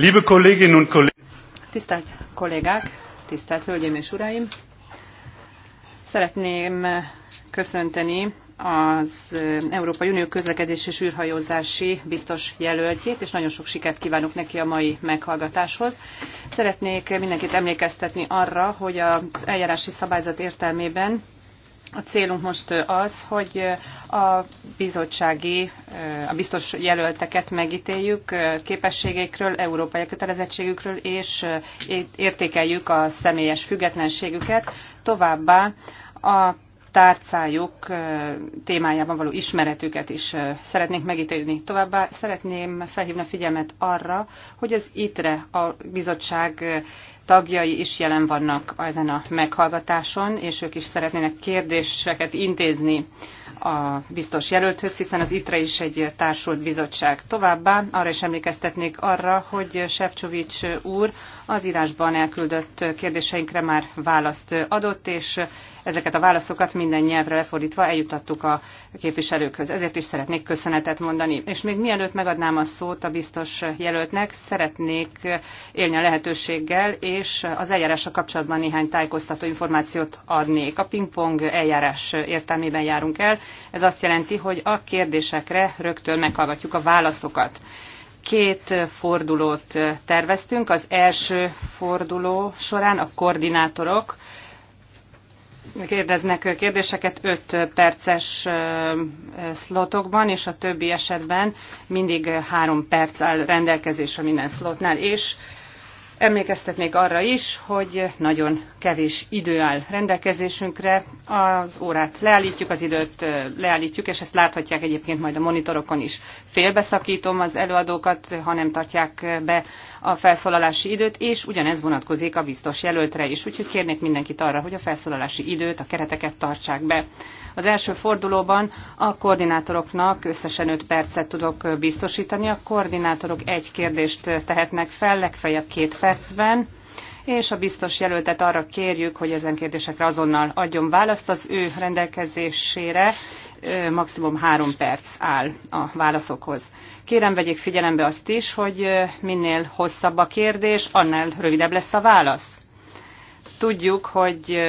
Liebe Kolleginnen und Kollegen! Tisztelt kollégák, tisztelt hölgyeim és uraim! Szeretném köszönteni az Európai Unió közlekedés és űrhajózási biztos jelöltjét, és nagyon sok sikert kívánok neki a mai meghallgatáshoz. Szeretnék mindenkit emlékeztetni arra, hogy az eljárási szabályzat értelmében a célunk most az, hogy a bizottsági, a biztos jelölteket megítéljük képességeikről, európai kötelezettségükről, és értékeljük a személyes függetlenségüket, továbbá a tárcájuk témájában való ismeretüket is szeretnénk megítélni. Továbbá szeretném felhívni a figyelmet arra, hogy az ITRE a bizottság tagjai is jelen vannak ezen a meghallgatáson, és ők is szeretnének kérdéseket intézni a biztos jelölthöz, hiszen az ITRE is egy társult bizottság. Továbbá arra is emlékeztetnék arra, hogy Sefcsovics úr az írásban elküldött kérdéseinkre már választ adott, és ezeket a válaszokat minden nyelvre lefordítva eljutattuk a képviselőkhöz. Ezért is szeretnék köszönetet mondani. És még mielőtt megadnám a szót a biztos jelöltnek, szeretnék élni a lehetőséggel, és az eljárással kapcsolatban néhány tájékoztató információt adnék. A pingpong eljárás értelmében járunk el. Ez azt jelenti, hogy a kérdésekre rögtön meghallgatjuk a válaszokat két fordulót terveztünk. Az első forduló során a koordinátorok kérdeznek kérdéseket 5 perces szlotokban, és a többi esetben mindig 3 perc áll rendelkezésre minden szlotnál, és még arra is, hogy nagyon kevés idő áll rendelkezésünkre. Az órát leállítjuk, az időt leállítjuk, és ezt láthatják egyébként majd a monitorokon is. Félbeszakítom az előadókat, ha nem tartják be a felszólalási időt, és ugyanez vonatkozik a biztos jelöltre is. Úgyhogy kérnék mindenkit arra, hogy a felszólalási időt, a kereteket tartsák be. Az első fordulóban a koordinátoroknak összesen 5 percet tudok biztosítani. A koordinátorok egy kérdést tehetnek fel, legfeljebb két percben és a biztos jelöltet arra kérjük, hogy ezen kérdésekre azonnal adjon választ az ő rendelkezésére maximum három perc áll a válaszokhoz. Kérem, vegyék figyelembe azt is, hogy minél hosszabb a kérdés, annál rövidebb lesz a válasz. Tudjuk, hogy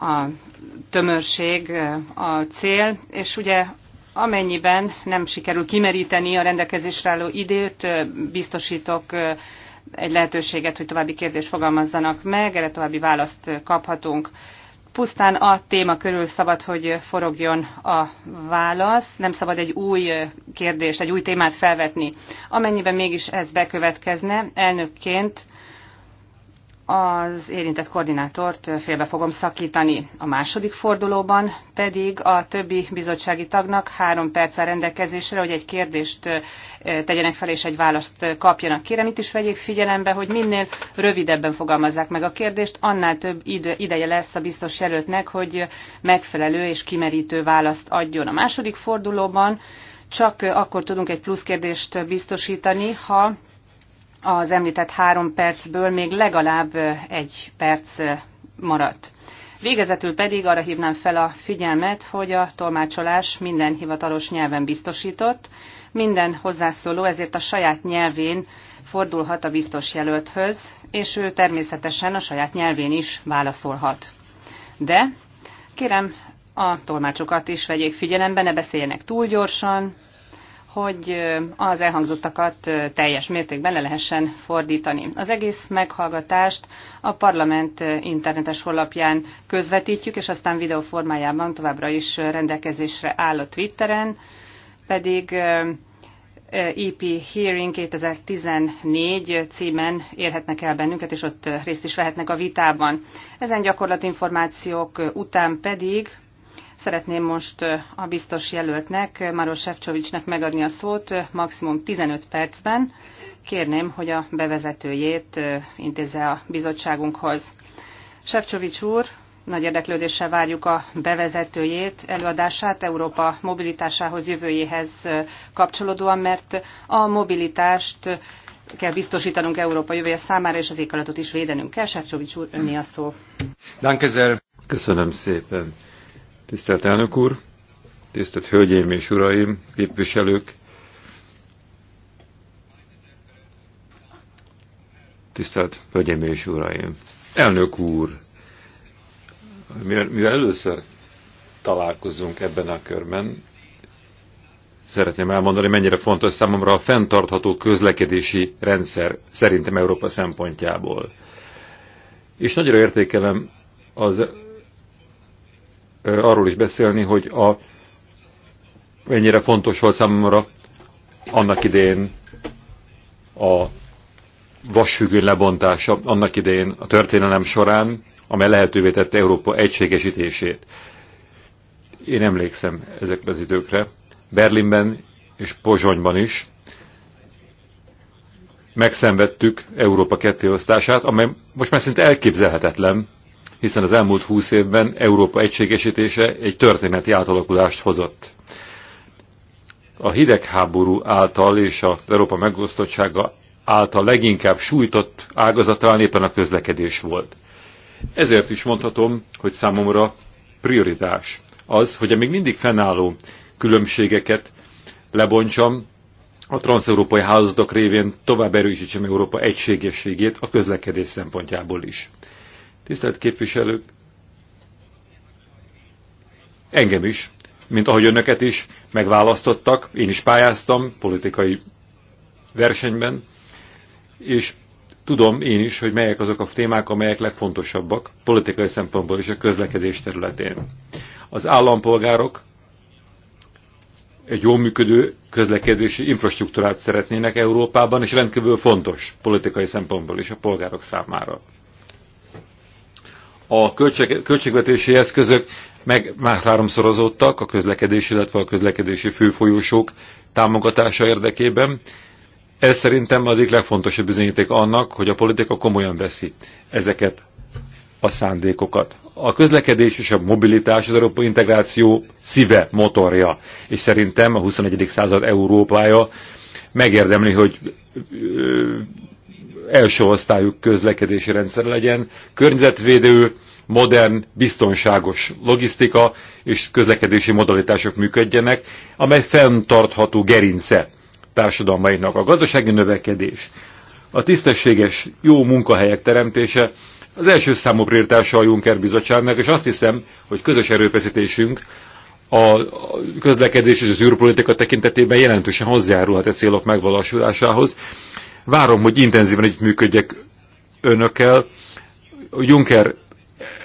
a tömörség a cél, és ugye amennyiben nem sikerül kimeríteni a rendelkezésre álló időt, biztosítok egy lehetőséget, hogy további kérdést fogalmazzanak meg, erre további választ kaphatunk pusztán a téma körül szabad, hogy forogjon a válasz, nem szabad egy új kérdést, egy új témát felvetni. Amennyiben mégis ez bekövetkezne, elnökként az érintett koordinátort félbe fogom szakítani. A második fordulóban pedig a többi bizottsági tagnak három perc rendelkezésre, hogy egy kérdést tegyenek fel és egy választ kapjanak. Kérem, itt is vegyék figyelembe, hogy minél rövidebben fogalmazzák meg a kérdést, annál több idő ideje lesz a biztos jelöltnek, hogy megfelelő és kimerítő választ adjon. A második fordulóban csak akkor tudunk egy plusz kérdést biztosítani, ha az említett három percből még legalább egy perc maradt. Végezetül pedig arra hívnám fel a figyelmet, hogy a tolmácsolás minden hivatalos nyelven biztosított, minden hozzászóló ezért a saját nyelvén fordulhat a biztos jelölthöz, és ő természetesen a saját nyelvén is válaszolhat. De kérem, a tolmácsokat is vegyék figyelembe, ne beszéljenek túl gyorsan, hogy az elhangzottakat teljes mértékben le lehessen fordítani. Az egész meghallgatást a parlament internetes honlapján közvetítjük, és aztán videó formájában továbbra is rendelkezésre áll a Twitteren, pedig EP Hearing 2014 címen érhetnek el bennünket, és ott részt is vehetnek a vitában. Ezen gyakorlatinformációk után pedig Szeretném most a biztos jelöltnek, Maros Sefcsovicsnek megadni a szót maximum 15 percben. Kérném, hogy a bevezetőjét intézze a bizottságunkhoz. Sefcsovics úr, nagy érdeklődéssel várjuk a bevezetőjét, előadását Európa mobilitásához, jövőjéhez kapcsolódóan, mert a mobilitást kell biztosítanunk Európa jövője számára, és az éghajlatot is védenünk kell. Sefcsovics úr, önni a szó. Köszönöm szépen. Tisztelt elnök úr, tisztelt hölgyeim és uraim, képviselők, tisztelt hölgyeim és uraim. Elnök úr, mivel először találkozunk ebben a körben, szeretném elmondani, mennyire fontos számomra a fenntartható közlekedési rendszer szerintem Európa szempontjából. És nagyra értékelem az arról is beszélni, hogy a, mennyire fontos volt számomra annak idején a vasfüggő lebontása, annak idején a történelem során, amely lehetővé tette Európa egységesítését. Én emlékszem ezekre az időkre, Berlinben és Pozsonyban is, megszenvedtük Európa kettéosztását, amely most már szinte elképzelhetetlen, hiszen az elmúlt húsz évben Európa egységesítése egy történeti átalakulást hozott. A hidegháború által és az Európa megosztottsága által leginkább sújtott ágazatán éppen a közlekedés volt. Ezért is mondhatom, hogy számomra prioritás az, hogy a még mindig fennálló különbségeket lebontsam, a transzeurópai hálózatok révén tovább erősítsem Európa egységességét a közlekedés szempontjából is. Tisztelt képviselők, engem is, mint ahogy önöket is megválasztottak, én is pályáztam politikai versenyben, és tudom én is, hogy melyek azok a témák, amelyek legfontosabbak politikai szempontból is a közlekedés területén. Az állampolgárok egy jól működő közlekedési infrastruktúrát szeretnének Európában, és rendkívül fontos politikai szempontból is a polgárok számára a költség, költségvetési eszközök meg már háromszorozottak a közlekedési, illetve a közlekedési főfolyósok támogatása érdekében. Ez szerintem az egyik legfontosabb bizonyíték annak, hogy a politika komolyan veszi ezeket a szándékokat. A közlekedés és a mobilitás az európai integráció szíve, motorja, és szerintem a 21. század Európája megérdemli, hogy első osztályú közlekedési rendszer legyen, környezetvédő, modern, biztonságos logisztika és közlekedési modalitások működjenek, amely fenntartható gerince társadalmainak a gazdasági növekedés, a tisztességes, jó munkahelyek teremtése, az első számú prioritása a Juncker bizottságnak, és azt hiszem, hogy közös erőfeszítésünk a közlekedés és az űrpolitika tekintetében jelentősen hozzájárulhat a célok megvalósulásához, Várom, hogy intenzíven együttműködjek önökkel. Juncker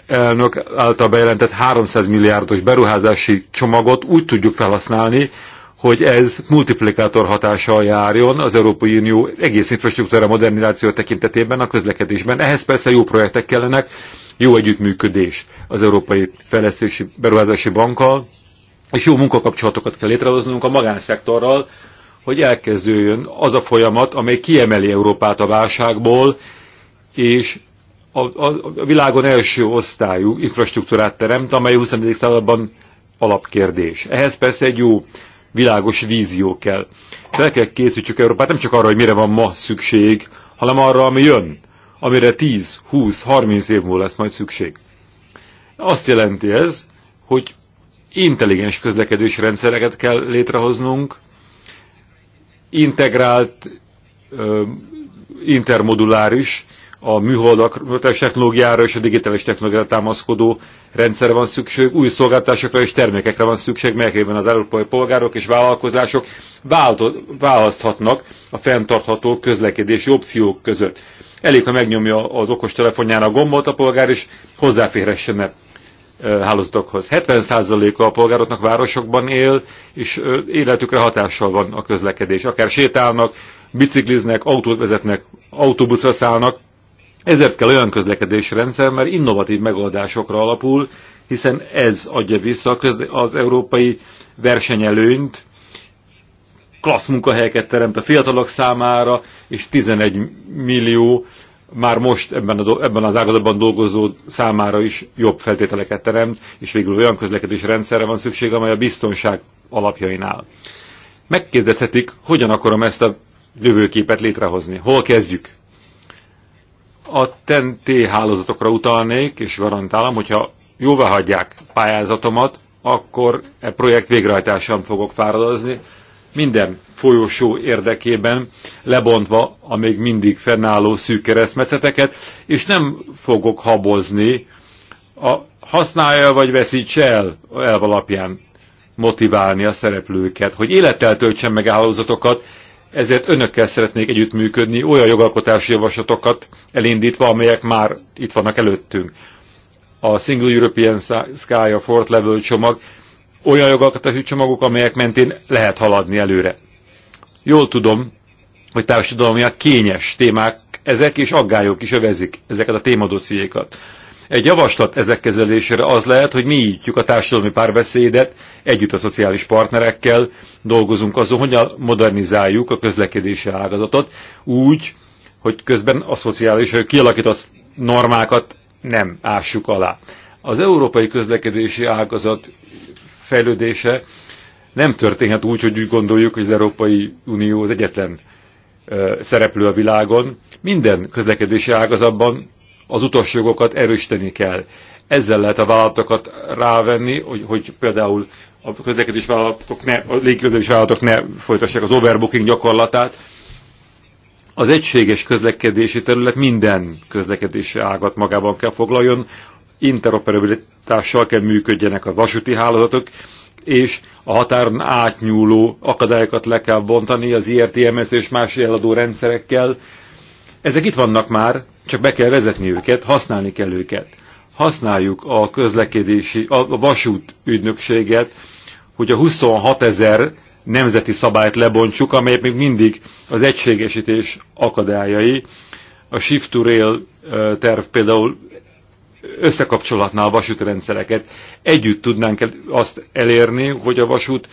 elnök által bejelentett 300 milliárdos beruházási csomagot úgy tudjuk felhasználni, hogy ez multiplikátor hatással járjon az Európai Unió egész infrastruktúra modernizáció tekintetében a közlekedésben. Ehhez persze jó projektek kellenek, jó együttműködés az Európai Fejlesztési Beruházási Bankkal, és jó munkakapcsolatokat kell létrehoznunk a magánszektorral, hogy elkezdődjön az a folyamat, amely kiemeli Európát a válságból, és a, a, a világon első osztályú infrastruktúrát teremt, amely 20. században alapkérdés. Ehhez persze egy jó világos vízió kell. Fel kell készítsük Európát nem csak arra, hogy mire van ma szükség, hanem arra, ami jön, amire 10, 20, 30 év múlva lesz majd szükség. Azt jelenti ez, hogy intelligens közlekedési rendszereket kell létrehoznunk, integrált, intermoduláris, a műholdak technológiára és a digitális technológiára támaszkodó rendszerre van szükség, új szolgáltásokra és termékekre van szükség, melyekben az európai polgárok és vállalkozások választhatnak a fenntartható közlekedési opciók között. Elég, ha megnyomja az okostelefonján a gombot a polgár, és hozzáférhessen hálózatokhoz. 70%-a a polgároknak városokban él, és életükre hatással van a közlekedés. Akár sétálnak, bicikliznek, autót vezetnek, autóbuszra szállnak. Ezért kell olyan közlekedési rendszer, mert innovatív megoldásokra alapul, hiszen ez adja vissza az európai versenyelőnyt, klassz munkahelyeket teremt a fiatalok számára, és 11 millió már most ebben az, ebben az ágazatban dolgozó számára is jobb feltételeket teremt, és végül olyan közlekedés rendszerre van szükség, amely a biztonság alapjainál. Megkérdezhetik, hogyan akarom ezt a jövőképet létrehozni. Hol kezdjük? A TNT hálózatokra utalnék, és garantálom, hogyha jóvá hagyják pályázatomat, akkor e projekt végrehajtásán fogok fáradozni, minden folyosó érdekében, lebontva a még mindig fennálló szűk keresztmetszeteket, és nem fogok habozni a használja vagy veszíts el elv alapján motiválni a szereplőket, hogy élettel töltsen meg a hálózatokat, ezért önökkel szeretnék együttműködni, olyan jogalkotási javaslatokat elindítva, amelyek már itt vannak előttünk. A Single European Sky, a Fort Level csomag olyan jogalkotási csomagok, amelyek mentén lehet haladni előre. Jól tudom, hogy a kényes témák ezek, és aggályok is övezik ezeket a témadossziékat. Egy javaslat ezek kezelésére az lehet, hogy mi nyitjuk a társadalmi párbeszédet, együtt a szociális partnerekkel dolgozunk azon, hogy modernizáljuk a közlekedési ágazatot úgy, hogy közben a szociális kialakított normákat nem ássuk alá. Az európai közlekedési ágazat fejlődése nem történhet úgy, hogy úgy gondoljuk, hogy az Európai Unió az egyetlen szereplő a világon. Minden közlekedési ágazatban az jogokat erősíteni kell. Ezzel lehet a vállalatokat rávenni, hogy, hogy például a közlekedési vállalatok ne, a légiközlekedés vállalatok ne folytassák az overbooking gyakorlatát. Az egységes közlekedési terület minden közlekedési ágat magában kell foglaljon, interoperabilitással kell működjenek a vasúti hálózatok, és a határon átnyúló akadályokat le kell bontani az IRTMS és más eladó rendszerekkel. Ezek itt vannak már, csak be kell vezetni őket, használni kell őket. Használjuk a közlekedési, a vasút ügynökséget, hogy a 26 ezer nemzeti szabályt lebontsuk, amelyek még mindig az egységesítés akadályai. A Shift to Rail terv például összekapcsolatná a vasútrendszereket. Együtt tudnánk azt elérni, hogy a vasút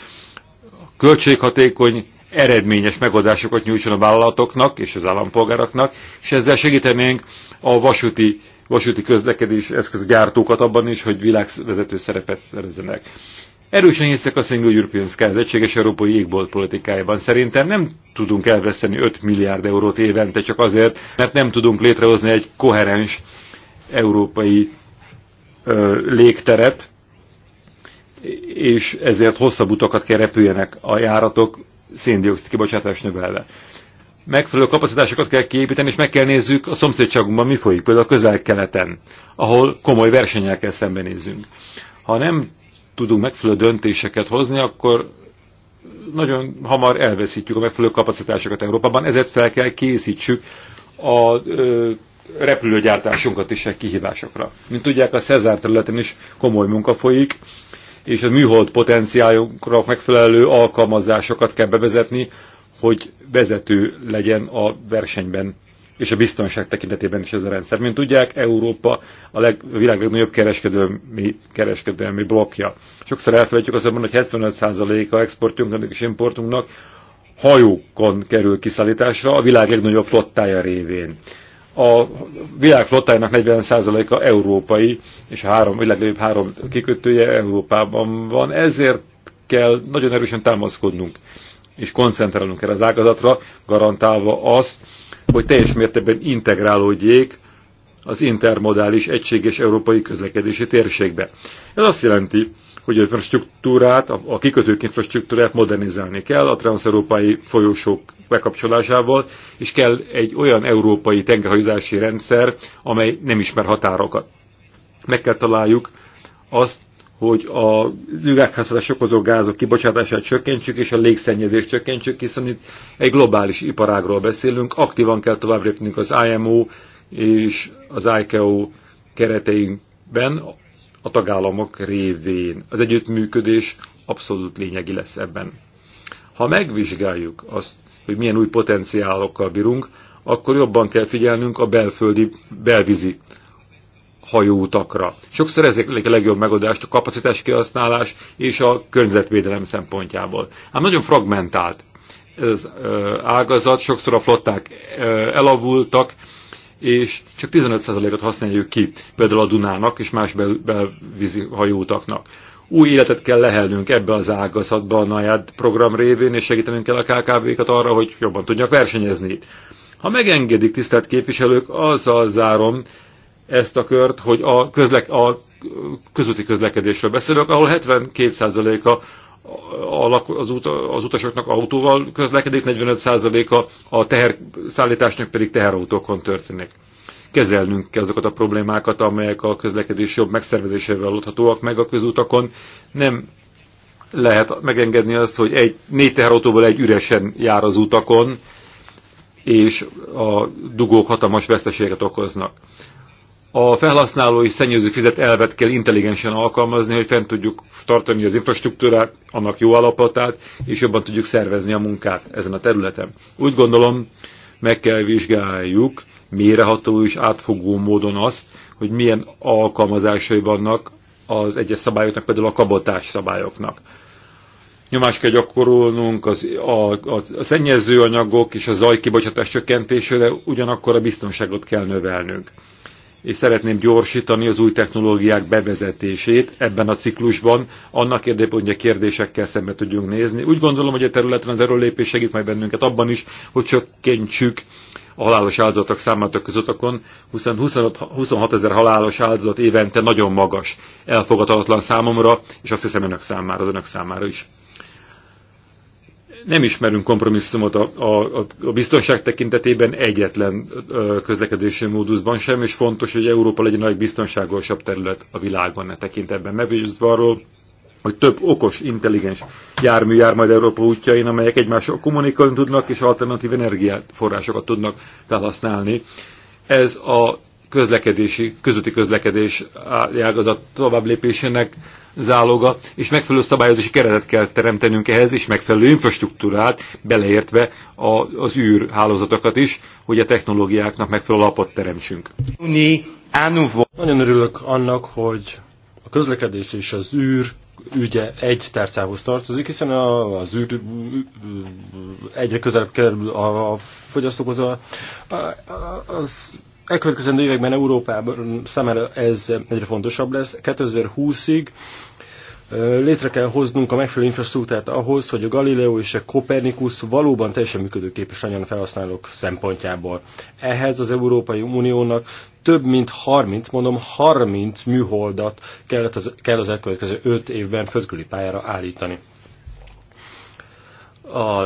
költséghatékony, eredményes megoldásokat nyújtson a vállalatoknak és az állampolgároknak, és ezzel segítenénk a vasúti, vasúti közlekedés eszközgyártókat abban is, hogy világvezető szerepet szerezzenek. Erősen hiszek a Single European Sky, az egységes európai jégbolt politikájában. Szerintem nem tudunk elveszteni 5 milliárd eurót évente csak azért, mert nem tudunk létrehozni egy koherens európai ö, légteret, és ezért hosszabb utakat kell repüljenek a járatok, széndiokszid kibocsátás növelve. Megfelelő kapacitásokat kell kiépíteni, és meg kell nézzük a szomszédságunkban mi folyik, például a közel-keleten, ahol komoly versenyekkel szembenézünk. Ha nem tudunk megfelelő döntéseket hozni, akkor nagyon hamar elveszítjük a megfelelő kapacitásokat Európában, ezért fel kell készítsük a ö, repülőgyártásunkat is egy kihívásokra. Mint tudják, a Cezár területen is komoly munka folyik, és a műhold potenciálunkra megfelelő alkalmazásokat kell bevezetni, hogy vezető legyen a versenyben és a biztonság tekintetében is ez a rendszer. Mint tudják, Európa a, leg, a világ legnagyobb kereskedelmi, kereskedelmi blokja. Sokszor elfelejtjük azonban, hogy 75%-a exportjunknak és importunknak hajókon kerül kiszállításra a világ legnagyobb flottája révén a világ flottájának 40%-a európai, és a három, legnagyobb három kikötője Európában van, ezért kell nagyon erősen támaszkodnunk, és koncentrálnunk erre az ágazatra, garantálva azt, hogy teljes mértékben integrálódjék az intermodális egységes európai közlekedési térségbe. Ez azt jelenti, hogy az infrastruktúrát, a kikötők infrastruktúrát modernizálni kell, a transzeurópai folyósok bekapcsolásával, és kell egy olyan európai tengerhajózási rendszer, amely nem ismer határokat. Meg kell találjuk azt, hogy a üvegházhatás okozó gázok kibocsátását csökkentsük, és a légszennyezést csökkentsük, hiszen itt egy globális iparágról beszélünk, aktívan kell tovább lépnünk az IMO és az ICAO kereteinkben a tagállamok révén. Az együttműködés abszolút lényegi lesz ebben. Ha megvizsgáljuk azt, hogy milyen új potenciálokkal bírunk, akkor jobban kell figyelnünk a belföldi, belvízi hajóutakra. Sokszor ezek a legjobb megoldást a kapacitás kihasználás és a környezetvédelem szempontjából. Ám nagyon fragmentált ez ágazat, sokszor a flották elavultak, és csak 15%-ot használjuk ki, például a Dunának és más belvízi hajóutaknak új életet kell lehelnünk ebbe az ágazatba a NAJAD program révén, és segítenünk kell a KKV-kat arra, hogy jobban tudjak versenyezni. Ha megengedik, tisztelt képviselők, azzal zárom ezt a kört, hogy a, közlek, a közúti közlekedésről beszélök, ahol 72%-a az, ut az utasoknak autóval közlekedik, 45%-a a teherszállításnak pedig teherautókon történik kezelnünk kell azokat a problémákat, amelyek a közlekedés jobb megszervezésével oldhatóak meg a közutakon. Nem lehet megengedni azt, hogy egy, négy teherautóból egy üresen jár az utakon, és a dugók hatalmas veszteséget okoznak. A felhasználói szennyező fizet elvet kell intelligensen alkalmazni, hogy fent tudjuk tartani az infrastruktúrát, annak jó alapotát, és jobban tudjuk szervezni a munkát ezen a területen. Úgy gondolom, meg kell vizsgáljuk méreható és átfogó módon azt, hogy milyen alkalmazásai vannak az egyes szabályoknak, például a kabotás szabályoknak. Nyomást kell gyakorolnunk az, a, a, a szennyező anyagok és a zajkibocsátás csökkentésére, ugyanakkor a biztonságot kell növelnünk. És szeretném gyorsítani az új technológiák bevezetését ebben a ciklusban, annak érdekében, hogy a kérdésekkel szembe tudjunk nézni. Úgy gondolom, hogy a területen az erőlépés segít majd bennünket abban is, hogy csökkentsük a halálos áldozatok számát a közötokon, 26 ezer halálos áldozat évente nagyon magas, elfogadhatatlan számomra, és azt hiszem önök számára, az önök számára is. Nem ismerünk kompromisszumot a, a, a biztonság tekintetében egyetlen közlekedési módusban sem, és fontos, hogy Európa legyen a legbiztonságosabb terület a világon ne tekintetben. Meggyőződve arról, hogy több okos, intelligens jármű jár majd Európa útjain, amelyek egymással kommunikálni tudnak, és alternatív energiaforrásokat tudnak felhasználni. Ez a közlekedési, közúti közlekedés ágazat tovább lépésének záloga, és megfelelő szabályozási keretet kell teremtenünk ehhez, és megfelelő infrastruktúrát, beleértve a, az űrhálózatokat is, hogy a technológiáknak megfelelő alapot teremtsünk. Nagyon örülök annak, hogy a közlekedés és az űr ügye egy tárcához tartozik, hiszen az ügy egyre közelebb kerül a fogyasztókhoz. Az elkövetkező években Európában számára ez egyre fontosabb lesz. 2020-ig Létre kell hoznunk a megfelelő infrastruktúrát ahhoz, hogy a Galileo és a Kopernikus valóban teljesen működőképes legyen a felhasználók szempontjából. Ehhez az Európai Uniónak több mint 30, mondom 30 műholdat kellett az, kell az elkövetkező 5 évben földküli pályára állítani a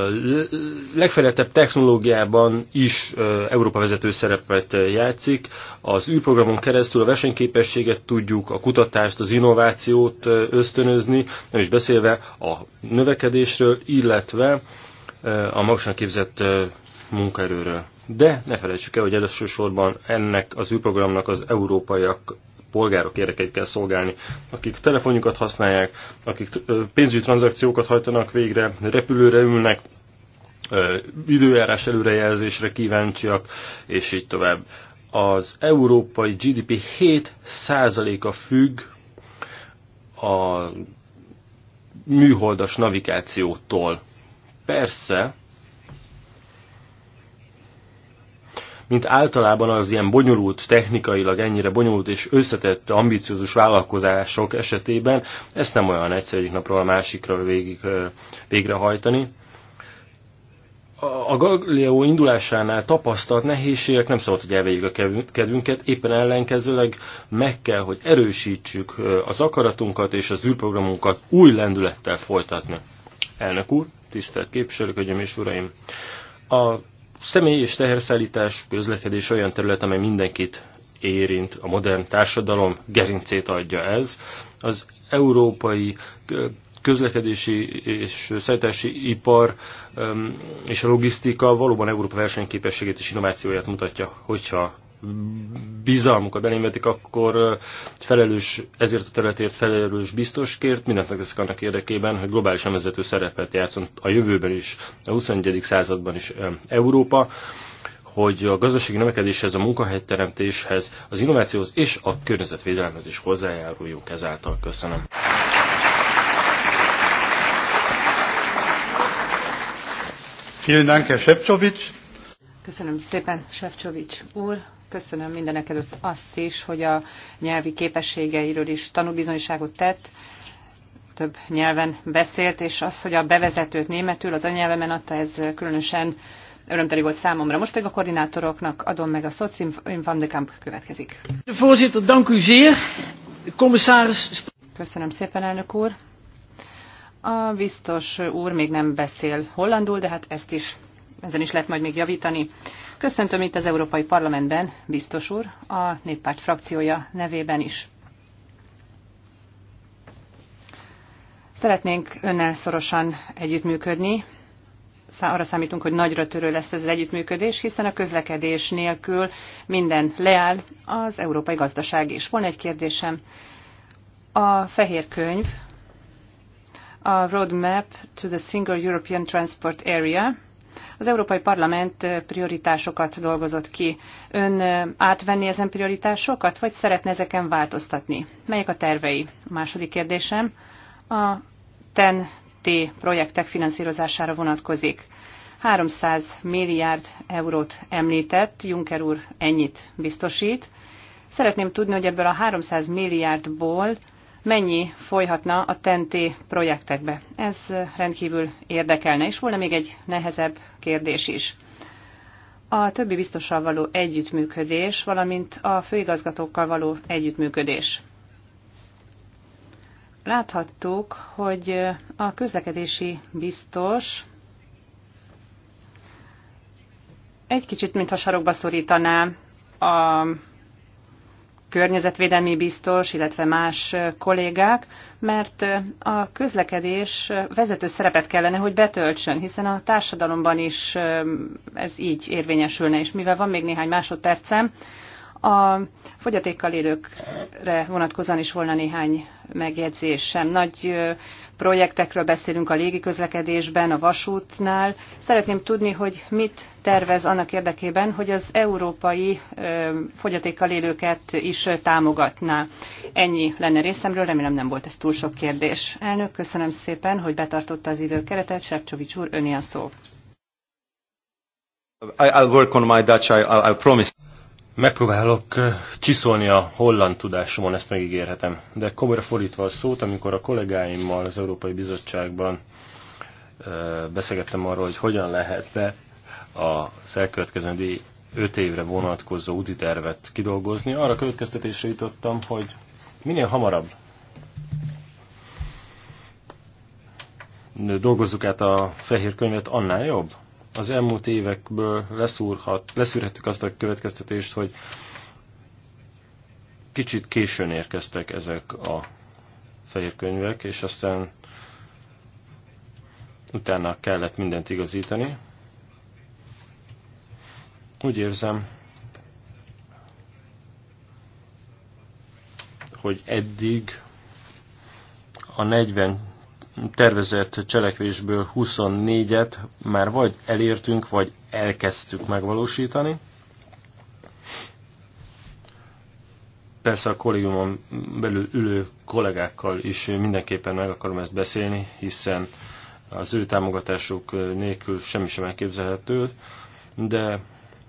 legfejlettebb technológiában is Európa vezető szerepet játszik. Az űrprogramon keresztül a versenyképességet tudjuk, a kutatást, az innovációt ösztönözni, nem is beszélve a növekedésről, illetve a magasan képzett munkaerőről. De ne felejtsük el, hogy elsősorban ennek az űrprogramnak az európaiak polgárok érdekeit kell szolgálni, akik telefonjukat használják, akik pénzügyi tranzakciókat hajtanak végre, repülőre ülnek, időjárás előrejelzésre kíváncsiak, és így tovább. Az európai GDP 7%-a függ a műholdas navigációtól. Persze, mint általában az ilyen bonyolult, technikailag ennyire bonyolult és összetett, ambiciózus vállalkozások esetében ezt nem olyan egyszerű egyik napról a másikra végig, végrehajtani. A Galileo indulásánál tapasztalt nehézségek nem szabad, hogy elvegyük a kedvünket, éppen ellenkezőleg meg kell, hogy erősítsük az akaratunkat és az űrprogramunkat új lendülettel folytatni. Elnök úr, tisztelt képviselők, és uraim! A személy és teherszállítás, közlekedés olyan terület, amely mindenkit érint, a modern társadalom gerincét adja ez. Az európai közlekedési és szállítási ipar és a logisztika valóban Európa versenyképességét és innovációját mutatja, hogyha bizalmukat benémetik, akkor felelős, ezért a területért felelős biztoskért mindent megteszik annak érdekében, hogy globálisan vezető szerepet játszon a jövőben is, a 21. században is Európa hogy a gazdasági növekedéshez, a munkahelyteremtéshez, az innovációhoz és a környezetvédelemhez is hozzájáruljunk ezáltal. Köszönöm. Köszönöm szépen, Sefcsovics úr köszönöm mindenek előtt azt is, hogy a nyelvi képességeiről is tanúbizonyságot tett, több nyelven beszélt, és az, hogy a bevezetőt németül az anyelvemen adta, ez különösen örömteli volt számomra. Most pedig a koordinátoroknak adom meg a szót, Van de Kamp következik. Köszönöm szépen, elnök úr. A biztos úr még nem beszél hollandul, de hát ezt is, ezen is lehet majd még javítani. Köszöntöm itt az Európai Parlamentben, biztos úr, a néppárt frakciója nevében is. Szeretnénk önnel szorosan együttműködni. Arra számítunk, hogy nagyra törő lesz ez az együttműködés, hiszen a közlekedés nélkül minden leáll az európai gazdaság is. Van egy kérdésem. A fehér könyv, a Roadmap to the Single European Transport Area, az Európai Parlament prioritásokat dolgozott ki. Ön átvenni ezen prioritásokat, vagy szeretne ezeken változtatni? Melyek a tervei? A második kérdésem a TEN-T projektek finanszírozására vonatkozik. 300 milliárd eurót említett, Juncker úr ennyit biztosít. Szeretném tudni, hogy ebből a 300 milliárdból mennyi folyhatna a TNT projektekbe. Ez rendkívül érdekelne, és volna még egy nehezebb kérdés is. A többi biztossal való együttműködés, valamint a főigazgatókkal való együttműködés. Láthattuk, hogy a közlekedési biztos egy kicsit, mintha sarokba szorítaná a környezetvédelmi biztos, illetve más kollégák, mert a közlekedés vezető szerepet kellene, hogy betöltsön, hiszen a társadalomban is ez így érvényesülne, és mivel van még néhány másodpercem, a fogyatékkal élőkre vonatkozóan is volna néhány megjegyzésem. Nagy projektekről beszélünk a légiközlekedésben, a vasútnál. Szeretném tudni, hogy mit tervez annak érdekében, hogy az európai fogyatékkal élőket is támogatná. Ennyi lenne részemről, remélem nem volt ez túl sok kérdés. Elnök, köszönöm szépen, hogy betartotta az időkeretet. Sepcsovics úr, öné a szó. I'll work on my Dutch, I, I promise. Megpróbálok csiszolni a holland tudásomon, ezt megígérhetem. De komolyra fordítva a szót, amikor a kollégáimmal az Európai Bizottságban beszélgettem arról, hogy hogyan lehetne a elkövetkező 5 évre vonatkozó úti tervet kidolgozni, arra következtetésre jutottam, hogy minél hamarabb dolgozzuk át a fehér könyvet, annál jobb az elmúlt évekből leszúrhat, leszűrhettük azt a következtetést, hogy kicsit későn érkeztek ezek a fehér könyvek, és aztán utána kellett mindent igazítani. Úgy érzem, hogy eddig a 40 tervezett cselekvésből 24-et már vagy elértünk, vagy elkezdtük megvalósítani. Persze a kollégiumon belül ülő kollégákkal is mindenképpen meg akarom ezt beszélni, hiszen az ő támogatásuk nélkül semmi sem elképzelhető, de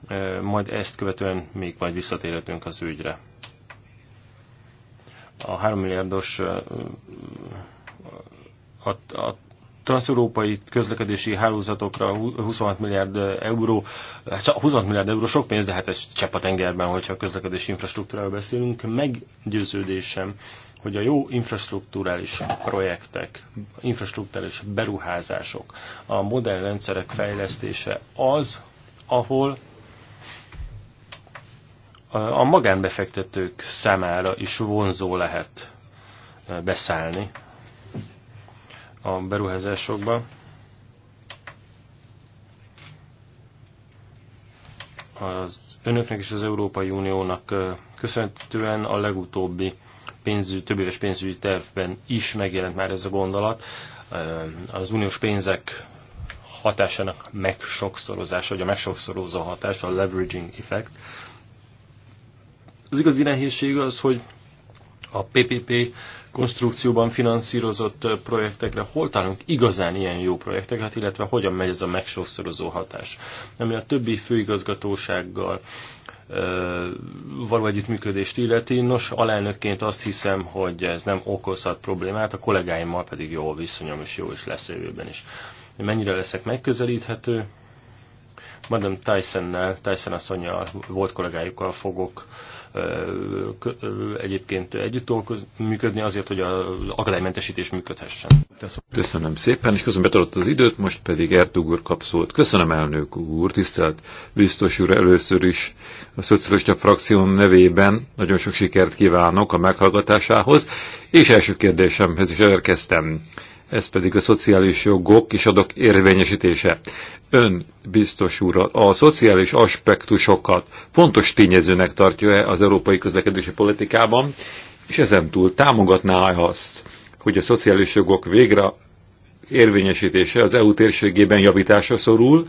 e, majd ezt követően még majd visszatérhetünk az ügyre. A 3 milliárdos e, a, a transzeurópai közlekedési hálózatokra 26 milliárd euró, 26 hát milliárd euró sok pénz, de hát ez csepp a tengerben, hogyha a közlekedési infrastruktúráról beszélünk. Meggyőződésem, hogy a jó infrastruktúrális projektek, infrastruktúrális beruházások, a modern rendszerek fejlesztése az, ahol a magánbefektetők számára is vonzó lehet eh, beszállni a beruházásokba. Az önöknek és az Európai Uniónak köszönhetően a legutóbbi pénzű, többéves pénzügyi tervben is megjelent már ez a gondolat. Az uniós pénzek hatásának megsokszorozása, vagy a megsokszorozó hatás, a leveraging effect. Az igazi nehézség az, hogy a PPP konstrukcióban finanszírozott projektekre, hol találunk igazán ilyen jó projekteket, illetve hogyan megy ez a megsokszorozó hatás. Ami a többi főigazgatósággal való együttműködést illeti. Nos, alelnökként azt hiszem, hogy ez nem okozhat problémát, a kollégáimmal pedig jó viszonyom, és jó is lesz jövőben is. Mennyire leszek megközelíthető? Madame Tyson-nel, Tyson asszonyjal, volt kollégájukkal fogok egyébként együtt működni azért, hogy az akadálymentesítés működhessen. Köszönöm szépen, és köszönöm betartott az időt, most pedig Ertug úr kap szót. Köszönöm elnök úr, tisztelt biztos úr először is a szocialista frakció nevében nagyon sok sikert kívánok a meghallgatásához, és első kérdésemhez is elkezdtem ez pedig a szociális jogok és adok érvényesítése. Ön, biztos úr, a szociális aspektusokat fontos tényezőnek tartja-e az európai közlekedési politikában, és ezen túl támogatná-e azt, hogy a szociális jogok végre érvényesítése az EU térségében javításra szorul,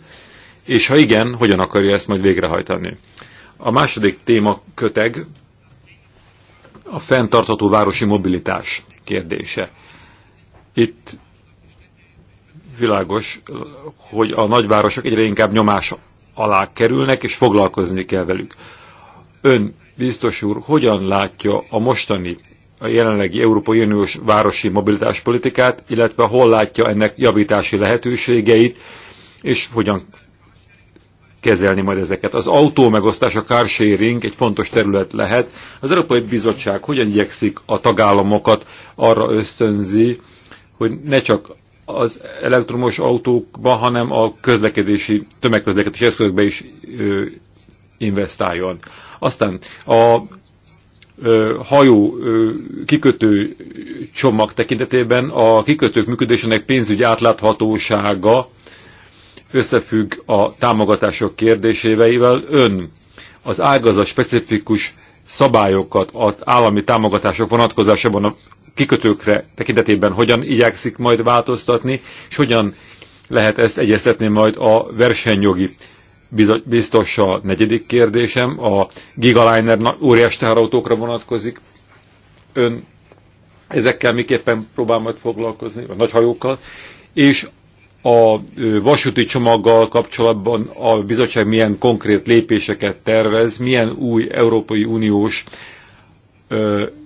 és ha igen, hogyan akarja ezt majd végrehajtani. A második téma köteg a fenntartható városi mobilitás kérdése itt világos, hogy a nagyvárosok egyre inkább nyomás alá kerülnek, és foglalkozni kell velük. Ön, biztos úr, hogyan látja a mostani, a jelenlegi Európai Uniós városi mobilitáspolitikát, illetve hol látja ennek javítási lehetőségeit, és hogyan kezelni majd ezeket. Az autó megosztás, a sharing egy fontos terület lehet. Az Európai Bizottság hogyan igyekszik a tagállamokat arra ösztönzi, hogy ne csak az elektromos autókba, hanem a közlekedési, tömegközlekedési eszközökbe is ö, investáljon. Aztán a ö, hajó ö, kikötő csomag tekintetében a kikötők működésének pénzügyi átláthatósága összefügg a támogatások kérdéseivel. Ön az ágazat specifikus szabályokat az állami támogatások vonatkozásában a kikötőkre tekintetében hogyan igyekszik majd változtatni, és hogyan lehet ezt egyeztetni majd a versenyjogi biztos a negyedik kérdésem, a Gigaliner óriás teherautókra vonatkozik. Ön ezekkel miképpen próbál majd foglalkozni, a nagyhajókkal, és a vasúti csomaggal kapcsolatban a bizottság milyen konkrét lépéseket tervez, milyen új Európai Uniós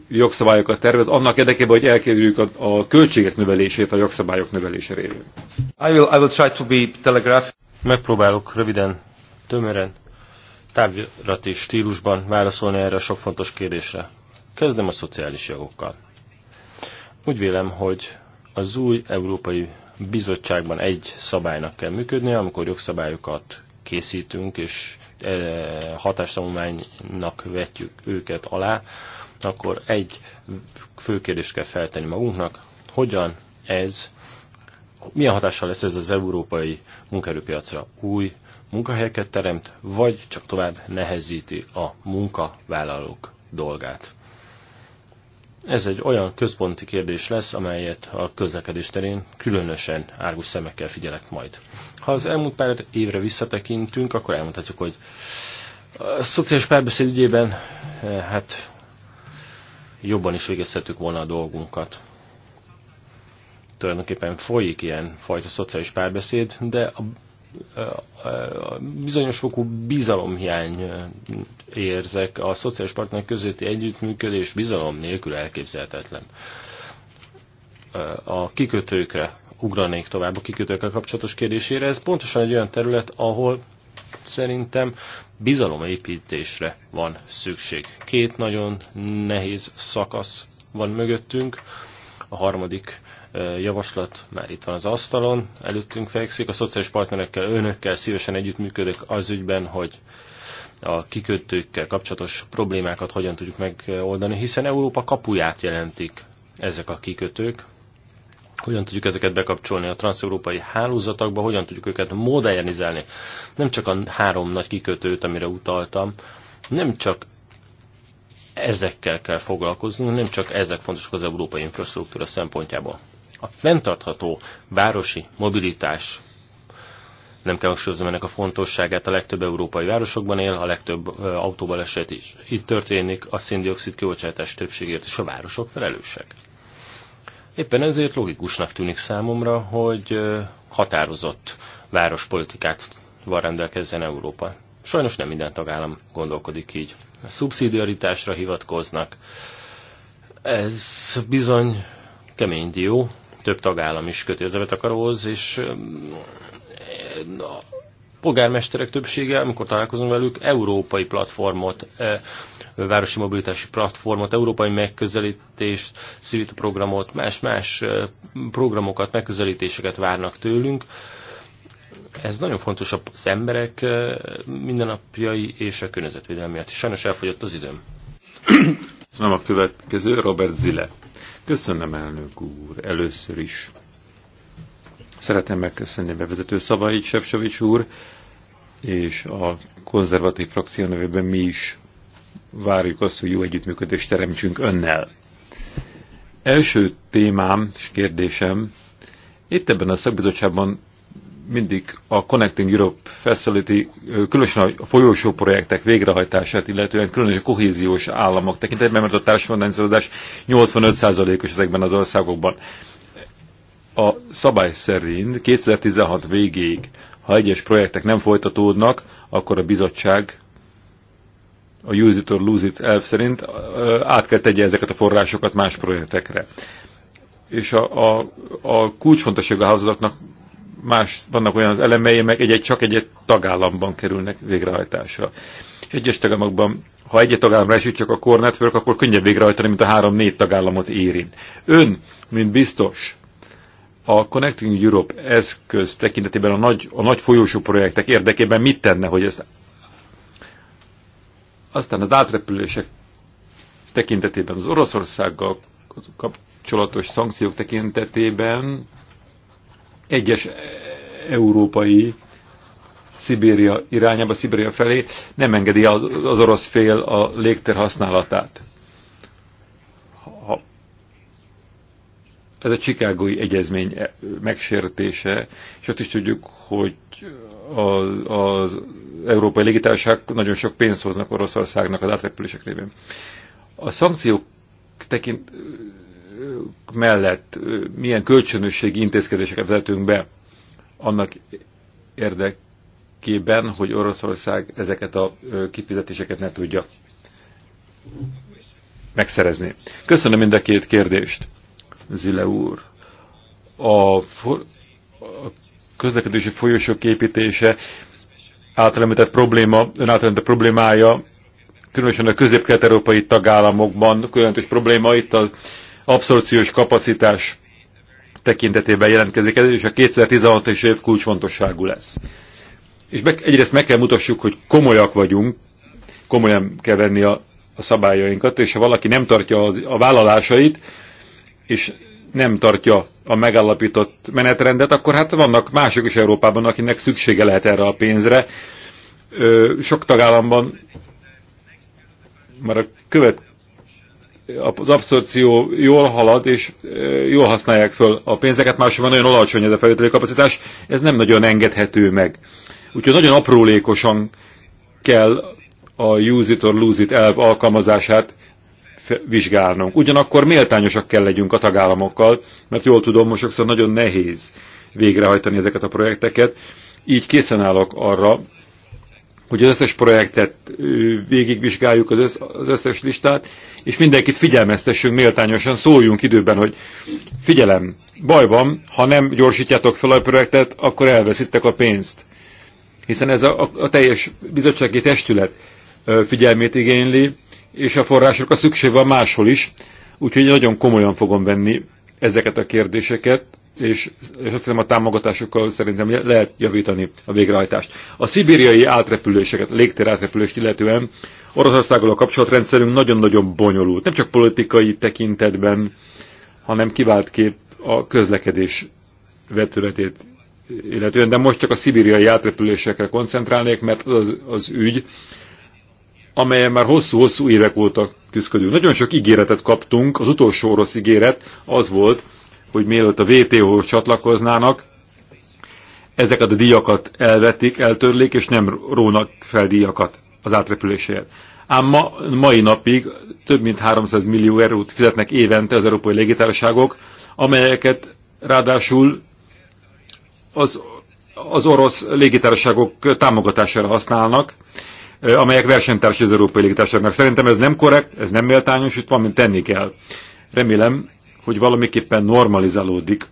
jogszabályokat tervez, annak érdekében, hogy elkerüljük a, a költségek növelését a jogszabályok növelése révén. I will, I will try to be telegraph. Megpróbálok röviden, tömören, távirati stílusban válaszolni erre a sok fontos kérdésre. Kezdem a szociális jogokkal. Úgy vélem, hogy az új Európai Bizottságban egy szabálynak kell működnie, amikor jogszabályokat készítünk és eh, hatástanulmánynak vetjük őket alá, akkor egy fő kérdést kell feltenni magunknak, hogyan ez, milyen hatással lesz ez az európai munkaerőpiacra? Új munkahelyeket teremt, vagy csak tovább nehezíti a munkavállalók dolgát? Ez egy olyan központi kérdés lesz, amelyet a közlekedés terén különösen árgus szemekkel figyelek majd. Ha az elmúlt pár évre visszatekintünk, akkor elmondhatjuk, hogy a szociális párbeszéd ügyében eh, hát jobban is végezhetük volna a dolgunkat. Tulajdonképpen folyik ilyen fajta szociális párbeszéd, de a, a, a bizonyos fokú bizalomhiány érzek. A szociális partnerek közötti együttműködés bizalom nélkül elképzelhetetlen. A kikötőkre ugranék tovább a kikötőkkel kapcsolatos kérdésére. Ez pontosan egy olyan terület, ahol Szerintem bizalomépítésre van szükség. Két nagyon nehéz szakasz van mögöttünk. A harmadik javaslat már itt van az asztalon, előttünk fekszik. A szociális partnerekkel, önökkel szívesen együttműködök az ügyben, hogy a kikötőkkel kapcsolatos problémákat hogyan tudjuk megoldani, hiszen Európa kapuját jelentik ezek a kikötők, hogyan tudjuk ezeket bekapcsolni a transeurópai hálózatokba, hogyan tudjuk őket modernizálni. Nem csak a három nagy kikötőt, amire utaltam, nem csak ezekkel kell foglalkoznunk, nem csak ezek fontosak az európai infrastruktúra szempontjából. A fenntartható városi mobilitás nem kell hangsúlyoznom ennek a fontosságát, a legtöbb európai városokban él, a legtöbb autóbaleset is itt történik, a széndiokszid kibocsátás többségért is a városok felelősek. Éppen ezért logikusnak tűnik számomra, hogy határozott várospolitikát van rendelkezzen Európa. Sajnos nem minden tagállam gondolkodik így. A szubszidiaritásra hivatkoznak. Ez bizony kemény dió, több tagállam is köti az és polgármesterek többsége, amikor találkozom velük, európai platformot, e, városi mobilitási platformot, európai megközelítést, civil programot, más-más e, programokat, megközelítéseket várnak tőlünk. Ez nagyon fontos az emberek e, mindennapjai és a környezetvédelem miatt. Sajnos elfogyott az időm. Nem a következő, Robert Zile. Köszönöm, elnök úr, először is. Szeretem megköszönni a bevezető szavait, Sefcsovics úr és a konzervatív frakció nevében mi is várjuk azt, hogy jó együttműködést teremtsünk önnel. Első témám és kérdésem, itt ebben a szakbizottságban mindig a Connecting Europe Facility, különösen a folyósó projektek végrehajtását, illetően különösen a kohéziós államok tekintetében, mert a társadalmi 85%-os ezekben az országokban. A szabály szerint 2016 végéig ha egyes projektek nem folytatódnak, akkor a bizottság a use it or lose it elv szerint át kell tegye ezeket a forrásokat más projektekre. És a, a, a a házadatnak más, vannak olyan az elemei, meg egy-egy csak egy, egy tagállamban kerülnek végrehajtásra. És egyes tagállamokban, ha egy, -egy tagállamra esik csak a core network, akkor könnyebb végrehajtani, mint a három-négy tagállamot érint. Ön, mint biztos, a Connecting Europe eszköz tekintetében a nagy, a nagy folyósú projektek érdekében mit tenne, hogy ezt aztán az átrepülések tekintetében, az Oroszországgal kapcsolatos szankciók tekintetében egyes európai Szibéria irányába, Szibéria felé nem engedi az orosz fél a légtér használatát. ez a Csikágói Egyezmény megsértése, és azt is tudjuk, hogy az, az Európai Légitársaság nagyon sok pénzt hoznak Oroszországnak az átrepülések révén. A szankciók tekint mellett milyen kölcsönösségi intézkedéseket vezetünk be annak érdekében, hogy Oroszország ezeket a kifizetéseket ne tudja megszerezni. Köszönöm mind a két kérdést. Zile úr. A, for, a közlekedési folyosók építése általánített probléma, ön általánemített problémája, különösen a közép-kelet-európai tagállamokban különös probléma itt az abszorciós kapacitás tekintetében jelentkezik ez, és a 2016-es év kulcsfontosságú lesz. És meg, egyrészt meg kell mutassuk, hogy komolyak vagyunk, komolyan kell venni a, a szabályainkat, és ha valaki nem tartja az, a vállalásait, és nem tartja a megállapított menetrendet, akkor hát vannak mások is Európában, akinek szüksége lehet erre a pénzre. Sok tagállamban már a követ, az abszorció jól halad, és jól használják föl a pénzeket, máshol nagyon alacsony ez a felvételi kapacitás, ez nem nagyon engedhető meg. Úgyhogy nagyon aprólékosan kell a use it or lose it elv alkalmazását vizsgálnunk. Ugyanakkor méltányosak kell legyünk a tagállamokkal, mert jól tudom, most sokszor nagyon nehéz végrehajtani ezeket a projekteket. Így készen állok arra, hogy az összes projektet végigvizsgáljuk, az összes listát, és mindenkit figyelmeztessünk méltányosan, szóljunk időben, hogy figyelem, baj van, ha nem gyorsítjátok fel a projektet, akkor elveszítek a pénzt. Hiszen ez a, a, a teljes bizottsági testület figyelmét igényli, és a forrásokra szükség van máshol is, úgyhogy nagyon komolyan fogom venni ezeket a kérdéseket, és, és azt hiszem a támogatásokkal szerintem lehet javítani a végrehajtást. A szibériai átrepüléseket, légtér átrepülést illetően Oroszországgal a kapcsolatrendszerünk nagyon-nagyon bonyolult. Nem csak politikai tekintetben, hanem kivált kép a közlekedés vetületét illetően, de most csak a szibériai átrepülésekre koncentrálnék, mert az, az ügy, amelyen már hosszú-hosszú évek óta küzdködünk. Nagyon sok ígéretet kaptunk, az utolsó orosz ígéret az volt, hogy mielőtt a WTO-hoz csatlakoznának, ezeket a díjakat elvetik, eltörlik, és nem rónak fel díjakat az átrepüléséért. Ám ma, mai napig több mint 300 millió eurót fizetnek évente az európai légitársaságok, amelyeket ráadásul az, az orosz légitársaságok támogatására használnak, amelyek versenytársai az Európai Légitársaságnak. Szerintem ez nem korrekt, ez nem méltányos, itt valamit tenni kell. Remélem, hogy valamiképpen normalizálódik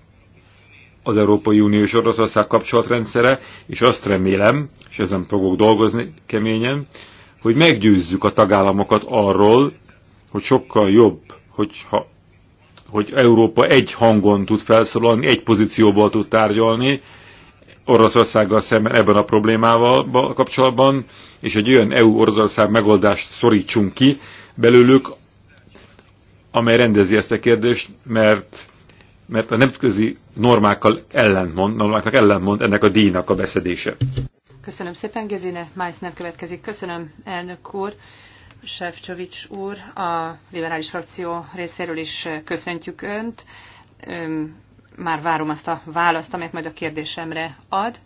az Európai Unió és Oroszország kapcsolatrendszere, és azt remélem, és ezen fogok dolgozni keményen, hogy meggyőzzük a tagállamokat arról, hogy sokkal jobb, hogyha, hogy Európa egy hangon tud felszólalni, egy pozícióból tud tárgyalni, Oroszországgal szemben ebben a problémával kapcsolatban, és egy olyan EU-Oroszország megoldást szorítsunk ki belőlük, amely rendezi ezt a kérdést, mert, mert a nemzetközi normákkal ellentmond, normáknak ellentmond ennek a díjnak a beszedése. Köszönöm szépen, Gezine Meissner következik. Köszönöm, elnök úr. Sefcsovics úr, a liberális frakció részéről is köszöntjük Önt már várom azt a választ, amit majd a kérdésemre ad.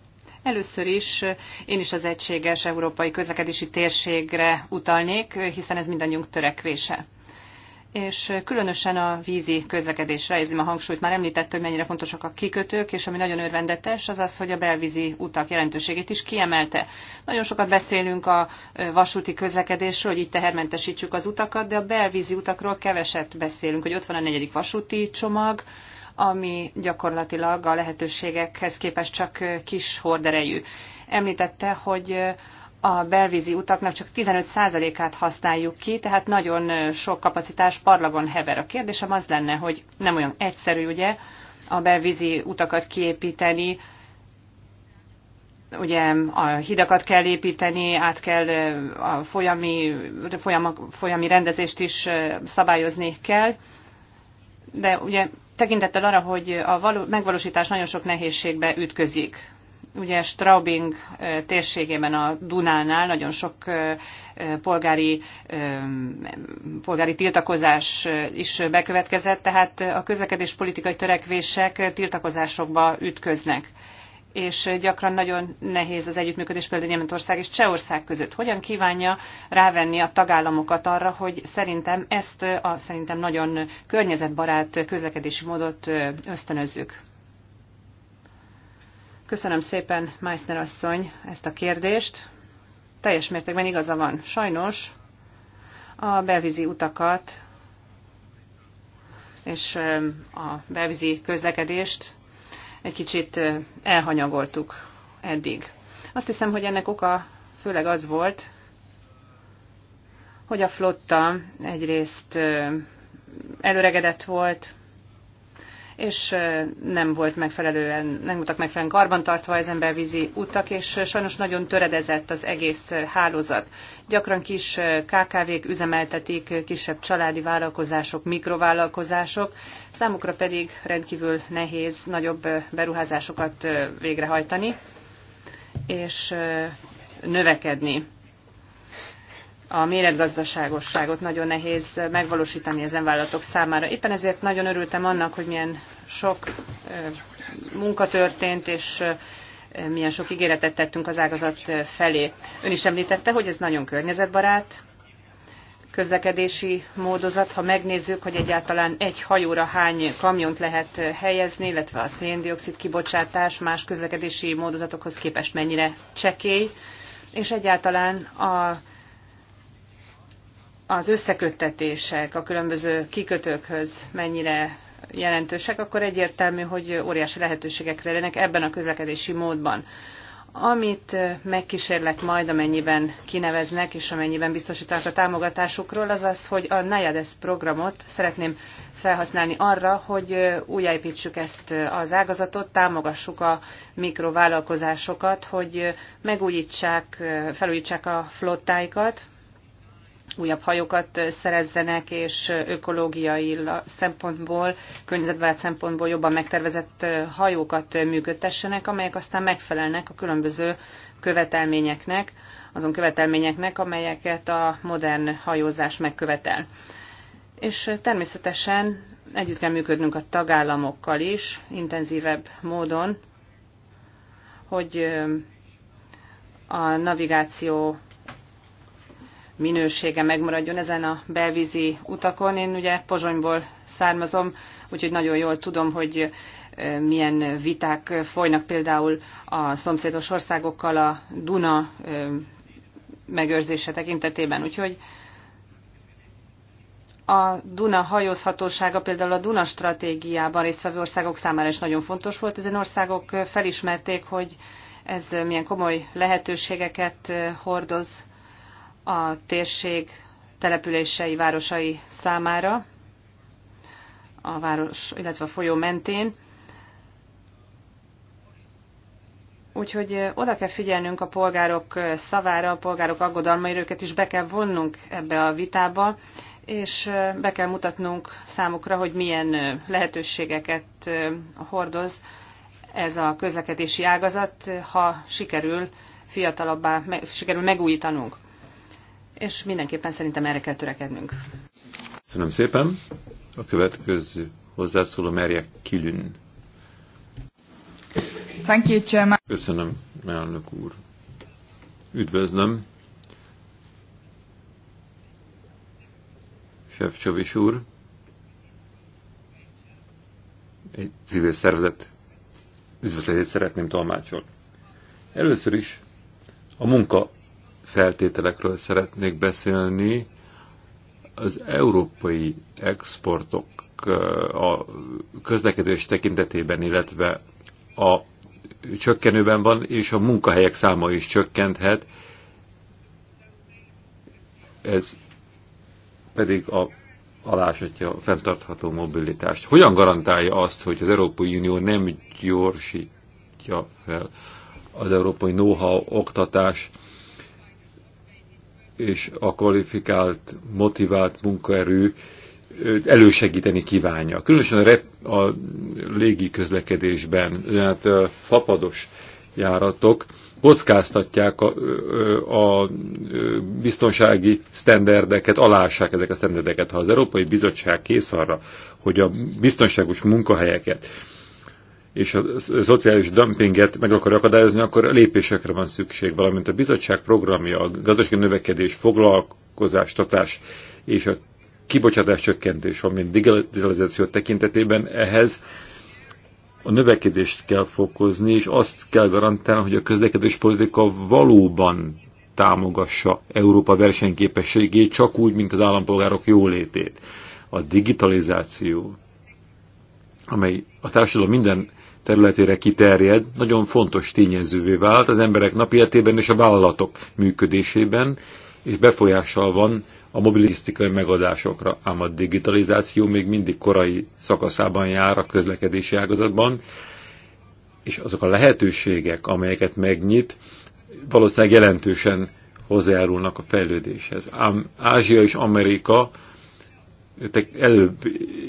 Először is eh, én is az egységes európai közlekedési térségre utalnék, eh, hiszen ez mindannyiunk törekvése és eh, különösen a vízi közlekedésre érzem a hangsúlyt. Már említett, hogy mennyire fontosak a kikötők, és ami nagyon örvendetes, az az, hogy a belvízi utak jelentőségét is kiemelte. Nagyon sokat beszélünk a vasúti közlekedésről, hogy itt tehermentesítsük az utakat, de a belvízi utakról keveset beszélünk, hogy ott van a negyedik vasúti csomag, ami gyakorlatilag a lehetőségekhez képest csak kis horderejű. Említette, hogy a belvízi utaknak csak 15%-át használjuk ki, tehát nagyon sok kapacitás parlagon hever. A kérdésem az lenne, hogy nem olyan egyszerű ugye a belvízi utakat kiépíteni, ugye a hidakat kell építeni, át kell a folyami, folyama, folyami rendezést is szabályozni kell, de ugye tekintettel arra, hogy a való, megvalósítás nagyon sok nehézségbe ütközik. Ugye Straubing térségében a Dunánál nagyon sok polgári, polgári tiltakozás is bekövetkezett, tehát a közlekedés politikai törekvések tiltakozásokba ütköznek és gyakran nagyon nehéz az együttműködés például Németország és Csehország között. Hogyan kívánja rávenni a tagállamokat arra, hogy szerintem ezt a szerintem nagyon környezetbarát közlekedési módot ösztönözzük? Köszönöm szépen, Meissner asszony, ezt a kérdést. Teljes mértékben igaza van. Sajnos a belvízi utakat és a belvízi közlekedést egy kicsit elhanyagoltuk eddig. Azt hiszem, hogy ennek oka főleg az volt, hogy a flotta egyrészt előregedett volt, és nem volt megfelelően, nem voltak megfelelően karbantartva az embervízi utak, és sajnos nagyon töredezett az egész hálózat. Gyakran kis KKV-k üzemeltetik, kisebb családi vállalkozások, mikrovállalkozások, számukra pedig rendkívül nehéz nagyobb beruházásokat végrehajtani, és növekedni a méretgazdaságosságot nagyon nehéz megvalósítani ezen vállalatok számára. Éppen ezért nagyon örültem annak, hogy milyen sok munka történt, és milyen sok ígéretet tettünk az ágazat felé. Ön is említette, hogy ez nagyon környezetbarát közlekedési módozat. Ha megnézzük, hogy egyáltalán egy hajóra hány kamiont lehet helyezni, illetve a széndiokszid kibocsátás más közlekedési módozatokhoz képest mennyire csekély, és egyáltalán a az összeköttetések a különböző kikötőkhöz mennyire jelentősek, akkor egyértelmű, hogy óriási lehetőségek lennek ebben a közlekedési módban. Amit megkísérlek majd, amennyiben kineveznek, és amennyiben biztosítanak a támogatásukról, az az, hogy a NAYADES programot szeretném felhasználni arra, hogy újjáépítsük ezt az ágazatot, támogassuk a mikrovállalkozásokat, hogy megújítsák, felújítsák a flottáikat, újabb hajókat szerezzenek, és ökológiai szempontból, környezetbarát szempontból jobban megtervezett hajókat működtessenek, amelyek aztán megfelelnek a különböző követelményeknek, azon követelményeknek, amelyeket a modern hajózás megkövetel. És természetesen együtt kell működnünk a tagállamokkal is, intenzívebb módon, hogy a navigáció minősége megmaradjon ezen a belvízi utakon. Én ugye Pozsonyból származom, úgyhogy nagyon jól tudom, hogy milyen viták folynak például a szomszédos országokkal a Duna megőrzése tekintetében. Úgyhogy a Duna hajózhatósága például a Duna stratégiában résztvevő országok számára is nagyon fontos volt. Ezen országok felismerték, hogy ez milyen komoly lehetőségeket hordoz a térség települései, városai számára, a város, illetve a folyó mentén. Úgyhogy oda kell figyelnünk a polgárok szavára, a polgárok aggodalmaira, őket is be kell vonnunk ebbe a vitába, és be kell mutatnunk számukra, hogy milyen lehetőségeket hordoz ez a közlekedési ágazat, ha sikerül fiatalabbá, sikerül megújítanunk és mindenképpen szerintem erre kell törekednünk. Köszönöm szépen. A következő hozzászóló Merje Kilün. Thank you, Chairman. Köszönöm, elnök úr. Üdvözlöm. Sefcsovics úr. Egy civil szervezet üdvözletét szeretném tolmácsolni. Először is a munka feltételekről szeretnék beszélni. Az európai exportok a közlekedés tekintetében, illetve a csökkenőben van, és a munkahelyek száma is csökkenthet. Ez pedig a alásatja a fenntartható mobilitást. Hogyan garantálja azt, hogy az Európai Unió nem gyorsítja fel az európai know-how oktatás és a kvalifikált, motivált munkaerő elősegíteni kívánja. Különösen a, rep, a légi közlekedésben, tehát fapados járatok kockáztatják a, a, a biztonsági sztenderdeket, alássák ezek a sztenderdeket. Ha az Európai Bizottság kész arra, hogy a biztonságos munkahelyeket és a szociális dumpinget meg akar akadályozni, akkor lépésekre van szükség, valamint a bizottság programja, a gazdasági növekedés, foglalkozás, tatás és a kibocsátás csökkentés, valamint digitalizáció tekintetében ehhez a növekedést kell fokozni, és azt kell garantálni, hogy a közlekedés politika valóban támogassa Európa versenyképességét, csak úgy, mint az állampolgárok jólétét. A digitalizáció, amely a társadalom minden területére kiterjed, nagyon fontos tényezővé vált az emberek napi életében és a vállalatok működésében, és befolyással van a mobilisztikai megadásokra, ám a digitalizáció még mindig korai szakaszában jár a közlekedési ágazatban, és azok a lehetőségek, amelyeket megnyit, valószínűleg jelentősen hozzájárulnak a fejlődéshez. Ám Ázsia és Amerika előbb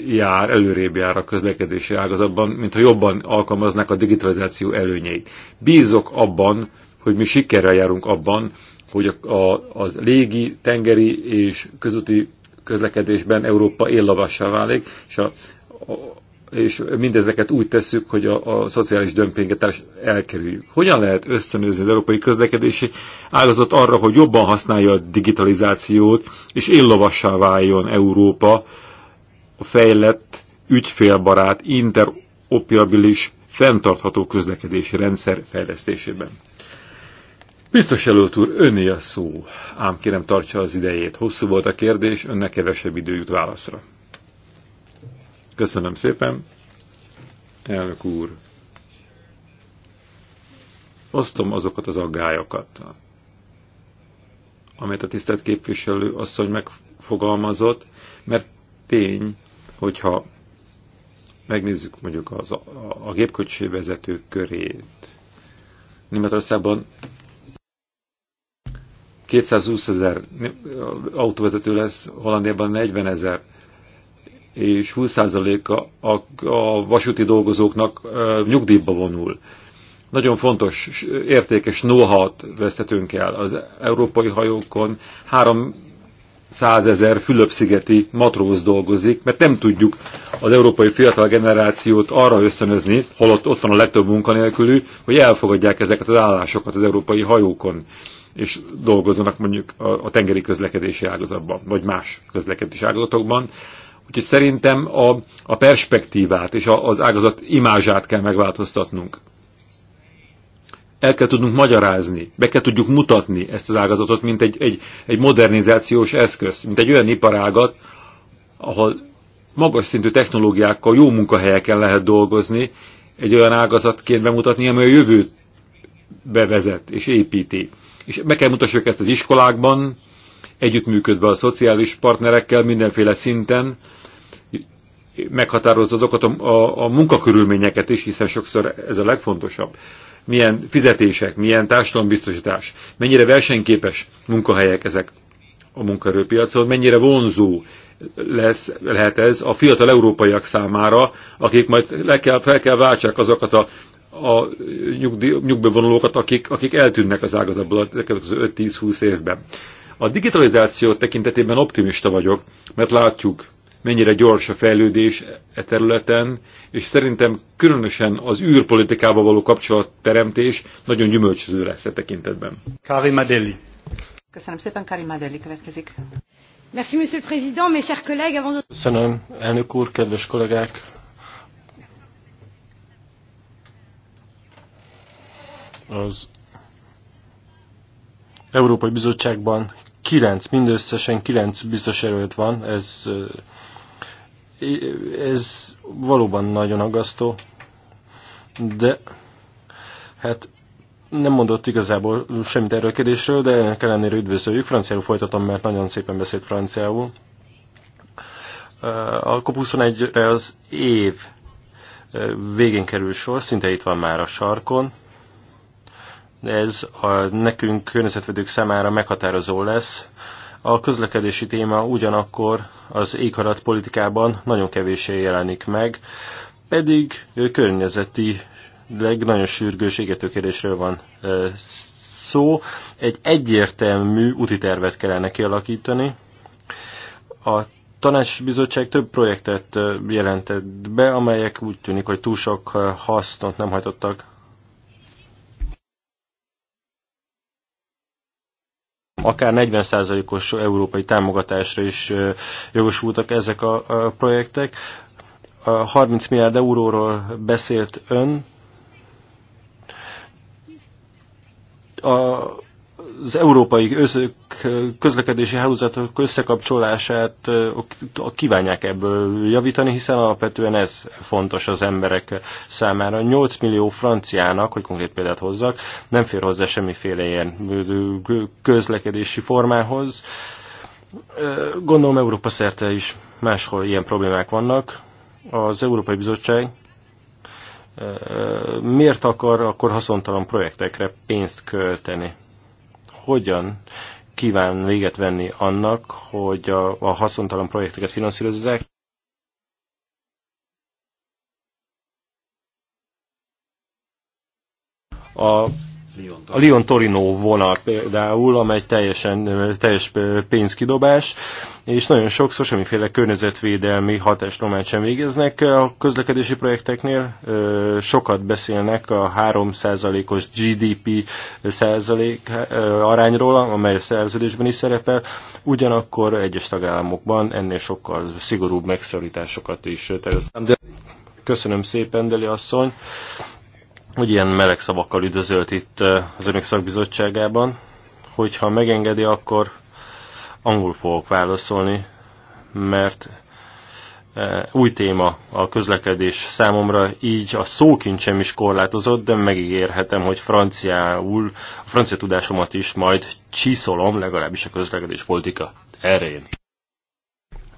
jár, előrébb jár a közlekedési ágazatban, mintha jobban alkalmaznák a digitalizáció előnyeit. Bízok abban, hogy mi sikerrel járunk abban, hogy a, a, az légi, tengeri és közúti közlekedésben Európa éllavassá válik, és a, a, és mindezeket úgy tesszük, hogy a, a szociális dömpinget elkerüljük. Hogyan lehet ösztönözni az európai közlekedési ágazat arra, hogy jobban használja a digitalizációt, és illovassá váljon Európa a fejlett, ügyfélbarát, interoperabilis, fenntartható közlekedési rendszer fejlesztésében? Biztos előtt úr, öné a szó, ám kérem tartsa az idejét. Hosszú volt a kérdés, önnek kevesebb idő jut válaszra. Köszönöm szépen, elnök úr. Osztom azokat az aggályokat, amelyet a tisztelt képviselő asszony megfogalmazott, mert tény, hogyha megnézzük mondjuk az, a, a gépkocsi vezetők körét. Németországban 220 ezer autóvezető lesz, Hollandiában 40 ezer és 20%-a a, a vasúti dolgozóknak e, nyugdíjba vonul. Nagyon fontos, értékes know-how-t vesztetünk el az európai hajókon. 300 ezer Fülöp-szigeti matróz dolgozik, mert nem tudjuk az európai fiatal generációt arra ösztönözni, holott ott van a legtöbb munkanélkülű, hogy elfogadják ezeket az állásokat az európai hajókon és dolgozzanak mondjuk a, a tengeri közlekedési ágazatban, vagy más közlekedési ágazatokban. Úgyhogy szerintem a, a perspektívát és a, az ágazat imázsát kell megváltoztatnunk. El kell tudnunk magyarázni, be kell tudjuk mutatni ezt az ágazatot, mint egy, egy, egy modernizációs eszköz, mint egy olyan iparágat, ahol magas szintű technológiákkal, jó munkahelyeken lehet dolgozni, egy olyan ágazatként bemutatni, amely a jövőt bevezet és építi. És meg kell mutassuk ezt az iskolákban, együttműködve a szociális partnerekkel mindenféle szinten, meghatározza azokat a, a, a munkakörülményeket is, hiszen sokszor ez a legfontosabb. Milyen fizetések, milyen társadalombiztosítás, mennyire versenyképes munkahelyek ezek a munkaerőpiacon, mennyire vonzó lesz, lehet ez a fiatal európaiak számára, akik majd le kell, fel kell váltsák azokat a, a nyugbevonulókat, akik, akik eltűnnek az ágazatból az 5-10-20 évben. A digitalizáció tekintetében optimista vagyok, mert látjuk, mennyire gyors a fejlődés e területen, és szerintem különösen az űrpolitikával való kapcsolatteremtés nagyon gyümölcsöző lesz e tekintetben. Karim Adeli. Köszönöm szépen, Karim Adeli következik. Merci, monsieur le président, mes chers collègues, avant de... Köszönöm, elnök úr, kedves kollégák! Az Európai Bizottságban 9, mindösszesen 9 biztos erőt van, ez ez valóban nagyon aggasztó, de hát nem mondott igazából semmit erről a kérdésről, de ennek ellenére üdvözöljük. Franciául folytatom, mert nagyon szépen beszélt franciául. A cop 21 az év végén kerül sor, szinte itt van már a sarkon. De ez a, nekünk környezetvédők számára meghatározó lesz. A közlekedési téma ugyanakkor az éghajlatpolitikában nagyon kevéssé jelenik meg, pedig környezeti nagyon sürgős égetőkérdésről van szó. Egy egyértelmű úti tervet kellene kialakítani. A tanácsbizottság több projektet jelentett be, amelyek úgy tűnik, hogy túl sok hasznot nem hajtottak akár 40%-os európai támogatásra is jogosultak ezek a projektek. 30 milliárd euróról beszélt ön. A az európai közlekedési hálózatok összekapcsolását kívánják ebből javítani, hiszen alapvetően ez fontos az emberek számára. 8 millió franciának, hogy konkrét példát hozzak, nem fér hozzá semmiféle ilyen közlekedési formához. Gondolom Európa szerte is máshol ilyen problémák vannak. Az Európai Bizottság miért akar akkor haszontalan projektekre pénzt költeni? hogyan kíván véget venni annak, hogy a, a haszontalan projekteket finanszírozzák. A a Lyon-Torino vonal például, amely teljesen teljes pénzkidobás, és nagyon sokszor semmiféle környezetvédelmi hatástromát sem végeznek a közlekedési projekteknél. Sokat beszélnek a 3%-os GDP százalék arányról, amely a szerződésben is szerepel, ugyanakkor egyes tagállamokban ennél sokkal szigorúbb megszorításokat is terveztem. Köszönöm szépen, Deli asszony hogy ilyen meleg szavakkal üdözölt itt az önök szakbizottságában. Hogyha megengedi, akkor angol fogok válaszolni, mert új téma a közlekedés számomra, így a szókincsem is korlátozott, de megígérhetem, hogy franciául, a francia tudásomat is majd csiszolom, legalábbis a közlekedés politika terén.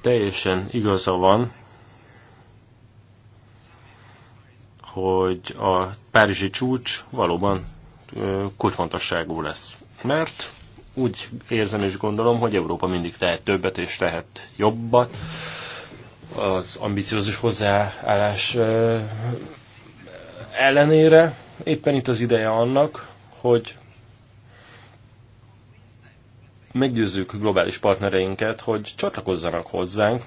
Teljesen igaza van, hogy a párizsi csúcs valóban kulcsfontosságú lesz. Mert úgy érzem és gondolom, hogy Európa mindig tehet többet és tehet jobbat. Az ambiciózus hozzáállás ellenére éppen itt az ideje annak, hogy meggyőzzük globális partnereinket, hogy csatlakozzanak hozzánk,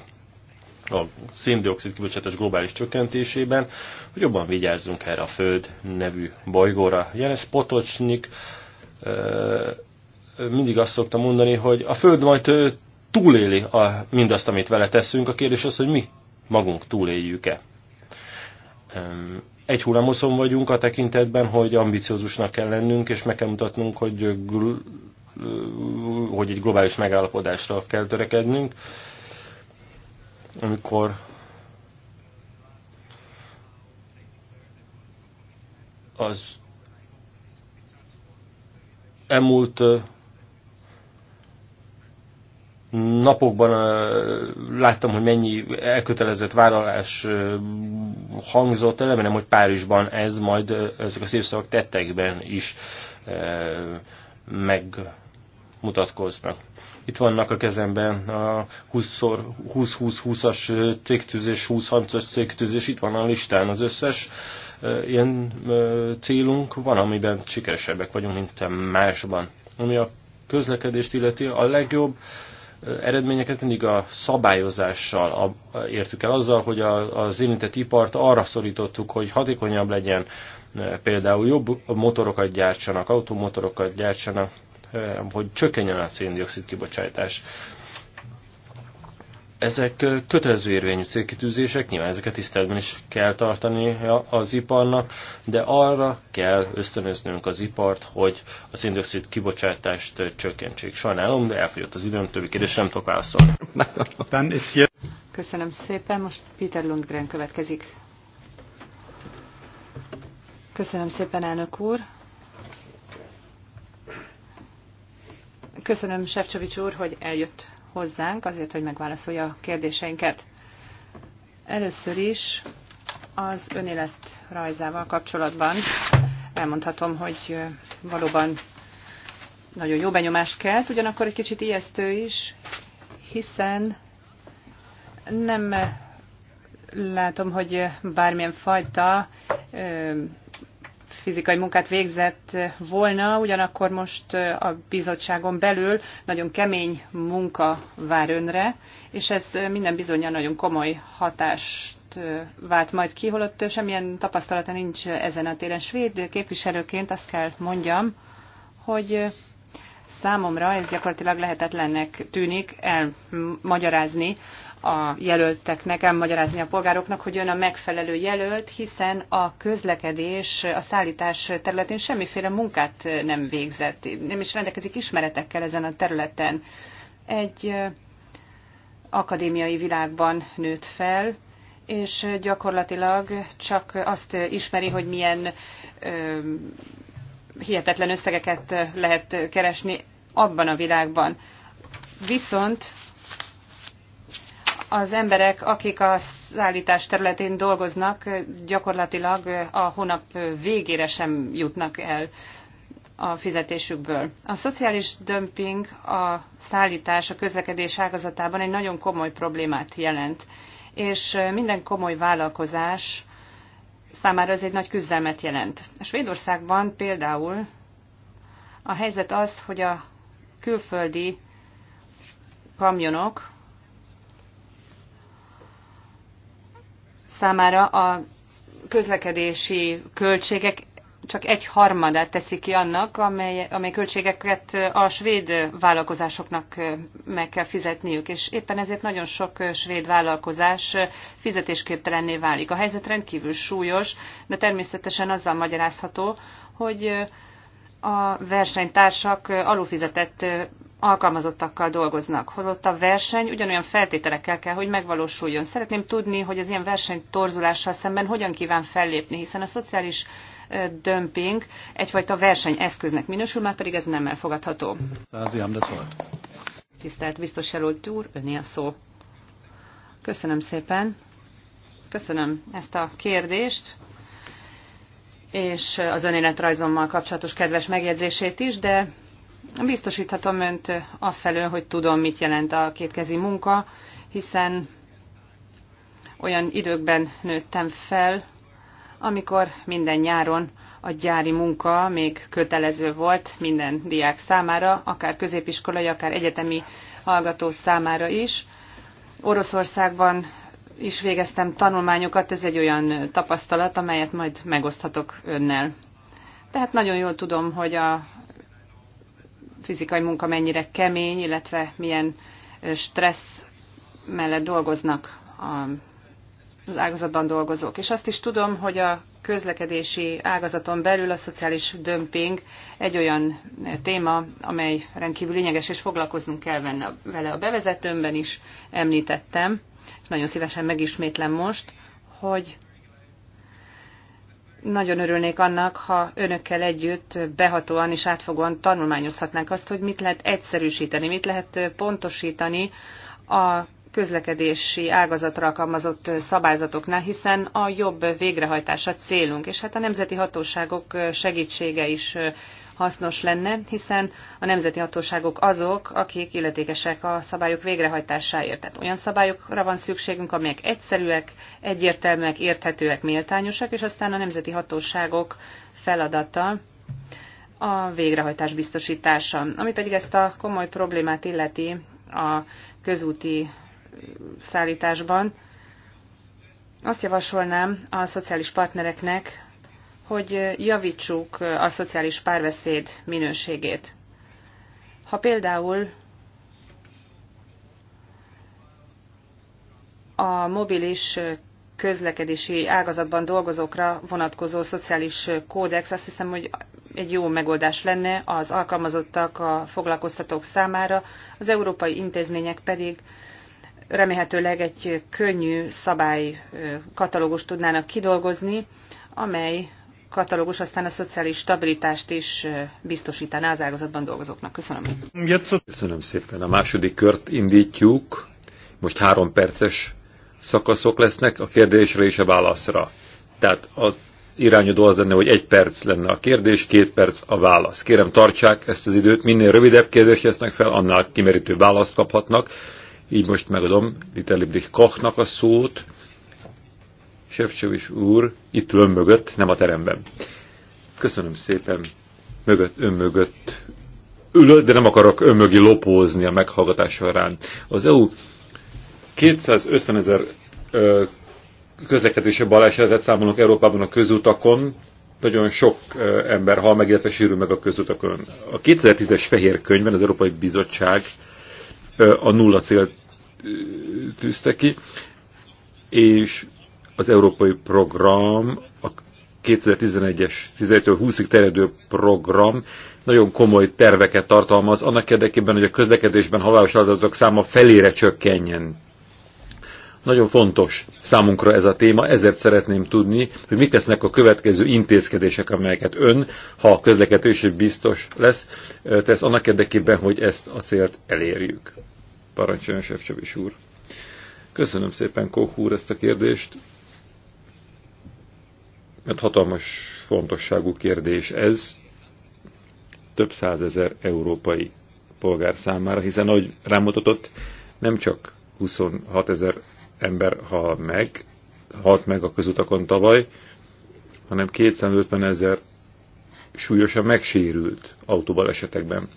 a széndiokszid kibocsátás globális csökkentésében, hogy jobban vigyázzunk erre a Föld nevű bolygóra. Jelen Potocsnik mindig azt szokta mondani, hogy a Föld majd túléli a, mindazt, amit vele teszünk. A kérdés az, hogy mi magunk túléljük-e. Egy hullámoszon vagyunk a tekintetben, hogy ambiciózusnak kell lennünk, és meg kell mutatnunk, hogy, hogy egy globális megállapodásra kell törekednünk amikor az elmúlt napokban láttam, hogy mennyi elkötelezett vállalás hangzott el, remélem, hogy Párizsban ez majd ezek a szívszavak tettekben is megmutatkoznak. Itt vannak a kezemben a 20-20-20-as cégtűzés, 20-30-as cégtűzés, itt van a listán az összes ilyen célunk. Van, amiben sikeresebbek vagyunk, mint másban. Ami a közlekedést illeti, a legjobb eredményeket mindig a szabályozással értük el, azzal, hogy az érintett ipart arra szorítottuk, hogy hatékonyabb legyen, például jobb motorokat gyártsanak, automotorokat gyártsanak, Eh, hogy csökkenjen a széndiokszid kibocsátás. Ezek eh, kötelező érvényű célkitűzések, nyilván ezeket tiszteletben is kell tartani az iparnak, de arra kell ösztönöznünk az ipart, hogy a széndiokszid kibocsátást eh, csökkentsék. Sajnálom, de elfogyott az időm, többi kérdés nem tudok válaszolni. Köszönöm szépen, most Peter Lundgren következik. Köszönöm szépen, elnök úr. Köszönöm Sefcsovics úr, hogy eljött hozzánk azért, hogy megválaszolja a kérdéseinket. Először is az önélet rajzával kapcsolatban elmondhatom, hogy valóban nagyon jó benyomást kelt, ugyanakkor egy kicsit ijesztő is, hiszen nem látom, hogy bármilyen fajta fizikai munkát végzett volna, ugyanakkor most a bizottságon belül nagyon kemény munka vár önre, és ez minden bizonyan nagyon komoly hatást vált majd ki, holott semmilyen tapasztalata nincs ezen a téren. Svéd képviselőként azt kell mondjam, hogy számomra ez gyakorlatilag lehetetlennek tűnik elmagyarázni a jelölteknek elmagyarázni a polgároknak, hogy jön a megfelelő jelölt, hiszen a közlekedés, a szállítás területén semmiféle munkát nem végzett, nem is rendelkezik ismeretekkel ezen a területen. Egy akadémiai világban nőtt fel, és gyakorlatilag csak azt ismeri, hogy milyen ö, hihetetlen összegeket lehet keresni abban a világban. Viszont az emberek, akik a szállítás területén dolgoznak, gyakorlatilag a hónap végére sem jutnak el a fizetésükből. A szociális dömping a szállítás, a közlekedés ágazatában egy nagyon komoly problémát jelent, és minden komoly vállalkozás számára ez egy nagy küzdelmet jelent. A Svédországban például a helyzet az, hogy a külföldi kamionok számára a közlekedési költségek csak egy harmadát teszi ki annak, amely, amely költségeket a svéd vállalkozásoknak meg kell fizetniük, és éppen ezért nagyon sok svéd vállalkozás fizetésképtelenné válik. A helyzet rendkívül súlyos, de természetesen azzal magyarázható, hogy a versenytársak alufizetett alkalmazottakkal dolgoznak, holott a verseny ugyanolyan feltételekkel kell, hogy megvalósuljon. Szeretném tudni, hogy az ilyen verseny torzulással szemben hogyan kíván fellépni, hiszen a szociális dömping egyfajta versenyeszköznek minősül, már pedig ez nem elfogadható. de Tisztelt biztos jelölt úr, öné a szó. Köszönöm szépen. Köszönöm ezt a kérdést és az önéletrajzommal kapcsolatos kedves megjegyzését is, de Biztosíthatom önt afelől, hogy tudom, mit jelent a kétkezi munka, hiszen olyan időkben nőttem fel, amikor minden nyáron a gyári munka még kötelező volt minden diák számára, akár középiskolai, akár egyetemi hallgató számára is. Oroszországban is végeztem tanulmányokat, ez egy olyan tapasztalat, amelyet majd megoszthatok önnel. Tehát nagyon jól tudom, hogy a fizikai munka mennyire kemény, illetve milyen stressz mellett dolgoznak az ágazatban dolgozók. És azt is tudom, hogy a közlekedési ágazaton belül a szociális dömping egy olyan téma, amely rendkívül lényeges, és foglalkoznunk kell vele a bevezetőmben is, említettem, és nagyon szívesen megismétlem most, hogy nagyon örülnék annak, ha önökkel együtt behatóan és átfogóan tanulmányozhatnánk azt, hogy mit lehet egyszerűsíteni, mit lehet pontosítani a közlekedési ágazatra alkalmazott szabályzatoknál, hiszen a jobb végrehajtása célunk, és hát a nemzeti hatóságok segítsége is hasznos lenne, hiszen a nemzeti hatóságok azok, akik illetékesek a szabályok végrehajtásáért. Tehát olyan szabályokra van szükségünk, amelyek egyszerűek, egyértelműek, érthetőek, méltányosak, és aztán a nemzeti hatóságok feladata a végrehajtás biztosítása. Ami pedig ezt a komoly problémát illeti a közúti szállításban, azt javasolnám a szociális partnereknek, hogy javítsuk a szociális párbeszéd minőségét. Ha például a mobilis közlekedési ágazatban dolgozókra vonatkozó szociális kódex azt hiszem, hogy egy jó megoldás lenne az alkalmazottak a foglalkoztatók számára, az európai intézmények pedig remélhetőleg egy könnyű szabálykatalógust tudnának kidolgozni, amely katalógus aztán a szociális stabilitást is biztosítaná az ágazatban dolgozóknak. Köszönöm. Köszönöm szépen. A második kört indítjuk. Most három perces szakaszok lesznek a kérdésre és a válaszra. Tehát az irányadó az lenne, hogy egy perc lenne a kérdés, két perc a válasz. Kérem, tartsák ezt az időt, minél rövidebb kérdést lesznek fel, annál kimerítő választ kaphatnak. Így most megadom Dieter Lieblich Kochnak a szót, Sefcsovics úr itt ül ön mögött, nem a teremben. Köszönöm szépen, mögött, ön mögött ülök, de nem akarok ön mögé lopózni a meghallgatás során. Az EU 250 ezer közlekedési balesetet számolunk Európában a közutakon, nagyon sok ember hal meg, illetve sérül meg a közutakon. A 2010-es fehér könyvben az Európai Bizottság a nulla cél tűzte ki, és az európai program, a 2011-es, 2020-ig terjedő program nagyon komoly terveket tartalmaz, annak érdekében, hogy a közlekedésben halálos áldozatok száma felére csökkenjen. Nagyon fontos számunkra ez a téma, ezért szeretném tudni, hogy mit tesznek a következő intézkedések, amelyeket ön, ha a közlekedés biztos lesz, tesz annak érdekében, hogy ezt a célt elérjük. Parancsoljon Sefcsovics úr. Köszönöm szépen, Kók úr, ezt a kérdést mert hatalmas fontosságú kérdés ez több százezer európai polgár számára, hiszen ahogy rámutatott, nem csak 26 ezer ember hal meg, halt meg a közutakon tavaly, hanem 250 ezer súlyosan megsérült autóbalesetekben.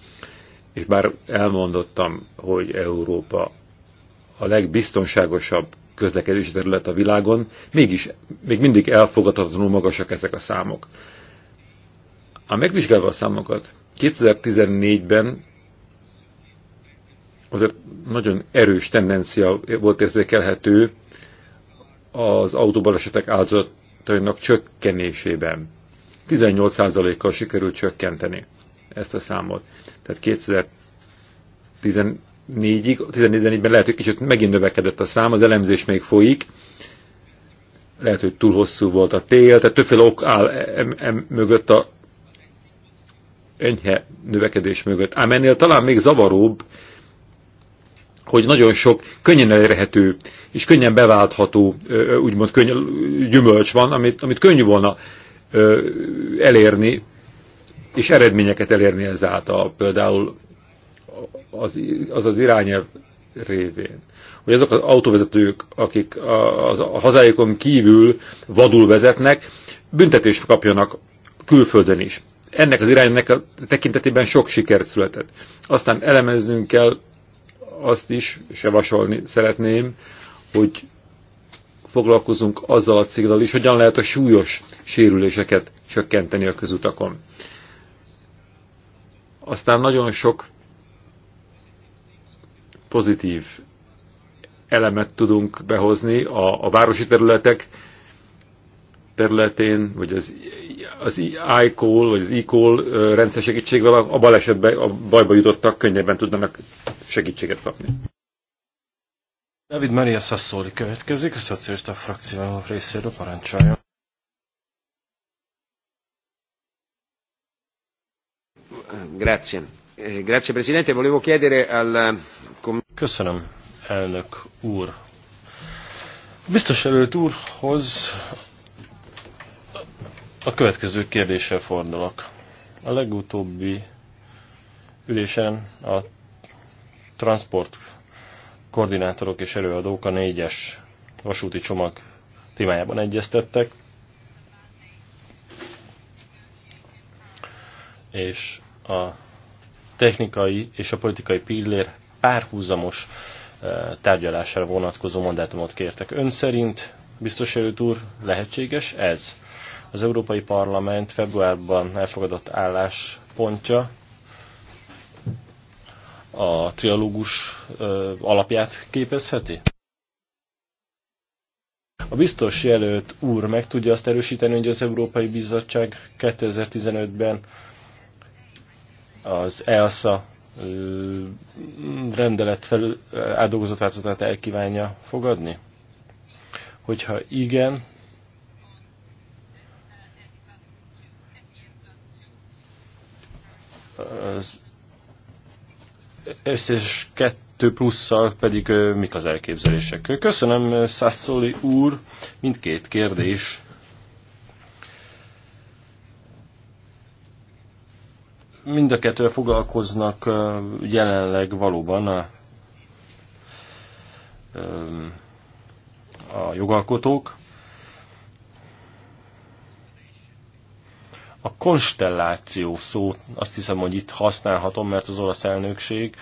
És bár elmondottam, hogy Európa a legbiztonságosabb közlekedési terület a világon, mégis még mindig elfogadhatatlanul magasak ezek a számok. A megvizsgálva a számokat, 2014-ben azért nagyon erős tendencia volt érzékelhető az autóbalesetek áldozatainak csökkenésében. 18%-kal sikerült csökkenteni ezt a számot. Tehát 2014 14-ig, 14-ben lehet, hogy kicsit megint növekedett a szám, az elemzés még folyik, lehet, hogy túl hosszú volt a tél, tehát többféle ok áll e, em, em, mögött a enyhe növekedés mögött. Ám ennél talán még zavaróbb, hogy nagyon sok könnyen elérhető és könnyen beváltható, úgymond könny, gyümölcs van, amit, amit könnyű volna elérni, és eredményeket elérni ezáltal. Például az, az az irányelv révén. Hogy azok az autóvezetők, akik a, a, a hazájukon kívül vadul vezetnek, büntetést kapjanak külföldön is. Ennek az iránynak a tekintetében sok sikert született. Aztán elemeznünk kell azt is, és javasolni szeretném, hogy foglalkozunk azzal a célral is, hogyan lehet a súlyos sérüléseket csökkenteni a közutakon. Aztán nagyon sok pozitív elemet tudunk behozni a, a városi területek területén, vagy az, az iCall, vagy az iCall rendszer segítségvel a balesetben, a bajba jutottak könnyebben tudnának segítséget kapni. David Maria Sassoli következik, a szocialista frakció részéről parancsolja. Grazie. Eh, grazie Presidente, volevo chiedere al Köszönöm, elnök úr. Biztos előtt úrhoz a következő kérdéssel fordulok. A legutóbbi ülésen a transport koordinátorok és előadók a négyes vasúti csomag témájában egyeztettek, és a technikai és a politikai pillér párhuzamos tárgyalására vonatkozó mandátumot kértek. Ön szerint, biztos előtt úr, lehetséges ez? Az Európai Parlament februárban elfogadott álláspontja a trialógus alapját képezheti? A biztos jelölt úr meg tudja azt erősíteni, hogy az Európai Bizottság 2015-ben az ELSA rendelet felül átdolgozott változatát elkívánja fogadni? Hogyha igen, az összes kettő plusszal pedig mik az elképzelések. Köszönöm Szászoli úr mindkét kérdés mind a kettő foglalkoznak jelenleg valóban a, a jogalkotók. A konstelláció szót azt hiszem, hogy itt használhatom, mert az olasz elnökség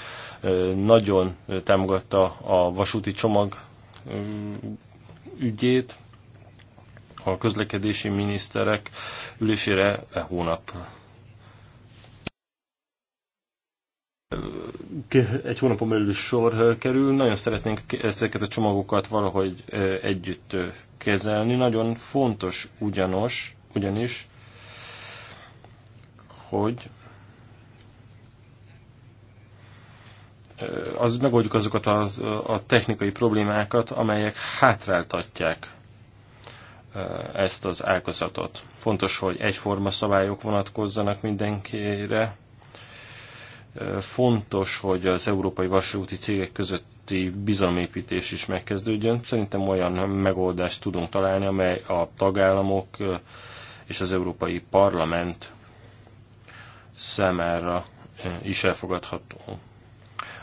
nagyon támogatta a vasúti csomag ügyét. A közlekedési miniszterek ülésére e hónap egy hónapon belül sor kerül. Nagyon szeretnénk ezeket a csomagokat valahogy együtt kezelni. Nagyon fontos ugyanos, ugyanis, hogy az megoldjuk azokat a, a technikai problémákat, amelyek hátráltatják ezt az ágazatot. Fontos, hogy egyforma szabályok vonatkozzanak mindenkire, Fontos, hogy az európai vasúti cégek közötti bizalomépítés is megkezdődjön. Szerintem olyan megoldást tudunk találni, amely a tagállamok és az Európai Parlament számára is elfogadható.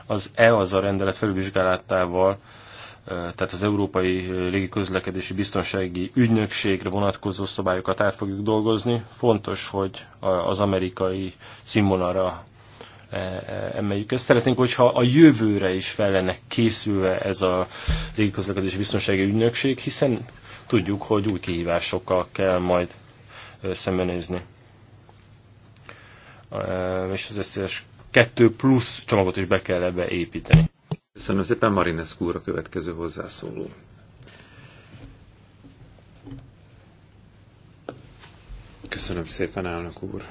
Az E az a rendelet felülvizsgálatával, tehát az Európai Légi Közlekedési Biztonsági Ügynökségre vonatkozó szabályokat át fogjuk dolgozni. Fontos, hogy az amerikai színvonalra E, e, emeljük. Ezt szeretnénk, hogyha a jövőre is fel lenne készülve ez a légiközlekedési biztonsági ügynökség, hiszen tudjuk, hogy új kihívásokkal kell majd e, szembenézni. És az összes kettő plusz csomagot is be kell ebbe építeni. Köszönöm szépen, Marines úr a következő hozzászóló. Köszönöm szépen, elnök úr.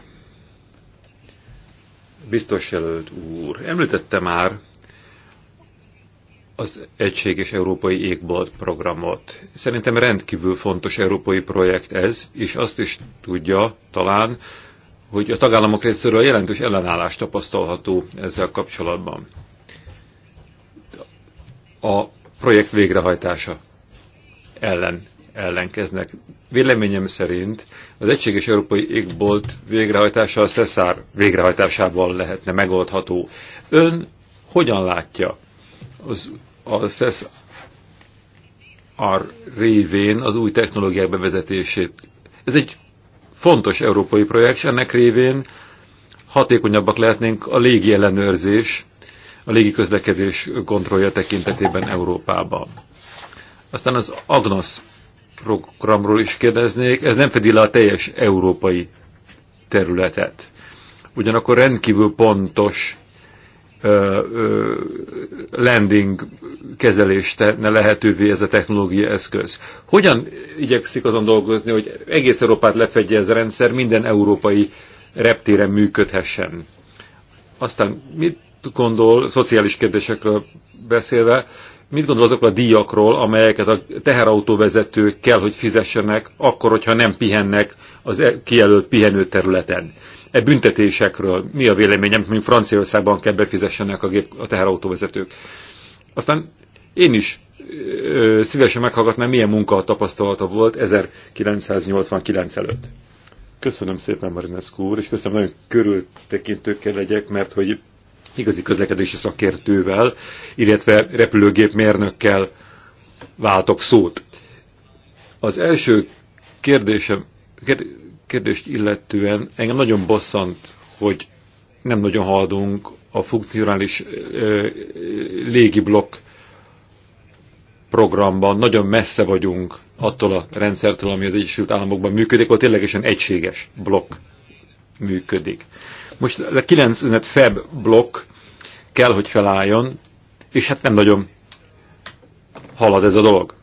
Biztos jelölt úr, említette már az és Európai Égbolt programot. Szerintem rendkívül fontos európai projekt ez, és azt is tudja talán, hogy a tagállamok részéről jelentős ellenállás tapasztalható ezzel kapcsolatban. A projekt végrehajtása ellen ellenkeznek. Véleményem szerint az Egységes Európai Égbolt végrehajtása a Szeszár végrehajtásával lehetne megoldható. Ön hogyan látja az, a Szeszár révén az új technológiák bevezetését? Ez egy fontos európai projekt, és ennek révén hatékonyabbak lehetnénk a légi ellenőrzés, a légi közlekedés kontrollja tekintetében Európában. Aztán az Agnos programról is kérdeznék, ez nem fedi le a teljes európai területet. Ugyanakkor rendkívül pontos ö, ö, landing kezelést tenne lehetővé ez a technológia eszköz. Hogyan igyekszik azon dolgozni, hogy egész Európát lefedje ez a rendszer, minden európai reptéren működhessen? Aztán mit gondol, szociális kérdésekről beszélve, Mit gondol azokról a díjakról, amelyeket a teherautóvezetők kell, hogy fizessenek, akkor, hogyha nem pihennek az e- kijelölt pihenőterületen? E büntetésekről mi a véleményem, mondjuk Franciaországban kell befizessenek a, gép, a teherautóvezetők? Aztán én is ö, szívesen meghallgatnám, milyen munka tapasztalata volt 1989 előtt. Köszönöm szépen, Marinescu úr, és köszönöm, nagyon körültekintőkkel legyek, mert hogy igazi közlekedési szakértővel, illetve repülőgépmérnökkel váltok szót. Az első kérdésem, kérdést illetően engem nagyon bosszant, hogy nem nagyon haladunk a funkcionális légiblokk programban, nagyon messze vagyunk attól a rendszertől, ami az Egyesült Államokban működik, ott ténylegesen egységes blokk működik. Most a 9 feb blokk kell, hogy felálljon, és hát nem nagyon halad ez a dolog.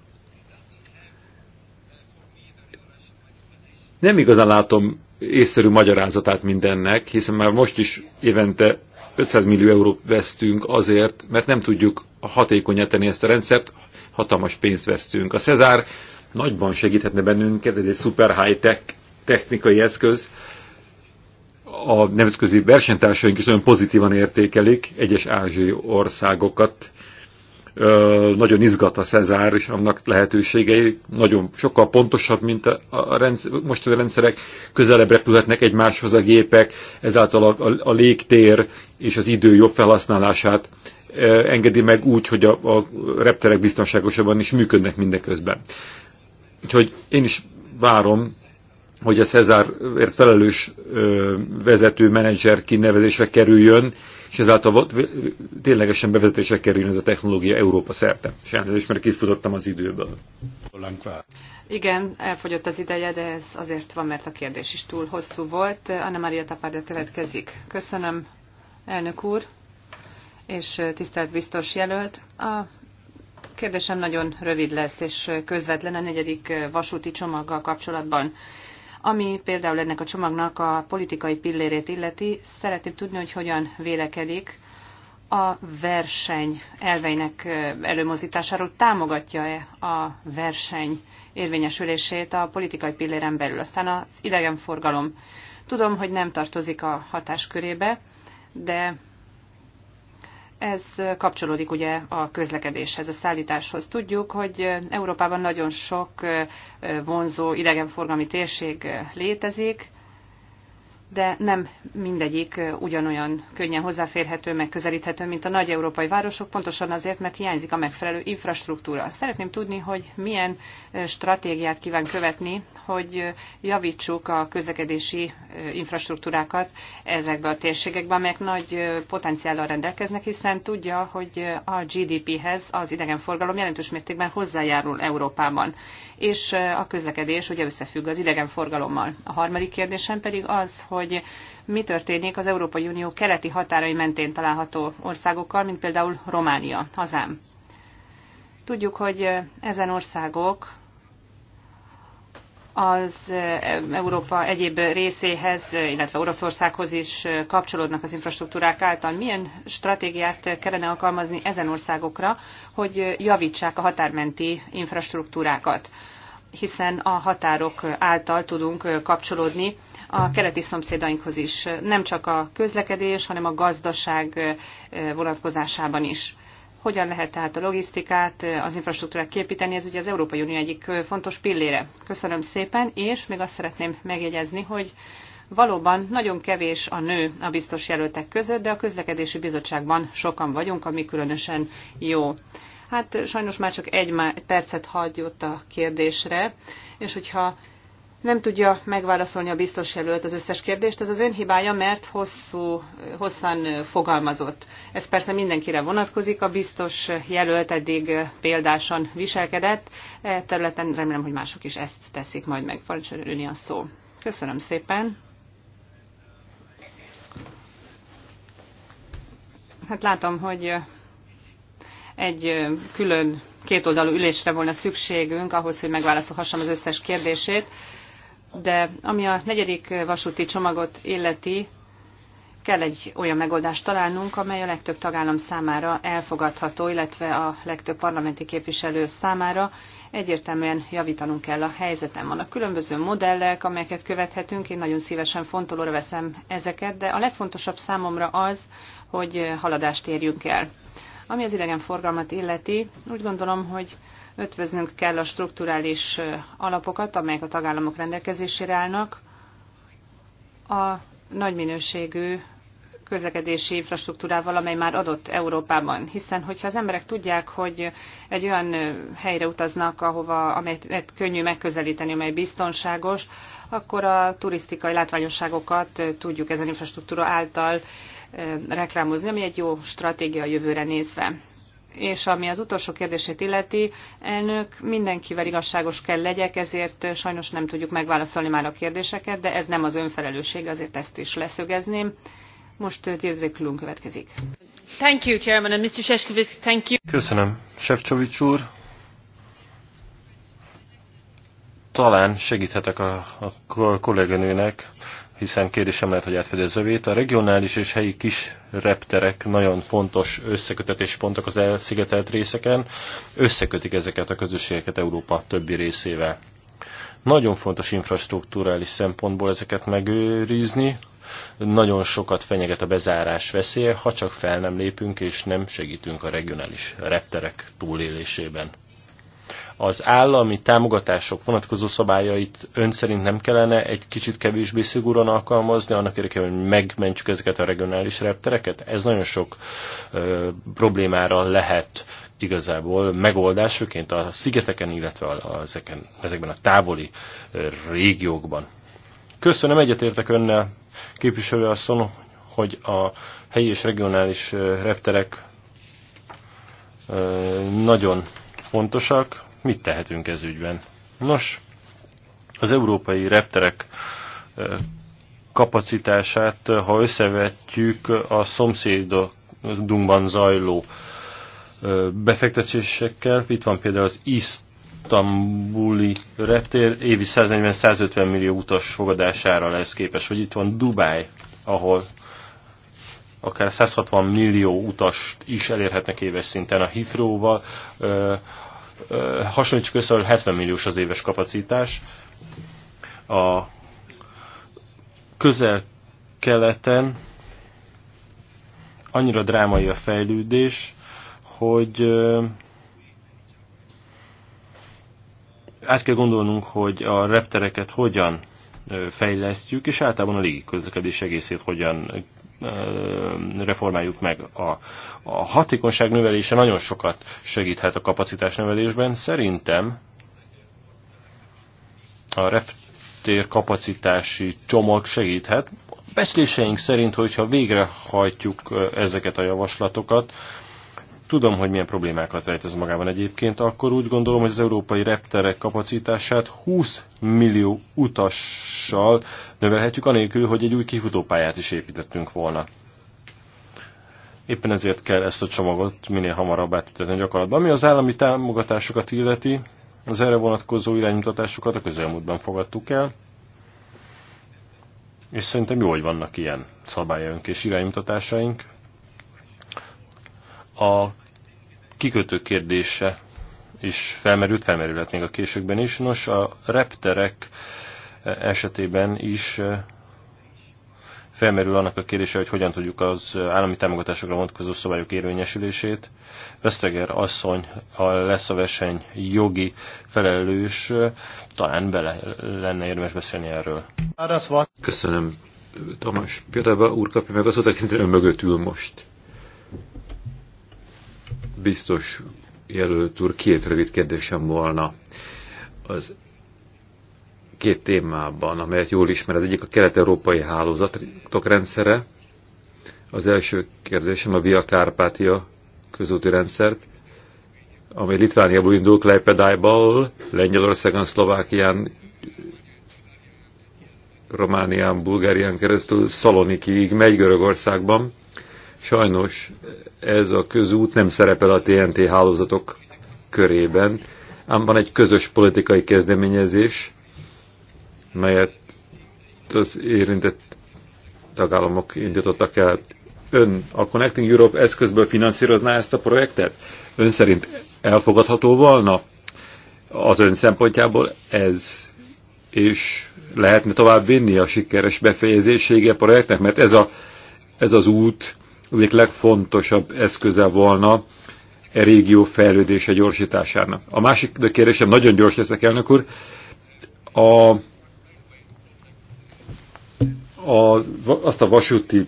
Nem igazán látom észszerű magyarázatát mindennek, hiszen már most is évente 500 millió eurót vesztünk azért, mert nem tudjuk hatékonyan tenni ezt a rendszert, hatalmas pénzt vesztünk. A Cezár nagyban segíthetne bennünket, ez egy szuper high-tech technikai eszköz, a nemzetközi versenytársaink is nagyon pozitívan értékelik egyes ázsiai országokat. Nagyon izgat a Cezár és annak lehetőségei, nagyon sokkal pontosabb, mint a, a rendszer, most a rendszerek, közelebb repülhetnek egymáshoz a gépek, ezáltal a, a, a légtér és az idő jobb felhasználását engedi meg úgy, hogy a, a repterek biztonságosabban is működnek mindeközben. Úgyhogy én is várom hogy a Cezárért felelős vezető menedzser kinevezésre kerüljön, és ezáltal ténylegesen bevezetésre kerüljön ez a technológia Európa szerte. Sajnálatos, mert kifutottam az időből. Igen, elfogyott az ideje, de ez azért van, mert a kérdés is túl hosszú volt. Anna Maria Tapárda következik. Köszönöm, elnök úr, és tisztelt biztos jelölt. A kérdésem nagyon rövid lesz, és közvetlen a negyedik vasúti csomaggal kapcsolatban. Ami például ennek a csomagnak a politikai pillérét illeti, szeretném tudni, hogy hogyan vélekedik a verseny elveinek előmozításáról támogatja-e a verseny érvényesülését a politikai pilléren belül. Aztán az idegenforgalom. Tudom, hogy nem tartozik a hatáskörébe, de ez kapcsolódik ugye a közlekedéshez, a szállításhoz. Tudjuk, hogy Európában nagyon sok eh, vonzó idegenforgalmi térség eh, létezik, de nem mindegyik ugyanolyan könnyen hozzáférhető, megközelíthető, mint a nagy európai városok, pontosan azért, mert hiányzik a megfelelő infrastruktúra. Szeretném tudni, hogy milyen stratégiát kíván követni, hogy javítsuk a közlekedési infrastruktúrákat ezekbe a térségekbe, amelyek nagy potenciállal rendelkeznek, hiszen tudja, hogy a GDP-hez az idegenforgalom jelentős mértékben hozzájárul Európában és a közlekedés ugye összefügg az idegenforgalommal. A harmadik kérdésem pedig az, hogy mi történik az Európai Unió keleti határai mentén található országokkal, mint például Románia, hazám. Tudjuk, hogy ezen országok az Európa egyéb részéhez, illetve Oroszországhoz is kapcsolódnak az infrastruktúrák által. Milyen stratégiát kellene alkalmazni ezen országokra, hogy javítsák a határmenti infrastruktúrákat? hiszen a határok által tudunk kapcsolódni a keleti szomszédainkhoz is, nem csak a közlekedés, hanem a gazdaság vonatkozásában is. Hogyan lehet tehát a logisztikát, az infrastruktúrát képíteni, ez ugye az Európai Unió egyik fontos pillére. Köszönöm szépen, és még azt szeretném megjegyezni, hogy Valóban nagyon kevés a nő a biztos jelöltek között, de a közlekedési bizottságban sokan vagyunk, ami különösen jó. Hát sajnos már csak egy percet hagyott a kérdésre, és hogyha nem tudja megválaszolni a biztos jelölt az összes kérdést, ez az ön hibája, mert hosszú, hosszan fogalmazott. Ez persze mindenkire vonatkozik, a biztos jelölt eddig példásan viselkedett, e területen remélem, hogy mások is ezt teszik majd meg. parancsolni a szó. Köszönöm szépen. Hát látom, hogy egy külön kétoldalú ülésre volna szükségünk ahhoz, hogy megválaszolhassam az összes kérdését. De ami a negyedik vasúti csomagot illeti, kell egy olyan megoldást találnunk, amely a legtöbb tagállam számára elfogadható, illetve a legtöbb parlamenti képviselő számára. Egyértelműen javítanunk kell a helyzeten. Vannak különböző modellek, amelyeket követhetünk, én nagyon szívesen fontolóra veszem ezeket, de a legfontosabb számomra az, hogy haladást érjünk el. Ami az idegenforgalmat illeti, úgy gondolom, hogy ötvöznünk kell a strukturális alapokat, amelyek a tagállamok rendelkezésére állnak, a nagy minőségű közlekedési infrastruktúrával, amely már adott Európában. Hiszen, hogyha az emberek tudják, hogy egy olyan helyre utaznak, ahova, amelyet könnyű megközelíteni, amely biztonságos, akkor a turisztikai látványosságokat tudjuk ezen infrastruktúra által reklámozni, ami egy jó stratégia a jövőre nézve. És ami az utolsó kérdését illeti, elnök, mindenkivel igazságos kell legyek, ezért sajnos nem tudjuk megválaszolni már a kérdéseket, de ez nem az önfelelőség, azért ezt is leszögezném. Most eh, Deirdre Klum következik. Thank you, Chairman, and Mr. Sefcovic, thank you. Köszönöm, Sefcsovics úr. Talán segíthetek a, a kolléganőnek hiszen kérdés sem lehet, hogy átfedi az övét. A regionális és helyi kis repterek nagyon fontos összekötetés pontok az elszigetelt részeken, összekötik ezeket a közösségeket Európa többi részével. Nagyon fontos infrastruktúrális szempontból ezeket megőrizni, nagyon sokat fenyeget a bezárás veszélye, ha csak fel nem lépünk és nem segítünk a regionális repterek túlélésében az állami támogatások vonatkozó szabályait ön szerint nem kellene egy kicsit kevésbé szigorúan alkalmazni, annak érdekében, hogy megmentsük ezeket a regionális reptereket? Ez nagyon sok ö, problémára lehet igazából megoldásoként a szigeteken, illetve a, a, ezeken, ezekben a távoli ö, régiókban. Köszönöm, egyetértek önnel, asszony, hogy a helyi és regionális repterek nagyon fontosak, Mit tehetünk ez ügyben? Nos, az európai repterek kapacitását, ha összevetjük a szomszédunkban zajló befektetésekkel, itt van például az isztambuli reptér, évi 140-150 millió utas fogadására lesz képes, vagy itt van Dubáj, ahol akár 160 millió utast is elérhetnek éves szinten a Heathrow-val, hasonlítsuk össze, hogy 70 milliós az éves kapacitás. A közel-keleten annyira drámai a fejlődés, hogy át kell gondolnunk, hogy a reptereket hogyan fejlesztjük, és általában a légi közlekedés egészét hogyan reformáljuk meg. A, a hatékonyság növelése nagyon sokat segíthet a kapacitás növelésben. Szerintem a reptér kapacitási csomag segíthet. Becsléseink szerint, hogyha végrehajtjuk ezeket a javaslatokat, Tudom, hogy milyen problémákat rejt ez magában egyébként, akkor úgy gondolom, hogy az európai repterek kapacitását 20 millió utassal növelhetjük, anélkül, hogy egy új kifutópályát is építettünk volna. Éppen ezért kell ezt a csomagot minél hamarabb átütetni a gyakorlatban. Ami az állami támogatásokat illeti, az erre vonatkozó iránymutatásokat a közelmúltban fogadtuk el, és szerintem jó, hogy vannak ilyen szabályaink és iránymutatásaink. A kikötő kérdése is felmerült, felmerülhet még a későkben is. Nos, a repterek eh, esetében is eh, felmerül annak a kérdése, hogy hogyan tudjuk az állami támogatásokra vonatkozó szabályok érvényesülését. Veszteger asszony a lesz a verseny jogi felelős, eh, talán bele lenne érdemes beszélni erről. Köszönöm. Tamás Például úr kapja meg az szót, ön mögött ül most biztos jelölt úr, két rövid kérdésem volna az két témában, amelyet jól ismer. Az egyik a kelet-európai hálózatok rendszere. Az első kérdésem a Via Kárpátia közúti rendszert, amely Litvániából indul Klejpedájból, Lengyelországon, Szlovákián, Románián, Bulgárián keresztül Szalonikiig megy Görögországban Sajnos ez a közút nem szerepel a TNT hálózatok körében, ám van egy közös politikai kezdeményezés, melyet az érintett tagállamok indítottak el. Ön a Connecting Europe eszközből finanszírozná ezt a projektet? Ön szerint elfogadható volna az ön szempontjából ez, és lehetne tovább vinni a sikeres befejezésége a projektnek, mert ez, a, ez az út egyik legfontosabb eszköze volna e régió fejlődése gyorsításának. A másik kérdésem, nagyon gyors leszek, elnök úr, a, a, azt a vasúti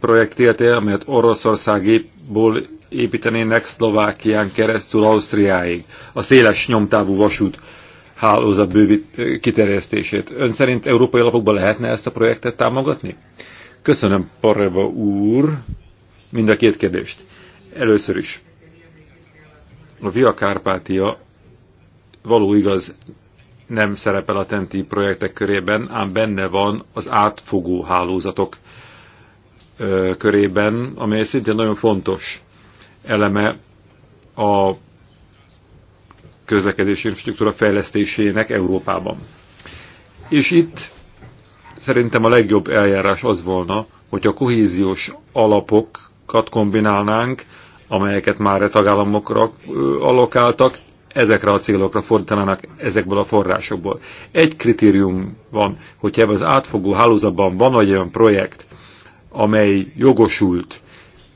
projekt amelyet Oroszországból építenének Szlovákián keresztül Ausztriáig, a széles nyomtávú vasút hálózat bővít, kiterjesztését. Ön szerint európai alapokban lehetne ezt a projektet támogatni? Köszönöm, Parreba úr mind a két kérdést. Először is, a Via Kárpátia való igaz nem szerepel a TENTI projektek körében, ám benne van az átfogó hálózatok ö, körében, amely szintén nagyon fontos eleme a közlekedési infrastruktúra fejlesztésének Európában. És itt szerintem a legjobb eljárás az volna, hogy a kohéziós alapok kombinálnánk, amelyeket már a tagállamokra allokáltak, ezekre a célokra fordítanának ezekből a forrásokból. Egy kritérium van, hogyha ebben az átfogó hálózatban van egy olyan projekt, amely jogosult,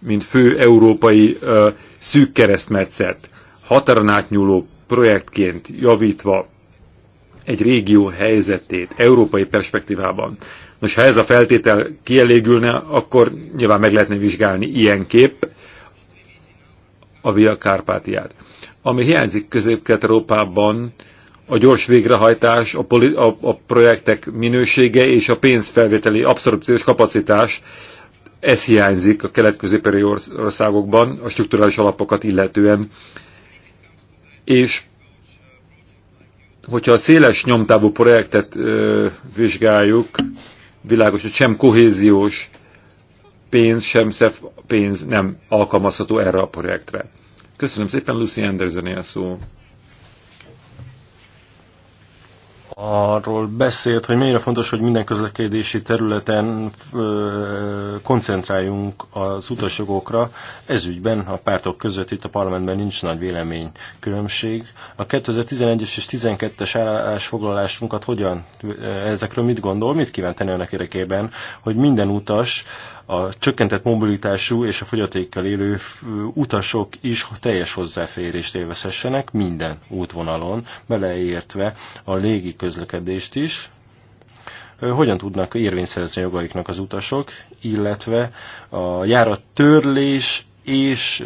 mint fő európai ö, szűk keresztmetszet, határon átnyúló projektként javítva egy régió helyzetét európai perspektívában, Nos, ha ez a feltétel kielégülne, akkor nyilván meg lehetne vizsgálni ilyen kép a Via Kárpátiát. Ami hiányzik közép európában a gyors végrehajtás, a, poli, a, a projektek minősége és a pénzfelvételi abszorpciós kapacitás, ez hiányzik a kelet-középeri országokban a strukturális alapokat illetően. És hogyha a széles nyomtávú projektet ö, vizsgáljuk, világos, hogy sem kohéziós pénz, sem SZEF pénz nem alkalmazható erre a projektre. Köszönöm szépen, Lucy Anderson a szó. arról beszélt, hogy mennyire fontos, hogy minden közlekedési területen koncentráljunk az utasjogokra. Ez ügyben a pártok között itt a parlamentben nincs nagy különbség. A 2011-es és 12-es állásfoglalásunkat hogyan, ezekről mit gondol, mit kíván tenni annak érdekében, hogy minden utas a csökkentett mobilitású és a fogyatékkal élő utasok is teljes hozzáférést élvezhessenek minden útvonalon, beleértve a légi közlekedést is, hogyan tudnak érvényszerezni jogaiknak az utasok, illetve a járat törlés és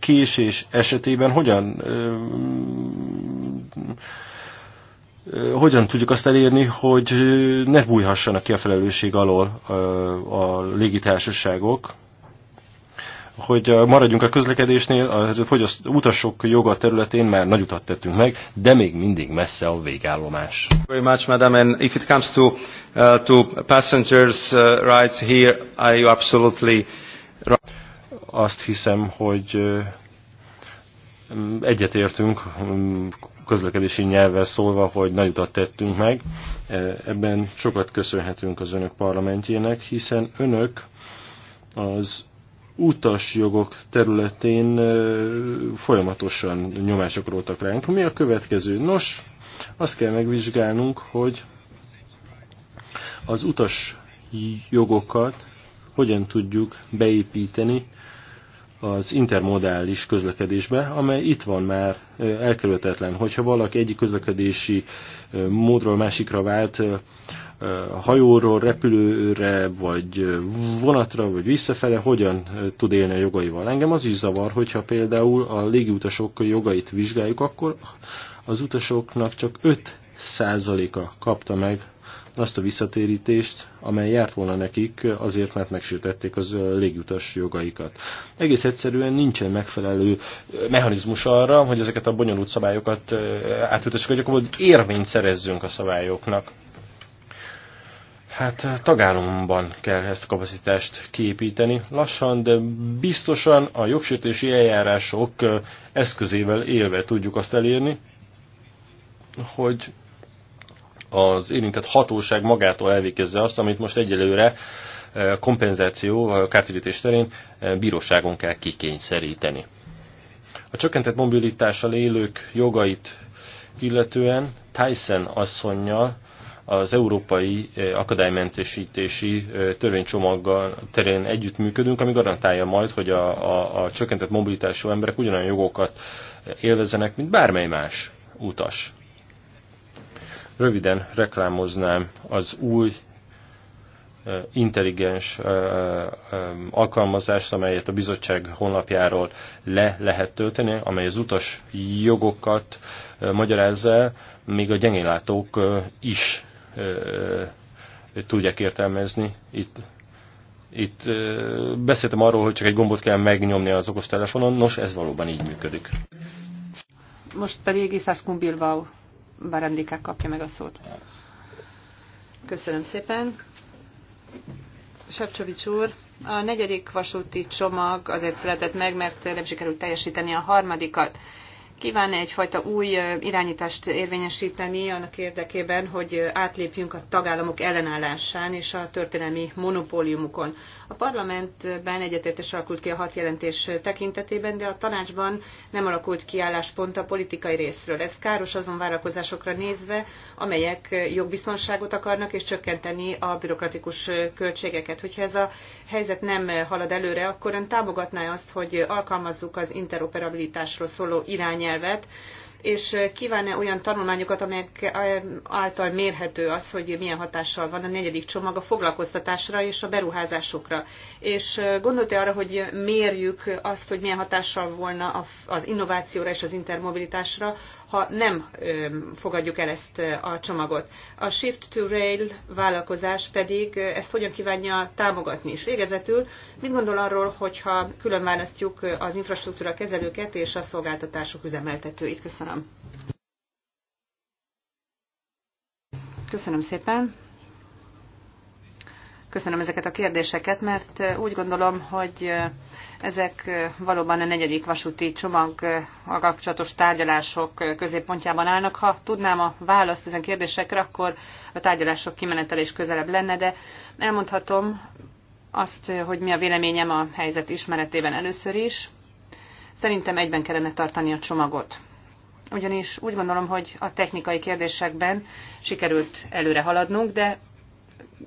késés esetében hogyan hogyan tudjuk azt elérni, hogy ne bújhassanak ki a felelősség alól a légitársaságok, hogy maradjunk a közlekedésnél, a fogyaszt, utasok joga területén már nagy utat tettünk meg, de még mindig messze a végállomás. Very much, madam, and if it comes to, uh, to passengers uh, rights here, I absolutely azt hiszem, hogy egyetértünk közlekedési nyelvvel szólva, hogy nagy utat tettünk meg. E, ebben sokat köszönhetünk az önök parlamentjének, hiszen önök az utasjogok területén e, folyamatosan nyomások rótak ránk. Mi a következő? Nos, azt kell megvizsgálnunk, hogy az utas jogokat hogyan tudjuk beépíteni az intermodális közlekedésbe, amely itt van már elkerülhetetlen. Hogyha valaki egyik közlekedési módról másikra vált, hajóról, repülőre, vagy vonatra, vagy visszafele, hogyan tud élni a jogaival. Engem az is zavar, hogyha például a légiutasok jogait vizsgáljuk, akkor az utasoknak csak 5%-a kapta meg azt a visszatérítést, amely járt volna nekik azért, mert megsértették az légutas jogaikat. Egész egyszerűen nincsen megfelelő mechanizmus arra, hogy ezeket a bonyolult szabályokat átültessük, hogy akkor érvényt szerezzünk a szabályoknak. Hát tagállamban kell ezt a kapacitást kiépíteni. Lassan, de biztosan a jogsértési eljárások eszközével élve tudjuk azt elérni, hogy az érintett hatóság magától elvégezze azt, amit most egyelőre eh, kompenzáció, kártérítés terén eh, bíróságon kell kikényszeríteni. A csökkentett mobilitással élők jogait illetően Tyson asszonynal az Európai eh, Akadálymentesítési Törvénycsomaggal terén együttműködünk, ami garantálja majd, hogy a, a, a csökkentett mobilitású emberek ugyanolyan jogokat élvezzenek, mint bármely más utas. Röviden reklámoznám az új intelligens alkalmazást, amelyet a bizottság honlapjáról le lehet tölteni, amely az utas jogokat magyarázza még a gyengénlátók is tudják értelmezni. Itt, itt beszéltem arról, hogy csak egy gombot kell megnyomni az okostelefonon, nos, ez valóban így működik. Most pedig Iszász Kumbilvau. Barandika kapja meg a szót. Köszönöm szépen. Sefcsovics úr, a negyedik vasúti csomag azért született meg, mert nem sikerült teljesíteni a harmadikat kíván egyfajta új irányítást érvényesíteni annak érdekében, hogy átlépjünk a tagállamok ellenállásán és a történelmi monopóliumukon. A parlamentben egyetértés alakult ki a hat jelentés tekintetében, de a tanácsban nem alakult ki álláspont a politikai részről. Ez káros azon várakozásokra nézve, amelyek jogbiztonságot akarnak és csökkenteni a bürokratikus költségeket. Hogyha ez a helyzet nem halad előre, akkor ön támogatná azt, hogy alkalmazzuk az interoperabilitásról szóló irányát, nyelvet, és kíván-e olyan tanulmányokat, amelyek által mérhető az, hogy milyen hatással van a negyedik csomag a foglalkoztatásra és a beruházásokra. És gondolta arra, hogy mérjük azt, hogy milyen hatással volna az innovációra és az intermobilitásra, ha nem fogadjuk el ezt a csomagot. A Shift to Rail vállalkozás pedig ezt hogyan kívánja támogatni is. Végezetül, mit gondol arról, hogyha külön választjuk az infrastruktúra kezelőket és a szolgáltatások üzemeltetőit? Köszönöm. Köszönöm. Köszönöm szépen. Köszönöm ezeket a kérdéseket, mert eh, úgy gondolom, hogy eh, ezek eh, valóban a negyedik vasúti csomag kapcsolatos tárgyalások középpontjában állnak. Ha tudnám a választ ezen kérdésekre, akkor a tárgyalások kimenetel is közelebb lenne, de elmondhatom azt, hogy mi a véleményem a helyzet ismeretében először is. Szerintem egyben kellene tartani a csomagot ugyanis úgy gondolom, hogy a technikai kérdésekben sikerült előre haladnunk, de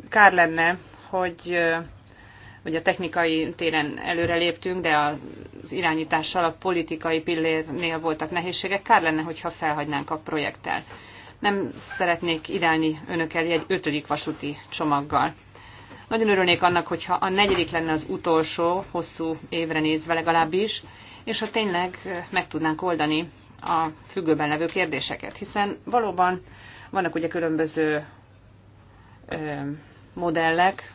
kár lenne, hogy, hogy a technikai téren előre léptünk, de az irányítással a politikai pillérnél voltak nehézségek. Kár lenne, hogyha felhagynánk a projekttel. Nem szeretnék irányni önök elé egy ötödik vasúti csomaggal. Nagyon örülnék annak, hogyha a negyedik lenne az utolsó, hosszú évre nézve legalábbis, és ha tényleg meg tudnánk oldani a függőben levő kérdéseket, hiszen valóban vannak ugye különböző modellek,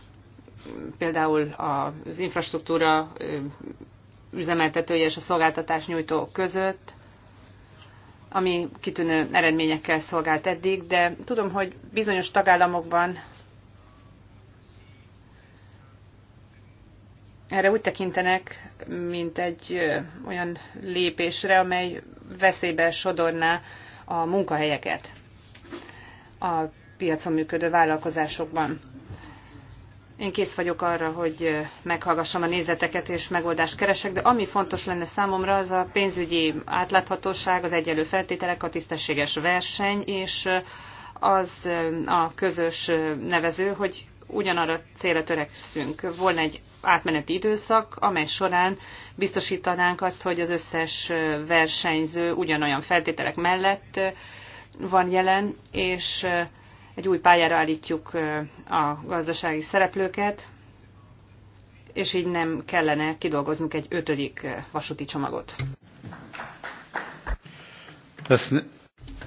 például az infrastruktúra üzemeltetője és a szolgáltatás nyújtó között, ami kitűnő eredményekkel szolgált eddig, de tudom, hogy bizonyos tagállamokban erre úgy tekintenek, mint egy olyan lépésre, amely veszélybe sodorná a munkahelyeket a piacon működő vállalkozásokban. Én kész vagyok arra, hogy meghallgassam a nézeteket és megoldást keresek, de ami fontos lenne számomra, az a pénzügyi átláthatóság, az egyenlő feltételek, a tisztességes verseny, és az a közös nevező, hogy ugyanarra célra törekszünk. Volna egy átmeneti időszak, amely során biztosítanánk azt, hogy az összes versenyző ugyanolyan feltételek mellett van jelen, és egy új pályára állítjuk a gazdasági szereplőket, és így nem kellene kidolgoznunk egy ötödik vasúti csomagot.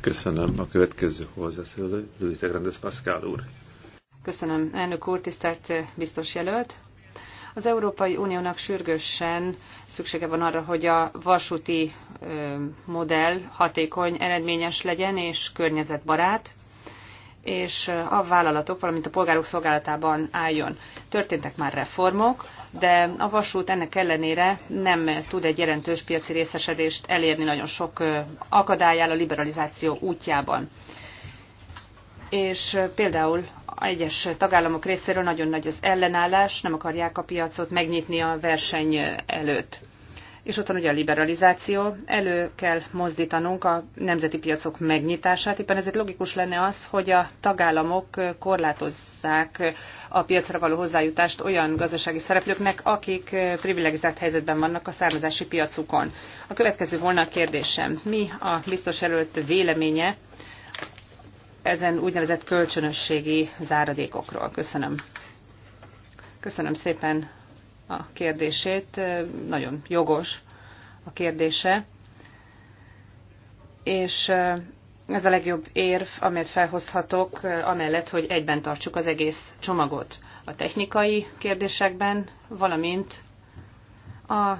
Köszönöm a következő hozzászóló, Luisa Grandes Pascal úr. Köszönöm, elnök úr, tisztelt biztos jelölt. Az Európai Uniónak sürgősen szüksége van arra, hogy a vasúti modell hatékony, eredményes legyen és környezetbarát és a vállalatok, valamint a polgárok szolgálatában álljon. Történtek már reformok, de a vasút ennek ellenére nem tud egy jelentős piaci részesedést elérni nagyon sok akadályál a liberalizáció útjában és például egyes tagállamok részéről nagyon nagy az ellenállás, nem akarják a piacot megnyitni a verseny előtt. És ott van ugye a liberalizáció, elő kell mozdítanunk a nemzeti piacok megnyitását, éppen ezért logikus lenne az, hogy a tagállamok korlátozzák a piacra való hozzájutást olyan gazdasági szereplőknek, akik privilegizált helyzetben vannak a származási piacukon. A következő volna a kérdésem. Mi a biztos előtt véleménye ezen úgynevezett kölcsönösségi záradékokról. Köszönöm. Köszönöm szépen a kérdését. Nagyon jogos a kérdése. És ez a legjobb érv, amelyet felhozhatok, amellett, hogy egyben tartsuk az egész csomagot a technikai kérdésekben, valamint a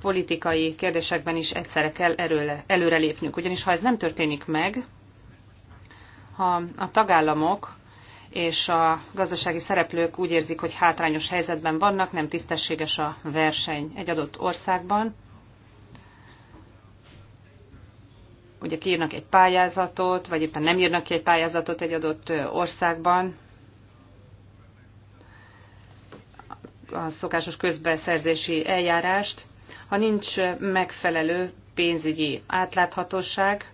politikai kérdésekben is egyszerre kell előre, előrelépnünk. Ugyanis ha ez nem történik meg, ha a tagállamok és a gazdasági szereplők úgy érzik, hogy hátrányos helyzetben vannak, nem tisztességes a verseny egy adott országban. Ugye kiírnak egy pályázatot, vagy éppen nem írnak ki egy pályázatot egy adott országban, a szokásos közbeszerzési eljárást, ha nincs megfelelő pénzügyi átláthatóság,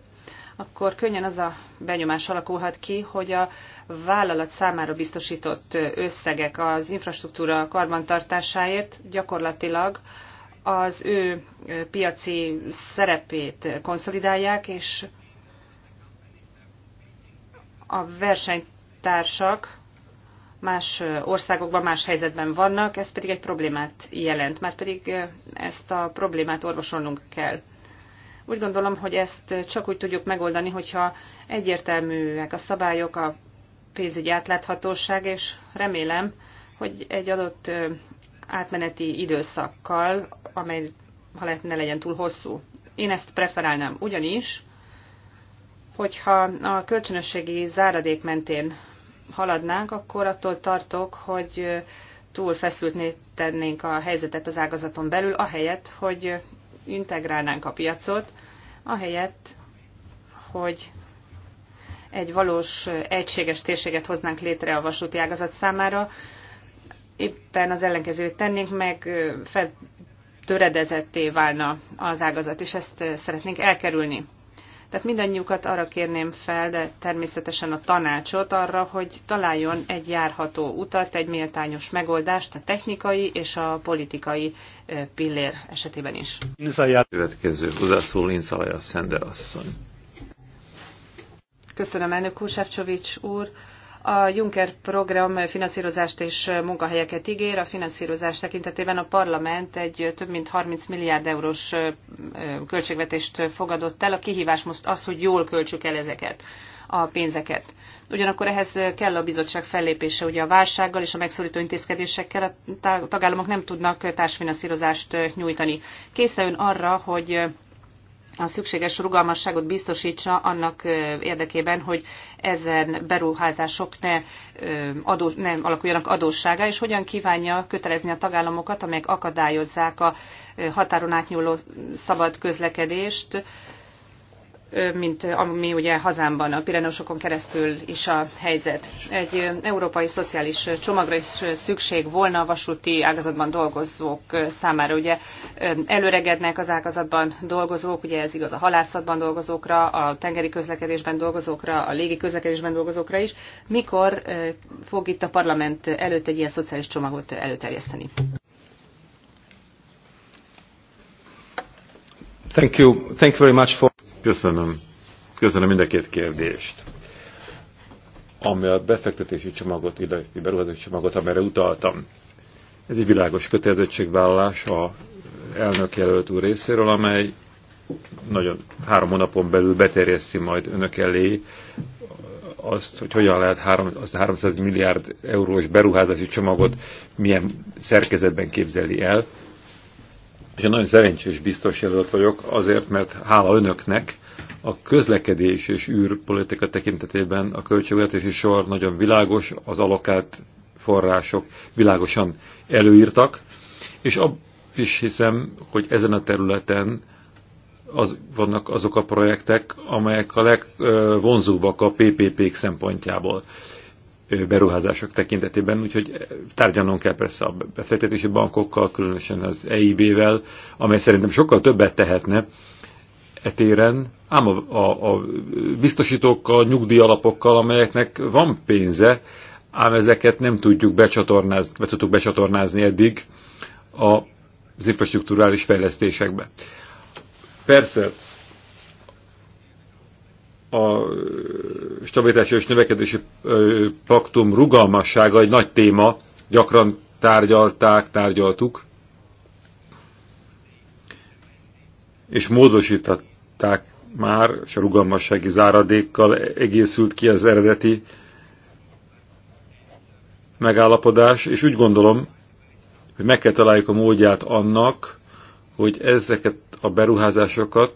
akkor könnyen az a benyomás alakulhat ki, hogy a vállalat számára biztosított összegek az infrastruktúra karbantartásáért gyakorlatilag az ő piaci szerepét konszolidálják, és a versenytársak más országokban más helyzetben vannak, ez pedig egy problémát jelent, már pedig ezt a problémát orvosolnunk kell. Úgy gondolom, hogy ezt csak úgy tudjuk megoldani, hogyha egyértelműek a szabályok, a pénzügyi átláthatóság, és remélem, hogy egy adott átmeneti időszakkal, amely ha lehet, ne legyen túl hosszú. Én ezt preferálnám, ugyanis, hogyha a kölcsönösségi záradék mentén haladnánk, akkor attól tartok, hogy túl feszültné tennénk a helyzetet az ágazaton belül, ahelyett, hogy integrálnánk a piacot, ahelyett, hogy egy valós egységes térséget hoznánk létre a vasúti ágazat számára, éppen az ellenkezőt tennénk, meg feltöredezetté válna az ágazat, és ezt szeretnénk elkerülni. Tehát mindannyiukat arra kérném fel, de természetesen a tanácsot arra, hogy találjon egy járható utat, egy méltányos megoldást a technikai és a politikai pillér esetében is. Következő hozzászól Inzaja Szender asszony. Köszönöm, elnök Húsevcsovics úr. A Juncker program finanszírozást és munkahelyeket ígér. A finanszírozás tekintetében a parlament egy több mint 30 milliárd eurós költségvetést fogadott el. A kihívás most az, hogy jól költsük el ezeket a pénzeket. Ugyanakkor ehhez kell a bizottság fellépése, ugye a válsággal és a megszorító intézkedésekkel a tagállamok nem tudnak társfinanszírozást nyújtani. Készen arra, hogy a szükséges rugalmasságot biztosítsa annak érdekében, hogy ezen beruházások ne, adó, ne alakuljanak adóssága, és hogyan kívánja kötelezni a tagállamokat, amelyek akadályozzák a határon átnyúló szabad közlekedést, mint ami ugye hazámban a Pirenosokon keresztül is a helyzet. Egy európai szociális csomagra is szükség volna a vasúti ágazatban dolgozók számára. Ugye előregednek az ágazatban dolgozók, ugye ez igaz a halászatban dolgozókra, a tengeri közlekedésben dolgozókra, a légi közlekedésben dolgozókra is. Mikor eh, fog itt a parlament előtt egy ilyen szociális csomagot előterjeszteni? Thank you. Thank you very much for Köszönöm. Köszönöm mind a két kérdést. Ami a befektetési csomagot, illetve beruházási csomagot, amire utaltam. Ez egy világos kötelezettségvállalás a elnök jelölt úr részéről, amely nagyon három hónapon belül beterjeszti majd önök elé azt, hogy hogyan lehet három, azt 300 milliárd eurós beruházási csomagot milyen szerkezetben képzeli el, és én nagyon szerencsés biztos jelölt vagyok, azért, mert hála önöknek a közlekedés és űrpolitika tekintetében a költségvetési sor nagyon világos, az alokált források világosan előírtak, és ab is hiszem, hogy ezen a területen az, vannak azok a projektek, amelyek a legvonzóbbak a PPP-k szempontjából beruházások tekintetében, úgyhogy tárgyalnunk kell persze a befektetési bankokkal, különösen az EIB-vel, amely szerintem sokkal többet tehetne etéren, ám a, a, a biztosítókkal, nyugdíjalapokkal, amelyeknek van pénze, ám ezeket nem tudjuk becsatornázni, be tudtuk becsatornázni eddig az infrastruktúrális fejlesztésekbe. Persze a stabilitási és növekedési paktum rugalmassága egy nagy téma, gyakran tárgyalták, tárgyaltuk, és módosították már, és a rugalmassági záradékkal egészült ki az eredeti megállapodás, és úgy gondolom, hogy meg kell találjuk a módját annak, hogy ezeket a beruházásokat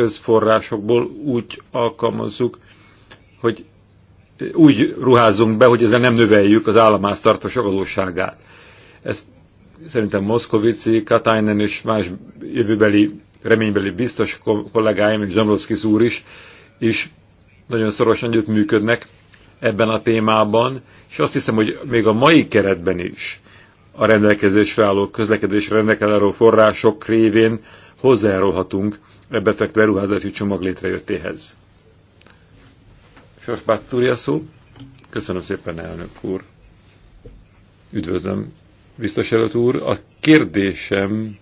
közforrásokból úgy alkalmazzuk, hogy úgy ruházunk be, hogy ezzel nem növeljük az államháztartás adósságát. Ez szerintem Moszkovici, Katainen és más jövőbeli, reménybeli biztos kollégáim, és Zsamlovszkis úr is, is nagyon szorosan együtt működnek ebben a témában, és azt hiszem, hogy még a mai keretben is a rendelkezésre álló közlekedésre rendelkező források révén hozzájárulhatunk ebbetek beruházási csomag létrejöttéhez. Sorspát túrja Köszönöm szépen, elnök úr. Üdvözlöm, biztos előtt úr. A kérdésem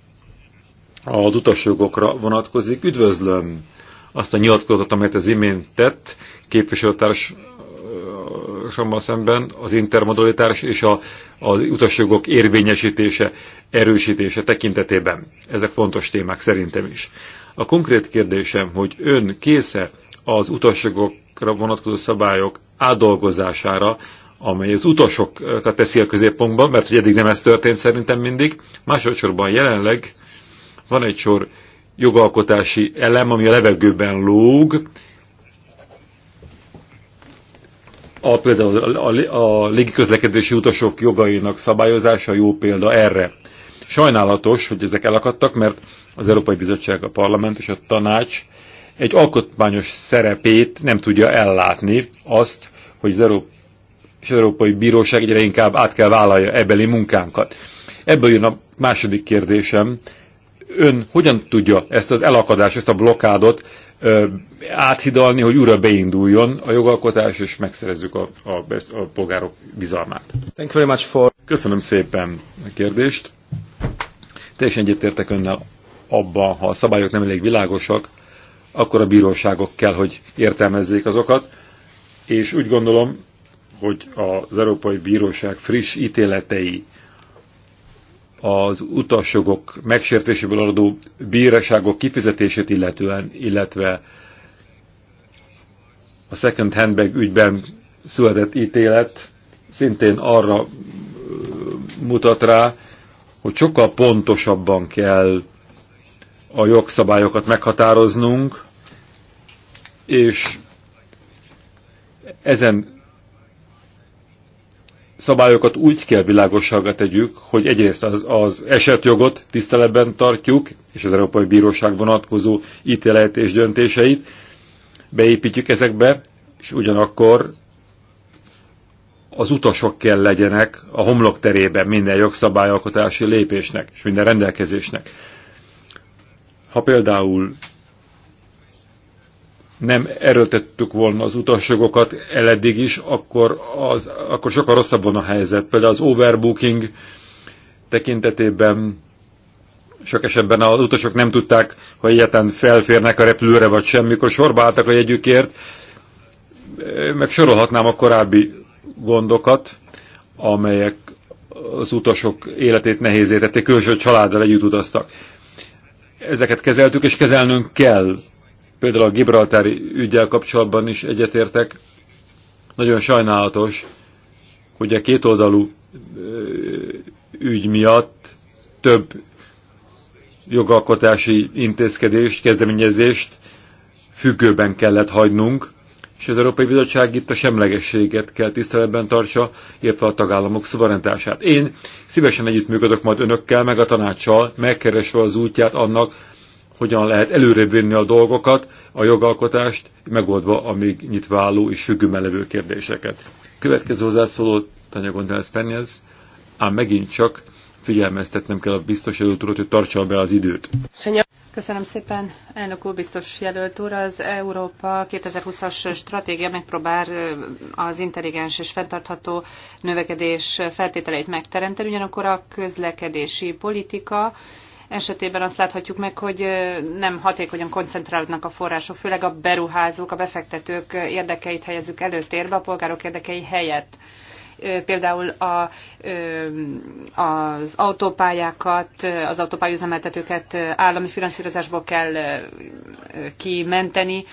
az utasjogokra vonatkozik. Üdvözlöm azt a nyilatkozatot, amelyet az imént tett képviselőtársammal szemben az intermodalitás és a, az utasjogok érvényesítése, erősítése tekintetében. Ezek fontos témák szerintem is. A konkrét kérdésem, hogy ön késze az utasokra vonatkozó szabályok átdolgozására, amely az utasokat teszi a középpontba, mert hogy eddig nem ez történt szerintem mindig. Másodszorban jelenleg van egy sor jogalkotási elem, ami a levegőben lóg, a, például a, a, a légiközlekedési utasok jogainak szabályozása jó példa erre. Sajnálatos, hogy ezek elakadtak, mert az Európai Bizottság, a Parlament és a Tanács egy alkotmányos szerepét nem tudja ellátni azt, hogy az, és az Európai Bíróság egyre inkább át kell vállalja ebeli munkánkat. Ebből jön a második kérdésem. Ön hogyan tudja ezt az elakadást, ezt a blokádot ö, áthidalni, hogy újra beinduljon a jogalkotás, és megszerezzük a, a, a polgárok bizalmát? Thank you very much for... Köszönöm szépen a kérdést. Teljesen egyetértek önnel abban, ha a szabályok nem elég világosak, akkor a bíróságok kell, hogy értelmezzék azokat, és úgy gondolom, hogy az Európai Bíróság friss ítéletei az utasjogok megsértéséből adó bíróságok kifizetését illetően, illetve a second handbag ügyben született ítélet szintén arra mutat rá, hogy sokkal pontosabban kell a jogszabályokat meghatároznunk, és ezen szabályokat úgy kell világosságra tegyük, hogy egyrészt az, az esetjogot tiszteletben tartjuk, és az Európai Bíróság vonatkozó ítélet és döntéseit beépítjük ezekbe, és ugyanakkor az utasok kell legyenek a homlok terében minden jogszabályalkotási lépésnek és minden rendelkezésnek. Ha például nem erőltettük volna az utasjogokat eleddig is, akkor, az, akkor sokkal rosszabb van a helyzet. Például az overbooking tekintetében sok esetben az utasok nem tudták, hogy egyáltalán felférnek a repülőre vagy sem, mikor sorba álltak a jegyükért, meg sorolhatnám a korábbi gondokat, amelyek az utasok életét nehézé tették, különösen a családdal együtt utaztak ezeket kezeltük, és kezelnünk kell. Például a Gibraltári ügyel kapcsolatban is egyetértek. Nagyon sajnálatos, hogy a kétoldalú ügy miatt több jogalkotási intézkedést, kezdeményezést függőben kellett hagynunk, és az Európai Bizottság itt a semlegességet kell tiszteletben tartsa, illetve a tagállamok szuverenitását. Én szívesen együttműködök majd önökkel, meg a tanácssal, megkeresve az útját annak, hogyan lehet előrébb vinni a dolgokat, a jogalkotást, megoldva a még nyitva álló és függőben levő kérdéseket. Következő hozzászóló Tanya González Penyez, ám megint csak figyelmeztetnem kell a biztos jelölt urat, hogy tartsa be az időt. Köszönöm szépen, elnök úr, biztos jelölt úr. Az Európa 2020-as stratégia megpróbál az intelligens és fenntartható növekedés feltételeit megteremteni, ugyanakkor a közlekedési politika esetében azt láthatjuk meg, hogy nem hatékonyan koncentrálódnak a források, főleg a beruházók, a befektetők érdekeit helyezzük előtérbe, a polgárok érdekei helyett például a, az autópályákat, az autópályüzemeltetőket állami finanszírozásból kell kimenteni,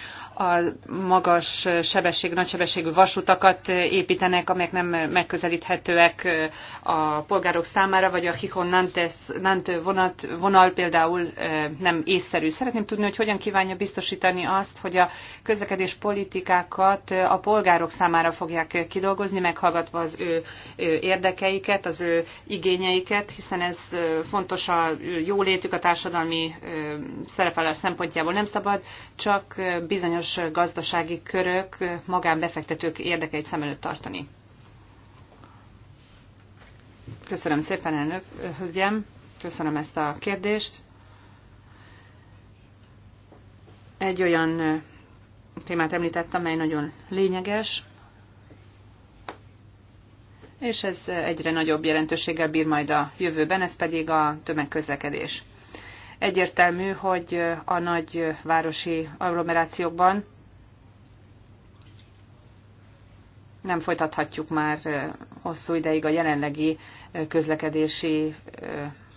a magas sebesség, nagysebességű vasutakat építenek, amelyek nem megközelíthetőek a polgárok számára, vagy a Hikon Nantes, Nant vonat, vonal például nem észszerű. Szeretném tudni, hogy hogyan kívánja biztosítani azt, hogy a közlekedés politikákat a polgárok számára fogják kidolgozni, meghallgatva az ő érdekeiket, az ő igényeiket, hiszen ez fontos a jólétük, a társadalmi szerepelés szempontjából. Nem szabad csak bizonyos más gazdasági körök, magánbefektetők érdekeit szem előtt tartani. Köszönöm szépen, elnök hölgyem, köszönöm ezt a kérdést. Egy olyan témát említettem, amely nagyon lényeges, és ez egyre nagyobb jelentőséggel bír majd a jövőben, ez pedig a tömegközlekedés. Egyértelmű, hogy a nagy városi agglomerációkban nem folytathatjuk már hosszú ideig a jelenlegi közlekedési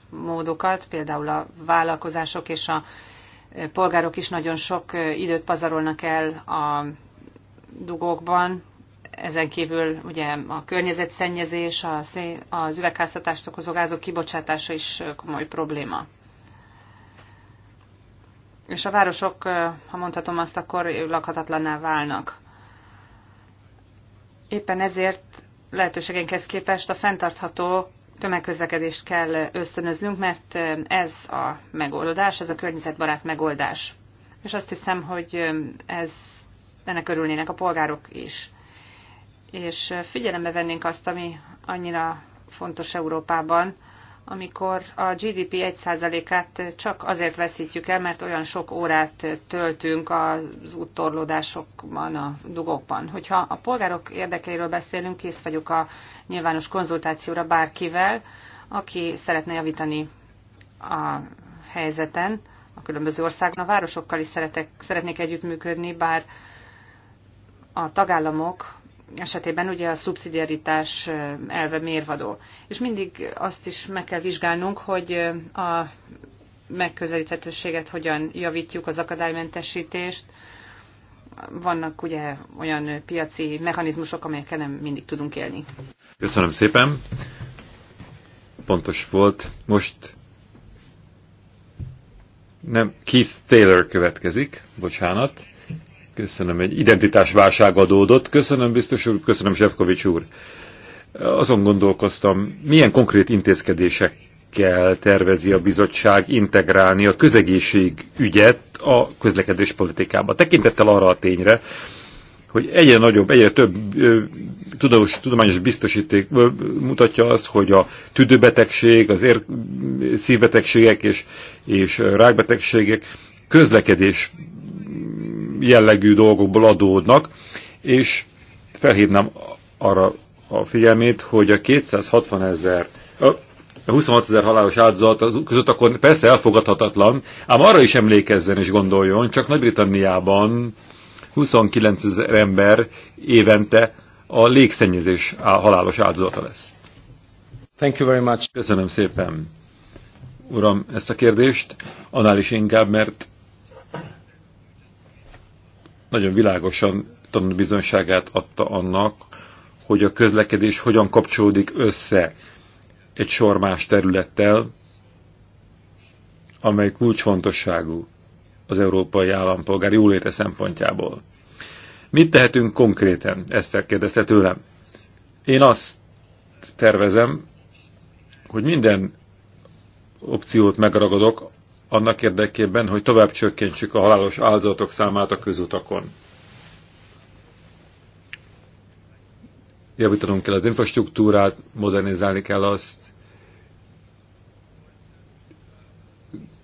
módokat, például a vállalkozások és a polgárok is nagyon sok időt pazarolnak el a dugókban, ezen kívül ugye a környezetszennyezés, az üvegházhatást okozó gázok kibocsátása is komoly probléma és a városok, ha mondhatom azt, akkor lakhatatlanná válnak. Éppen ezért lehetőségeinkhez képest a fenntartható tömegközlekedést kell ösztönöznünk, mert ez a megoldás, ez a környezetbarát megoldás. És azt hiszem, hogy ez, ennek örülnének a polgárok is. És figyelembe vennénk azt, ami annyira fontos Európában, amikor a GDP 1%-át csak azért veszítjük el, mert olyan sok órát töltünk az úttorlódásokban, a dugókban. Hogyha a polgárok érdekeiről beszélünk, kész vagyok a nyilvános konzultációra bárkivel, aki szeretne javítani a helyzeten a különböző országban. A városokkal is szeretek, szeretnék együttműködni, bár a tagállamok esetében ugye a szubszidiaritás elve mérvadó. És mindig azt is meg kell vizsgálnunk, hogy a megközelíthetőséget hogyan javítjuk, az akadálymentesítést. Vannak ugye olyan piaci mechanizmusok, amelyekkel nem mindig tudunk élni. Köszönöm szépen. Pontos volt. Most nem, Keith Taylor következik, bocsánat. Köszönöm, egy identitásválság adódott. Köszönöm, biztos úr, köszönöm, Zsefkovics úr. Azon gondolkoztam, milyen konkrét intézkedésekkel tervezi a bizottság integrálni a közegészség ügyet a közlekedés politikába. Tekintettel arra a tényre, hogy egyre nagyobb, egyre több ö, tudományos, tudományos biztosíték ö, mutatja azt, hogy a tüdőbetegség, az ér, szívbetegségek és, és rákbetegségek közlekedés jellegű dolgokból adódnak, és felhívnám arra a figyelmét, hogy a 260 ezer, a 26 ezer halálos áldozat között akkor persze elfogadhatatlan, ám arra is emlékezzen és gondoljon, csak Nagy-Britanniában 29 ezer ember évente a légszennyezés halálos áldozata lesz. Thank you very much. Köszönöm szépen, uram, ezt a kérdést, annál is inkább, mert nagyon világosan tanulbizonyságát adta annak, hogy a közlekedés hogyan kapcsolódik össze egy sor más területtel, amely kulcsfontosságú az európai állampolgár jóléte szempontjából. Mit tehetünk konkrétan? Ezt kérdezte tőlem. Én azt tervezem, hogy minden opciót megragadok, annak érdekében, hogy tovább csökkentsük a halálos áldozatok számát a közutakon. Javítanunk kell az infrastruktúrát, modernizálni kell azt,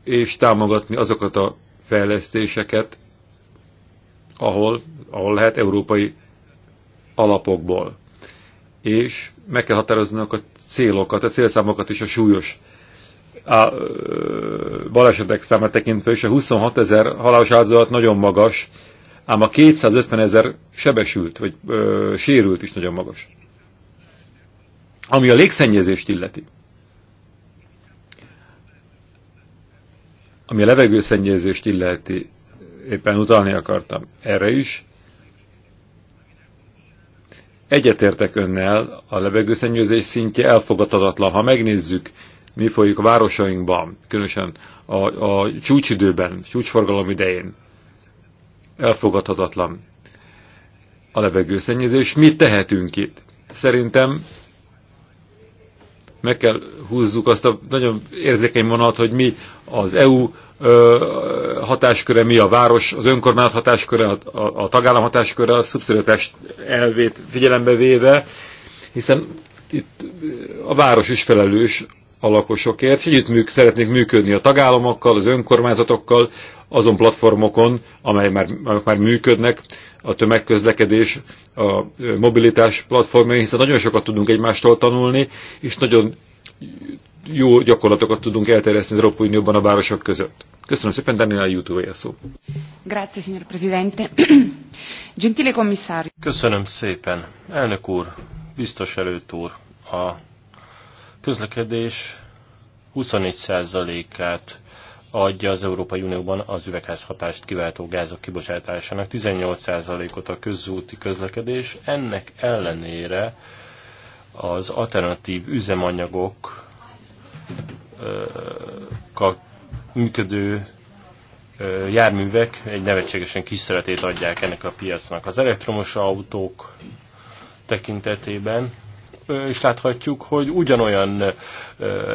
és támogatni azokat a fejlesztéseket, ahol, ahol lehet európai alapokból. És meg kell határoznunk a célokat, a célszámokat is a súlyos a balesetek száma tekintve is a 26 ezer halálos áldozat nagyon magas, ám a 250 ezer sebesült, vagy ö, sérült is nagyon magas. Ami a légszennyezést illeti, ami a levegőszennyezést illeti, éppen utalni akartam erre is, egyetértek önnel, a levegőszennyezés szintje elfogadhatatlan. Ha megnézzük, mi folyik a városainkban, különösen a, a csúcsidőben, csúcsforgalom idején. Elfogadhatatlan a levegőszennyezés. Mit tehetünk itt? Szerintem meg kell húzzuk azt a nagyon érzékeny vonat, hogy mi az EU ö, hatásköre, mi a város, az önkormányzat hatásköre, a, a, a tagállam hatásköre, a szubszidiaritás elvét figyelembe véve, hiszen itt a város is felelős a lakosokért, és együtt műk, szeretnék működni a tagállamokkal, az önkormányzatokkal, azon platformokon, amelyek már, amely már működnek, a tömegközlekedés, a mobilitás platformjai, hiszen nagyon sokat tudunk egymástól tanulni, és nagyon jó gyakorlatokat tudunk elterjeszteni az Európai Unióban a városok között. Köszönöm szépen, Daniela a szó. Grazie, signor Presidente. Gentile commissario. Köszönöm szépen. Elnök úr, biztos előtt úr, a közlekedés 24%-át adja az Európai Unióban az üvegházhatást kiváltó gázok kibocsátásának, 18%-ot a közúti közlekedés. Ennek ellenére az alternatív üzemanyagok működő járművek egy nevetségesen kis szeretét adják ennek a piacnak. Az elektromos autók tekintetében és láthatjuk, hogy ugyanolyan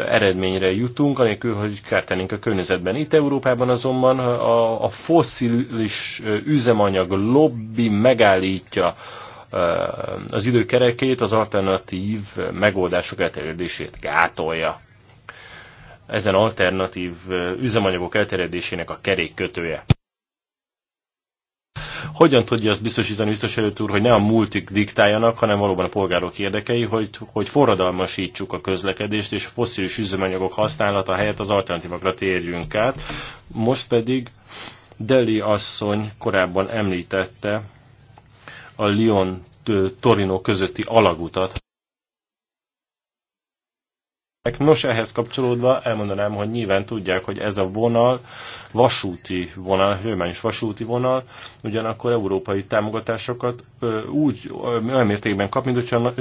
eredményre jutunk, anélkül, hogy kárt a környezetben. Itt Európában azonban a, a fosszilis üzemanyag lobby megállítja az időkerekét, az alternatív megoldások elterjedését gátolja. Ezen alternatív üzemanyagok elterjedésének a kerék kötője. Hogyan tudja azt biztosítani biztos előtt úr, hogy ne a multik diktáljanak, hanem valóban a polgárok érdekei, hogy, hogy forradalmasítsuk a közlekedést, és a fosszilis üzemanyagok használata helyett az alternatívakra térjünk át. Most pedig Deli asszony korábban említette a Lyon-Torino közötti alagutat. Nos, ehhez kapcsolódva elmondanám, hogy nyilván tudják, hogy ez a vonal vasúti vonal, hőmányos vasúti vonal, ugyanakkor európai támogatásokat úgy olyan mértékben kap, mint hogyha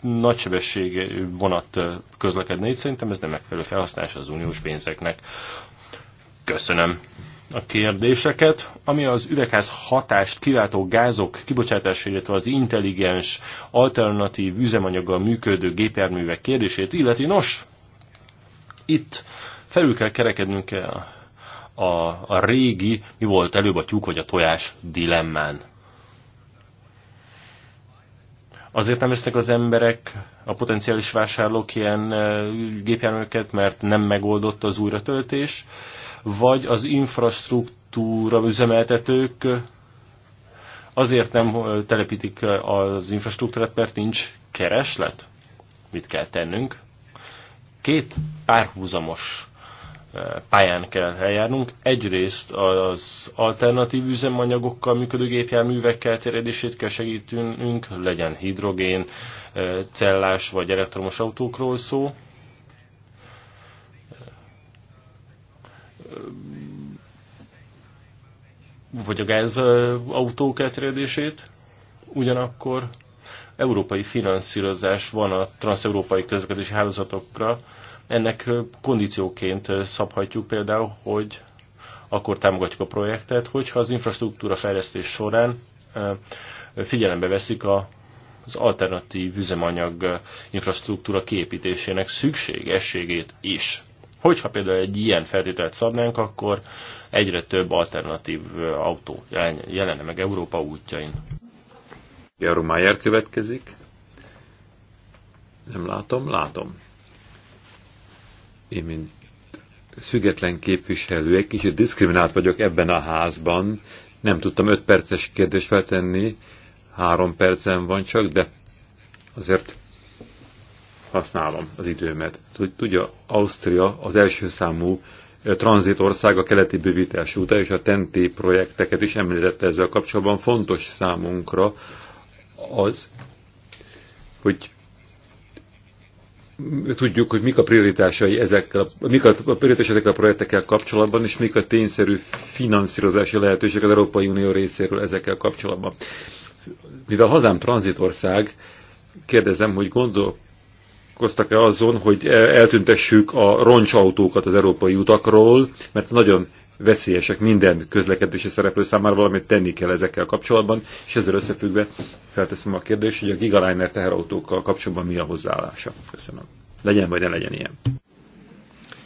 nagysebesség vonat közlekedne. Itt szerintem ez nem megfelelő felhasználás az uniós pénzeknek. Köszönöm a kérdéseket, ami az üvegház hatást kiváltó gázok kibocsátása, illetve az intelligens, alternatív üzemanyaggal működő gépjárművek kérdését illeti. Nos, itt felül kell kerekednünk a, a, a régi, mi volt előbb a tyúk vagy a tojás dilemmán. Azért nem vesznek az emberek, a potenciális vásárlók ilyen gépjárműket, mert nem megoldott az újratöltés, vagy az infrastruktúra üzemeltetők azért nem telepítik az infrastruktúrát, mert nincs kereslet? Mit kell tennünk? Két párhuzamos pályán kell eljárnunk. Egyrészt az alternatív üzemanyagokkal működő gépjárművekkel terjedését kell segítünk, legyen hidrogén, cellás vagy elektromos autókról szó. vagy a gáz autók elterjedését, ugyanakkor európai finanszírozás van a transeurópai közlekedési hálózatokra. Ennek kondícióként szabhatjuk például, hogy akkor támogatjuk a projektet, hogyha az infrastruktúra fejlesztés során figyelembe veszik a az alternatív üzemanyag infrastruktúra kiépítésének szükségességét is. Hogyha például egy ilyen feltételt szabnánk, akkor egyre több alternatív autó jelenne meg Európa útjain. Jaro Mayer következik. Nem látom, látom. Én, mint független képviselő, egy kicsit diszkriminált vagyok ebben a házban. Nem tudtam öt perces kérdést feltenni, három percen van csak, de azért használom az időmet. Tudja, Ausztria az első számú tranzitország a keleti bővítés óta, és a TENTI projekteket is említette ezzel kapcsolatban. Fontos számunkra az, hogy tudjuk, hogy mik a prioritásai ezekkel, mik a prioritás ezekkel a projektekkel kapcsolatban, és mik a tényszerű finanszírozási lehetőség az Európai Unió részéről ezekkel kapcsolatban. Mivel hazám tranzitország, kérdezem, hogy gondol, gondolkoztak-e azon, hogy eltüntessük a roncsautókat az európai utakról, mert nagyon veszélyesek minden közlekedési szereplő számára, valamit tenni kell ezekkel kapcsolatban, és ezzel összefüggve felteszem a kérdést, hogy a Gigaliner teherautókkal kapcsolatban mi a hozzáállása. Köszönöm. Legyen vagy ne legyen ilyen.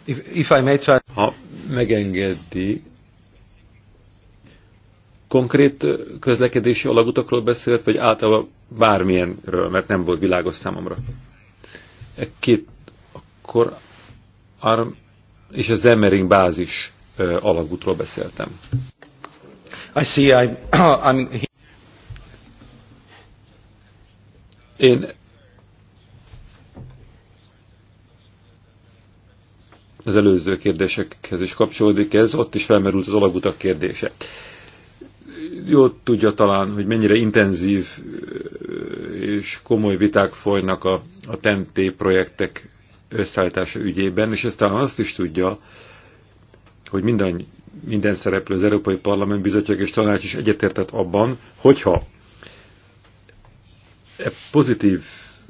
If, if I may try... Ha megengedi, konkrét közlekedési alagutakról beszélt, vagy általában bármilyenről, mert nem volt világos számomra két, akkor Arm és a Zemmering bázis alagútról beszéltem. I see, I'm, I'm... Én az előző kérdésekhez is kapcsolódik ez, ott is felmerült az alagutak kérdése jól tudja talán, hogy mennyire intenzív és komoly viták folynak a, a TNT projektek összeállítása ügyében, és ezt talán azt is tudja, hogy minden, minden szereplő, az Európai Parlament bizottság és tanács is egyetértett abban, hogyha e pozitív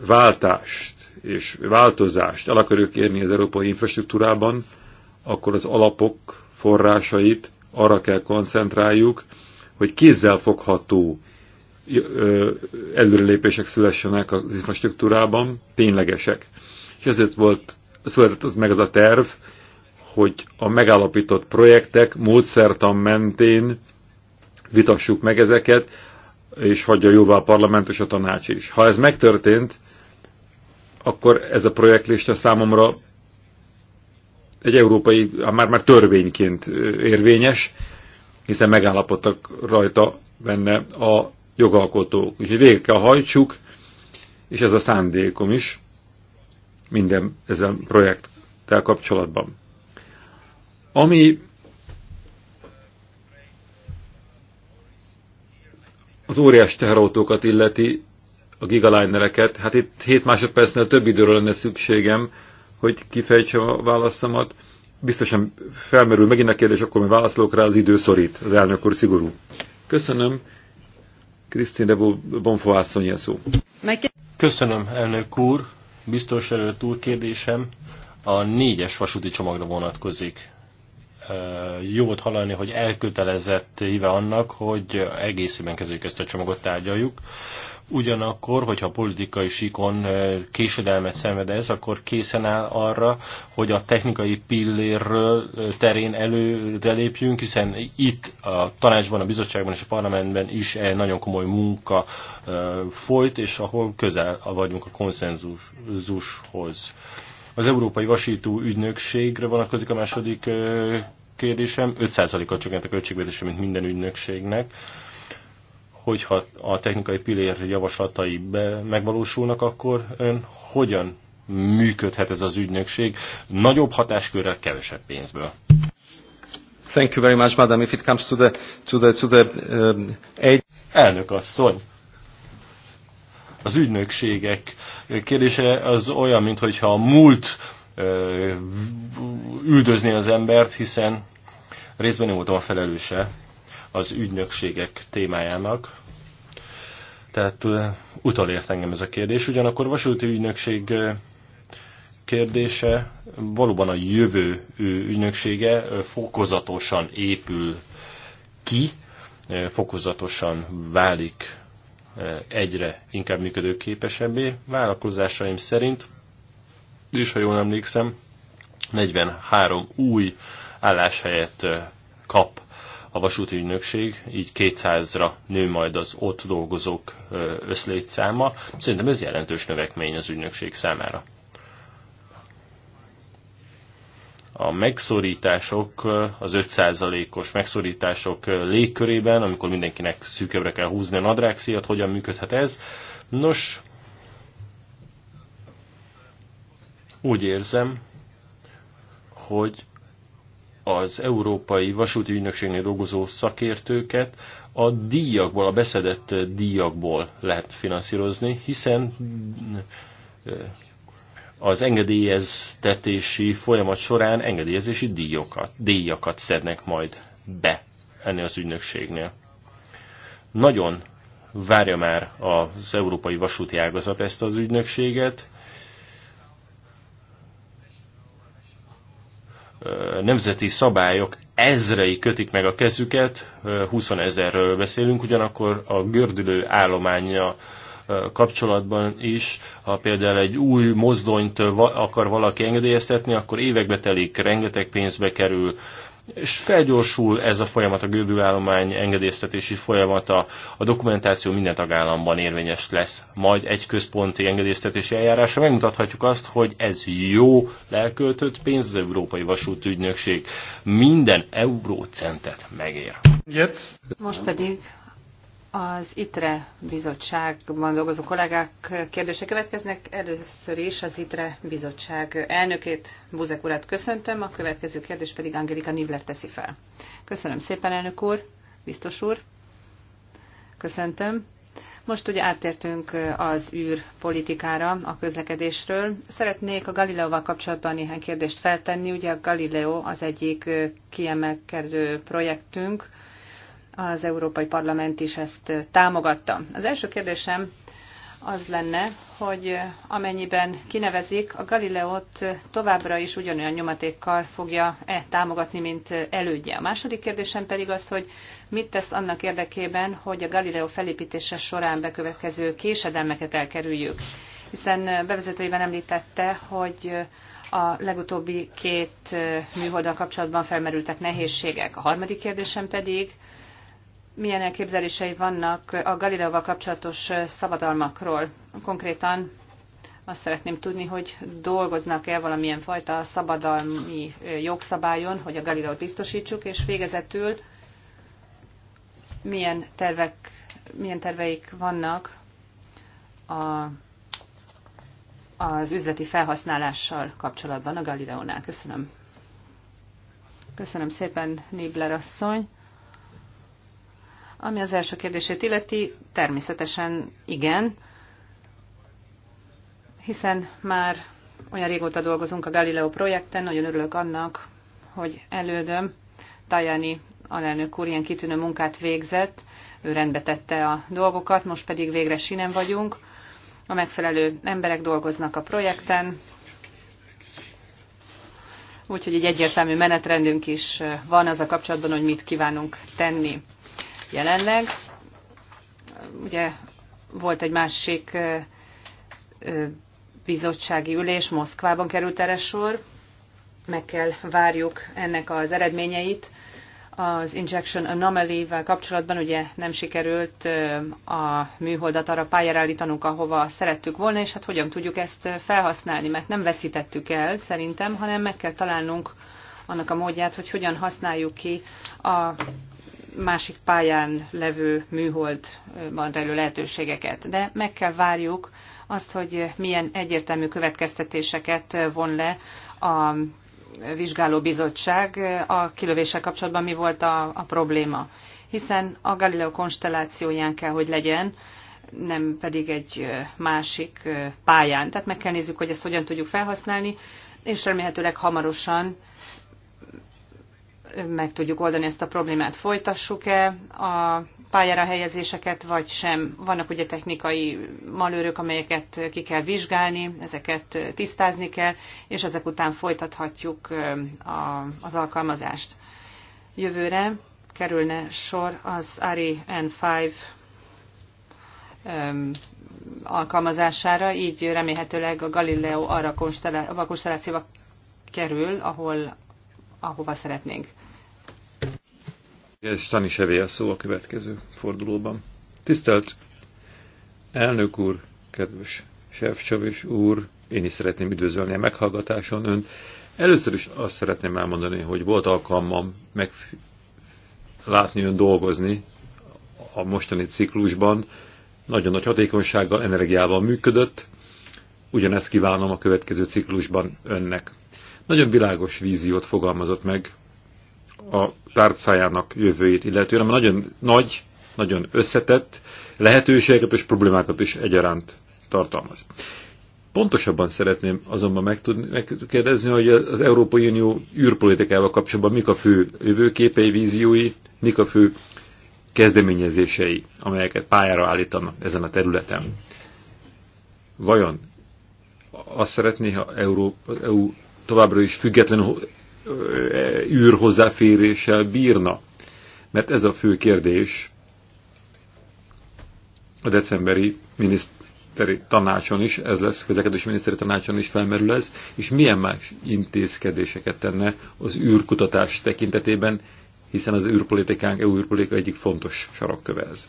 váltást és változást el akarjuk érni az európai infrastruktúrában, akkor az alapok forrásait arra kell koncentráljuk, hogy kézzel fogható előrelépések szülessenek az infrastruktúrában, ténylegesek. És ezért volt, született az meg az a terv, hogy a megállapított projektek módszertan mentén vitassuk meg ezeket, és hagyja jóvá a parlament és a tanács is. Ha ez megtörtént, akkor ez a projektlista számomra egy európai, már-már törvényként érvényes, hiszen megállapodtak rajta benne a jogalkotók. Úgyhogy végig kell hajtsuk, és ez a szándékom is minden ezen projekttel kapcsolatban. Ami az óriás teherautókat illeti, a gigalinereket, hát itt 7 másodpercnél több időről lenne szükségem, hogy kifejtsem a válaszomat biztosan felmerül megint a kérdés, akkor mi válaszolok rá, az idő szorít, az elnök úr szigorú. Köszönöm. Krisztin de Bonfoászony a szó. Köszönöm, elnök úr. Biztos előtt úr kérdésem a négyes vasúti csomagra vonatkozik. Jó volt hallani, hogy elkötelezett híve annak, hogy egészében kezdjük ezt a csomagot, tárgyaljuk. Ugyanakkor, hogyha politikai sikon eh, késedelmet szenved ez, akkor készen áll arra, hogy a technikai pillérről eh, terén előrelépjünk, hiszen itt a tanácsban, a bizottságban és a parlamentben is eh, nagyon komoly munka folyt, és ahol közel vagyunk a konszenzushoz. Az Európai Vasító Ügynökségre vonatkozik a második kérdésem. 5%-kal csökkent a költségvetése, mint minden ügynökségnek hogyha a technikai pillér javaslatai be, megvalósulnak, akkor ön hogyan működhet ez az ügynökség nagyobb hatáskörrel, kevesebb pénzből? Thank you very much, madam. If it comes to the, to the, to the um, aid... Elnök asszony, az ügynökségek kérdése az olyan, mintha a múlt üldözni az embert, hiszen részben én voltam a felelőse az ügynökségek témájának. Tehát utalért engem ez a kérdés. Ugyanakkor vasúti ügynökség kérdése valóban a jövő ügynöksége fokozatosan épül ki, fokozatosan válik egyre inkább működőképesebbé. Vállalkozásaim szerint, és ha jól emlékszem, 43 új álláshelyet kap a vasúti ügynökség, így 200-ra nő majd az ott dolgozók összlétszáma. Szerintem ez jelentős növekmény az ügynökség számára. A megszorítások, az 5%-os megszorítások légkörében, amikor mindenkinek szűkebbre kell húzni a nadrágszíjat, hogyan működhet ez? Nos, úgy érzem, hogy az Európai Vasúti Ügynökségnél dolgozó szakértőket a díjakból, a beszedett díjakból lehet finanszírozni, hiszen az engedélyeztetési folyamat során engedélyezési díjokat, díjakat szednek majd be ennél az ügynökségnél. Nagyon várja már az európai vasúti ágazat ezt az ügynökséget, nemzeti szabályok ezrei kötik meg a kezüket, 20 ezerről beszélünk, ugyanakkor a gördülő állománya kapcsolatban is, ha például egy új mozdonyt akar valaki engedélyeztetni, akkor évekbe telik, rengeteg pénzbe kerül, és felgyorsul ez a folyamat, a gördülállomány engedélyeztetési folyamata, a dokumentáció minden tagállamban érvényes lesz, majd egy központi engedélyeztetési eljárásra megmutathatjuk azt, hogy ez jó lelköltött pénz az Európai Vasútügynökség. Minden eurócentet megér. Most pedig az ITRE bizottságban dolgozó kollégák kérdése következnek. Először is az ITRE bizottság elnökét, Buzek urat köszöntöm, a következő kérdés pedig Angelika Nivler teszi fel. Köszönöm szépen, elnök úr, biztos úr. Köszöntöm. Most ugye áttértünk az politikára, a közlekedésről. Szeretnék a Galileóval kapcsolatban néhány kérdést feltenni. Ugye a Galileo az egyik kiemelkedő projektünk, az Európai Parlament is ezt támogatta. Az első kérdésem az lenne, hogy amennyiben kinevezik, a Galileót továbbra is ugyanolyan nyomatékkal fogja-e támogatni, mint elődje. A második kérdésem pedig az, hogy mit tesz annak érdekében, hogy a Galileo felépítése során bekövetkező késedelmeket elkerüljük. Hiszen bevezetőiben említette, hogy a legutóbbi két műholddal kapcsolatban felmerültek nehézségek. A harmadik kérdésem pedig, milyen elképzelései vannak a Galileóval kapcsolatos szabadalmakról. Konkrétan azt szeretném tudni, hogy dolgoznak-e valamilyen fajta szabadalmi jogszabályon, hogy a Galileót biztosítsuk, és végezetül milyen, tervek, milyen terveik vannak a, az üzleti felhasználással kapcsolatban a Galileónál. Köszönöm. Köszönöm szépen, Nibler asszony. Ami az első kérdését illeti, természetesen igen, hiszen már olyan régóta dolgozunk a Galileo projekten, nagyon örülök annak, hogy elődöm, Tajani alelnök úr ilyen kitűnő munkát végzett, ő rendbe tette a dolgokat, most pedig végre sinem vagyunk. A megfelelő emberek dolgoznak a projekten, úgyhogy egy egyértelmű menetrendünk is van az a kapcsolatban, hogy mit kívánunk tenni jelenleg. Ugye volt egy másik bizottsági ülés, Moszkvában került erre sor. Meg kell várjuk ennek az eredményeit. Az Injection Anomaly-vel kapcsolatban ugye nem sikerült a műholdat arra pályára állítanunk, ahova szerettük volna, és hát hogyan tudjuk ezt felhasználni, mert nem veszítettük el szerintem, hanem meg kell találnunk annak a módját, hogy hogyan használjuk ki a másik pályán levő műholdban rejlő lehetőségeket. De meg kell várjuk azt, hogy milyen egyértelmű következtetéseket von le a bizottság a kilövéssel kapcsolatban mi volt a, a probléma. Hiszen a Galileo konstellációján kell, hogy legyen, nem pedig egy másik pályán. Tehát meg kell nézzük, hogy ezt hogyan tudjuk felhasználni, és remélhetőleg hamarosan meg tudjuk oldani ezt a problémát. Folytassuk-e a pályára helyezéseket, vagy sem? Vannak ugye technikai malőrök, amelyeket ki kell vizsgálni, ezeket tisztázni kell, és ezek után folytathatjuk az alkalmazást. Jövőre kerülne sor az ARI N5 alkalmazására, így remélhetőleg a Galileo arra a konstellációba kerül, ahol, ahova szeretnénk. Ez Stani Sevé a szó a következő fordulóban. Tisztelt elnök úr, kedves Sefcsovics úr, én is szeretném üdvözölni a meghallgatáson ön. Először is azt szeretném elmondani, hogy volt alkalmam meg látni ön dolgozni a mostani ciklusban. Nagyon nagy hatékonysággal, energiával működött. Ugyanezt kívánom a következő ciklusban önnek. Nagyon világos víziót fogalmazott meg a tárcájának jövőjét illetően, mert nagyon nagy, nagyon összetett lehetőségeket és problémákat is egyaránt tartalmaz. Pontosabban szeretném azonban megtudni, megkérdezni, hogy az Európai Unió űrpolitikával kapcsolatban mik a fő jövőképei, víziói, mik a fő kezdeményezései, amelyeket pályára állítanak ezen a területen. Vajon azt szeretné, ha az EU továbbra is független űr hozzáféréssel bírna? Mert ez a fő kérdés a decemberi miniszteri tanácson is, ez lesz, közlekedési miniszteri tanácson is felmerül ez, és milyen más intézkedéseket tenne az űrkutatás tekintetében, hiszen az űrpolitikánk, EU űrpolitika egyik fontos sarokköve ez.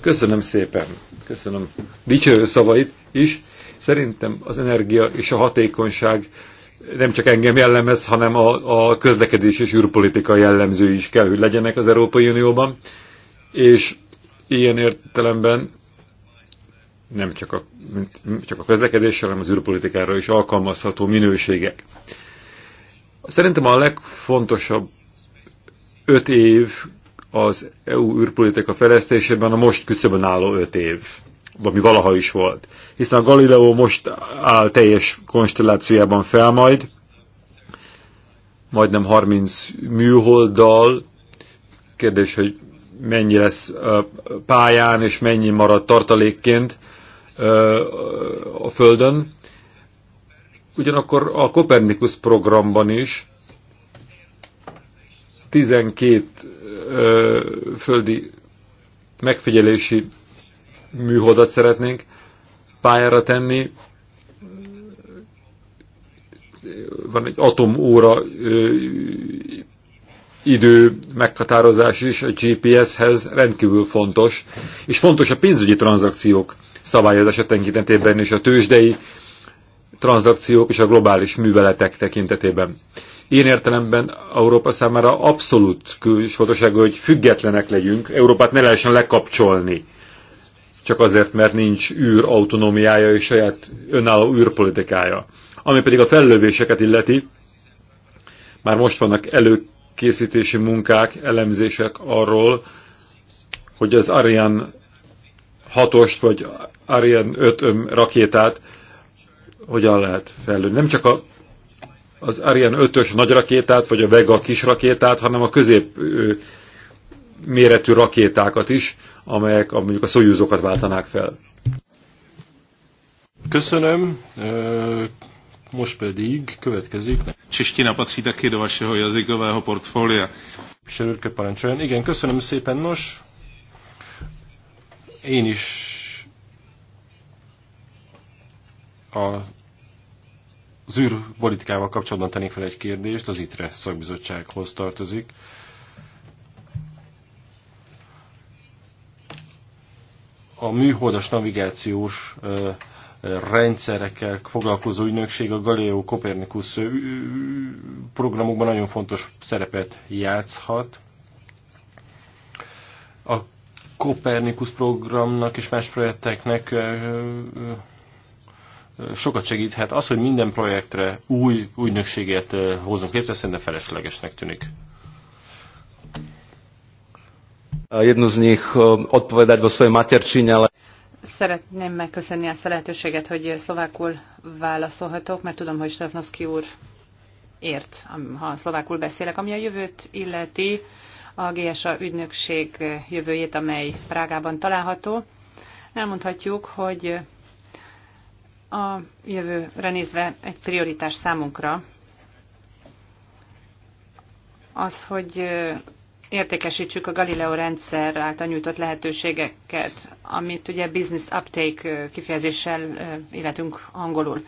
Köszönöm szépen, köszönöm dicső szavait is. Szerintem az energia és a hatékonyság nem csak engem jellemez, hanem a, a közlekedés és űrpolitika jellemző is kell, hogy legyenek az Európai Unióban, és ilyen értelemben nem csak a, nem csak a közlekedéssel, hanem az űrpolitikára is alkalmazható minőségek. Szerintem a legfontosabb öt év az EU űrpolitika fejlesztésében a most küszöbön álló öt év ami valaha is volt. Hiszen a Galileo most áll teljes konstellációjában fel majd, majdnem 30 műholddal, kérdés, hogy mennyi lesz pályán, és mennyi marad tartalékként a Földön. Ugyanakkor a Kopernikus programban is 12 földi megfigyelési műholdat szeretnénk pályára tenni. Van egy atomóra idő meghatározás is a GPS-hez rendkívül fontos, és fontos a pénzügyi tranzakciók szabályozása tekintetében és a tőzsdei tranzakciók és a globális műveletek tekintetében. Én értelemben Európa számára abszolút külsfontosságú, hogy függetlenek legyünk, Európát ne lehessen lekapcsolni csak azért, mert nincs űr autonómiája és saját önálló űrpolitikája. Ami pedig a fellövéseket illeti, már most vannak előkészítési munkák, elemzések arról, hogy az Ariane 6-ost vagy Ariane 5 rakétát hogyan lehet fellőni. Nem csak a, az Ariane 5-ös nagy rakétát, vagy a Vega kis rakétát, hanem a közép méretű rakétákat is, amelyek mondjuk a szójúzókat váltanák fel. Köszönöm. Most pedig következik. Čeština patří hogy az vašeho a portfólia. Sörőrke parancsoljon. Igen, köszönöm szépen. Nos, én is a az űrpolitikával kapcsolatban tennék fel egy kérdést, az ITRE szakbizottsághoz tartozik. a műholdas navigációs rendszerekkel foglalkozó ügynökség a Galileo Copernicus programokban nagyon fontos szerepet játszhat. A Copernicus programnak és más projekteknek sokat segíthet. Az, hogy minden projektre új ügynökséget hozunk létre, szerintem feleslegesnek tűnik jednu z nich odpovedať vo svojej materčine, ale... Szeretném megköszönni ezt a lehetőséget, hogy szlovákul válaszolhatok, mert tudom, hogy Stefnoszki úr ért, ha szlovákul beszélek. Ami a jövőt illeti, a GSA ügynökség jövőjét, amely Prágában található, elmondhatjuk, hogy a jövőre nézve egy prioritás számunkra az, hogy értékesítsük a Galileo rendszer által nyújtott lehetőségeket, amit ugye business uptake kifejezéssel életünk angolul.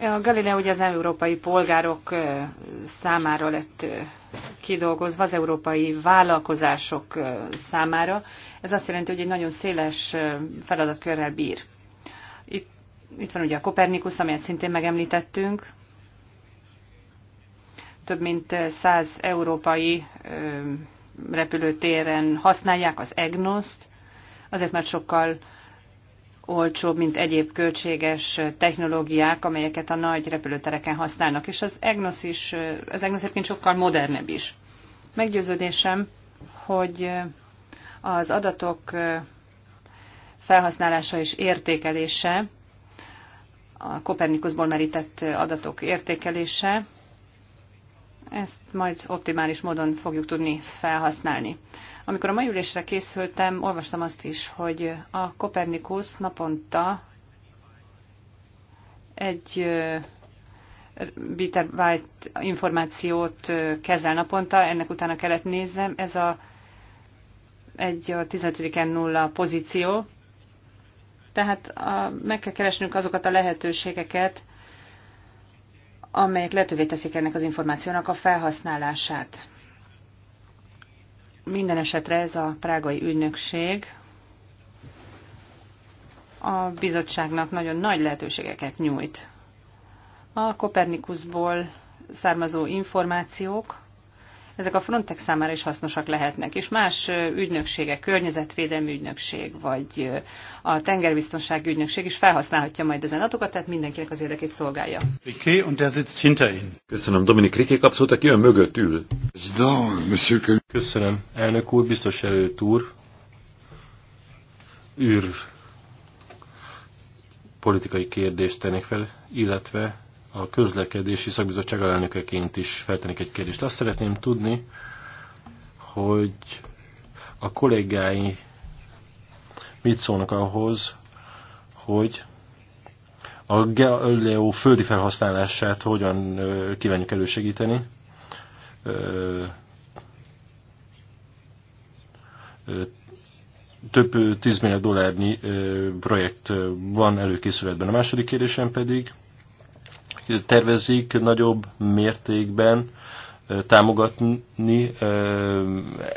A Galileo ugye az európai polgárok számára lett kidolgozva, az európai vállalkozások számára. Ez azt jelenti, hogy egy nagyon széles feladatkörrel bír. Itt, itt van ugye a Kopernikus, amelyet szintén megemlítettünk, több mint 100 európai repülőtéren használják az EGNOS-t, azért mert sokkal olcsóbb, mint egyéb költséges technológiák, amelyeket a nagy repülőtereken használnak. És az EGNOS is, az EGNOS egyébként sokkal modernebb is. Meggyőződésem, hogy az adatok felhasználása és értékelése, a Kopernikusból merített adatok értékelése ezt majd optimális módon fogjuk tudni felhasználni. Amikor a mai ülésre készültem, olvastam azt is, hogy a Kopernikusz naponta egy Peter White információt kezel naponta, ennek utána kellett nézem, Ez a egy a 15 nulla pozíció. Tehát a, meg kell keresnünk azokat a lehetőségeket, amelyek lehetővé teszik ennek az információnak a felhasználását. Minden esetre ez a prágai ügynökség a bizottságnak nagyon nagy lehetőségeket nyújt. A Kopernikusból származó információk ezek a Frontex számára is hasznosak lehetnek, és más ügynökségek, környezetvédelmi ügynökség, vagy a tengerbiztonság ügynökség is felhasználhatja majd ezen adatokat, tehát mindenkinek az érdekét szolgálja. Köszönöm, Dominik Riké kapszott, aki jön mögött ül. Köszönöm, elnök úr, biztos előtt úr. űr politikai kérdést tennék fel, illetve a közlekedési szakbizottság alelnökeként is feltennék egy kérdést. Azt szeretném tudni, hogy a kollégái mit szólnak ahhoz, hogy a Galileo földi felhasználását hogyan kívánjuk elősegíteni. Több 10 milliárd dollárnyi projekt van előkészületben. A második kérdésem pedig, tervezik nagyobb mértékben támogatni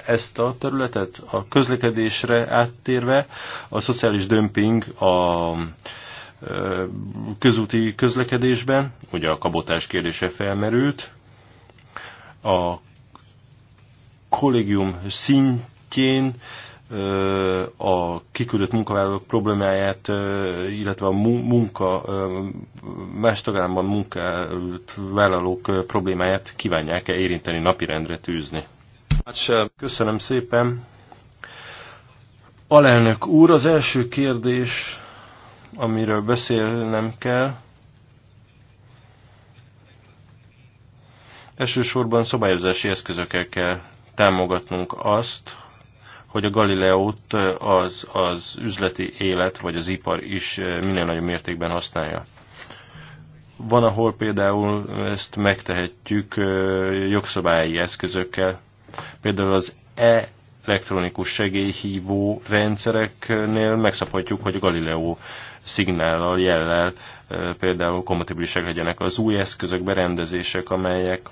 ezt a területet? A közlekedésre áttérve a szociális dömping a közúti közlekedésben, ugye a kabotás kérdése felmerült, a kollégium szintjén a kiküldött munkavállalók problémáját, illetve a munka, más tagállamban vállalók problémáját kívánják-e érinteni, napirendre tűzni. Köszönöm szépen. Alelnök úr, az első kérdés, amiről beszélnem kell, elsősorban szabályozási eszközökkel kell támogatnunk azt, hogy a Galileót az, az üzleti élet vagy az ipar is minél nagyobb mértékben használja. Van, ahol például ezt megtehetjük jogszabályi eszközökkel, például az e elektronikus segélyhívó rendszereknél megszabhatjuk, hogy a Galileo szignállal, jellel például kompatibilisek legyenek az új eszközök, berendezések, amelyek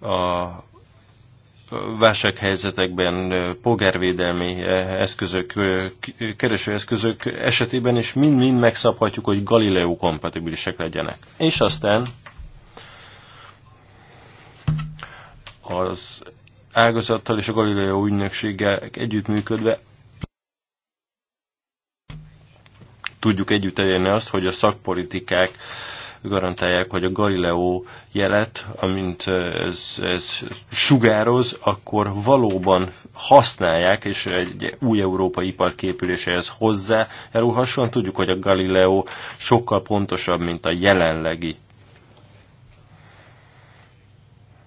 a válsághelyzetekben, polgárvédelmi eszközök, keresőeszközök esetében is mind-mind megszabhatjuk, hogy Galileo kompatibilisek legyenek. És aztán az ágazattal és a Galileo ügynökséggel együttműködve tudjuk együtt elérni azt, hogy a szakpolitikák garantálják, hogy a Galileo jelet, amint ez, ez sugároz, akkor valóban használják, és egy új európai ipar képüléséhez hozzájárulhasson. Tudjuk, hogy a Galileo sokkal pontosabb, mint a jelenlegi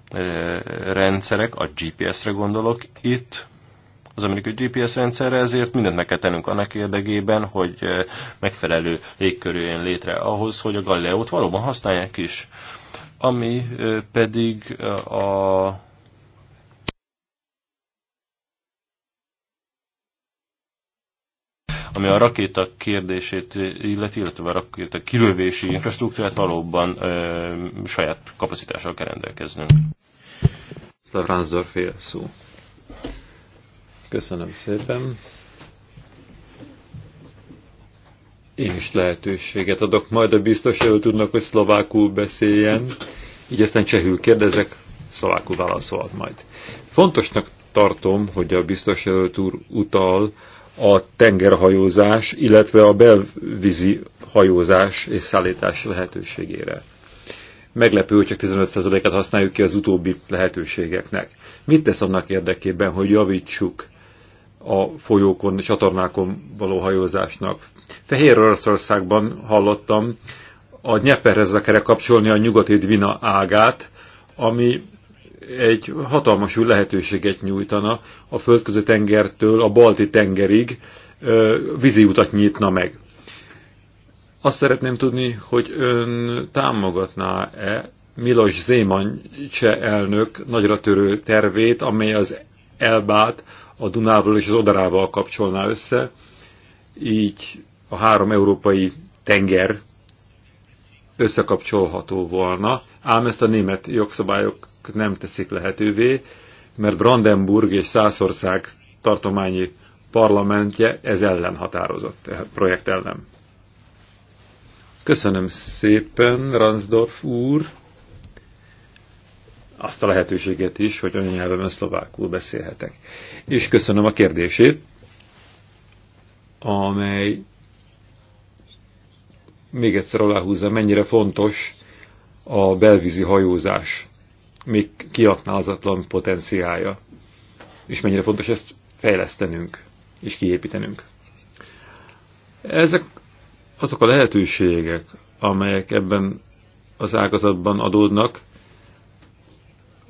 eh, rendszerek, a GPS-re gondolok itt, az amerikai GPS rendszerre, ezért mindent meg kell tennünk annak érdekében, hogy eh, megfelelő légkörű jön létre ahhoz, hogy a Galileót valóban használják is. Ami eh, pedig eh, a ami a rakéta kérdését illeti, illetve a rakéta kilövési infrastruktúrát valóban ö, saját kapacitással kell rendelkeznünk. Szlavránzdorfél szó. Köszönöm szépen. Én is lehetőséget adok majd a biztos tudnak, hogy szlovákul beszéljen. Így aztán csehül kérdezek, szlovákul válaszolt majd. Fontosnak tartom, hogy a biztos úr utal a tengerhajózás, illetve a belvízi hajózás és szállítás lehetőségére. Meglepő, hogy csak 15%-et használjuk ki az utóbbi lehetőségeknek. Mit tesz annak érdekében, hogy javítsuk a folyókon, csatornákon való hajózásnak. Fehér Oroszországban hallottam a Nyeperhez kere kapcsolni a nyugati Dvina ágát, ami egy hatalmas új lehetőséget nyújtana a földközi tengertől a balti tengerig vízi utat nyitna meg. Azt szeretném tudni, hogy ön támogatná-e Milos Zéman cseh elnök nagyra törő tervét, amely az Elbát a Dunával és az Odarával kapcsolná össze, így a három európai tenger összekapcsolható volna, ám ezt a német jogszabályok nem teszik lehetővé, mert Brandenburg és Szászország tartományi parlamentje ez ellen határozott, a e projekt ellen. Köszönöm szépen, Ransdorf úr! azt a lehetőséget is, hogy nyelven szlovákul beszélhetek. És köszönöm a kérdését, amely még egyszer aláhúzza, mennyire fontos a belvízi hajózás, még kiaknázatlan potenciája, és mennyire fontos ezt fejlesztenünk és kiépítenünk. Ezek azok a lehetőségek, amelyek ebben az ágazatban adódnak,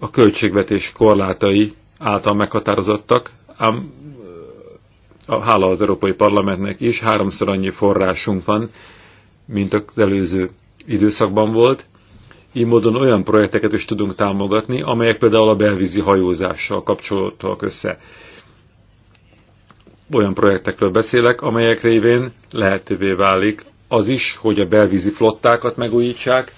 a költségvetés korlátai által meghatározottak, ám a, hála az Európai Parlamentnek is háromszor annyi forrásunk van, mint az előző időszakban volt. Így módon olyan projekteket is tudunk támogatni, amelyek például a belvízi hajózással kapcsolódtak össze. Olyan projektekről beszélek, amelyek révén lehetővé válik az is, hogy a belvízi flottákat megújítsák,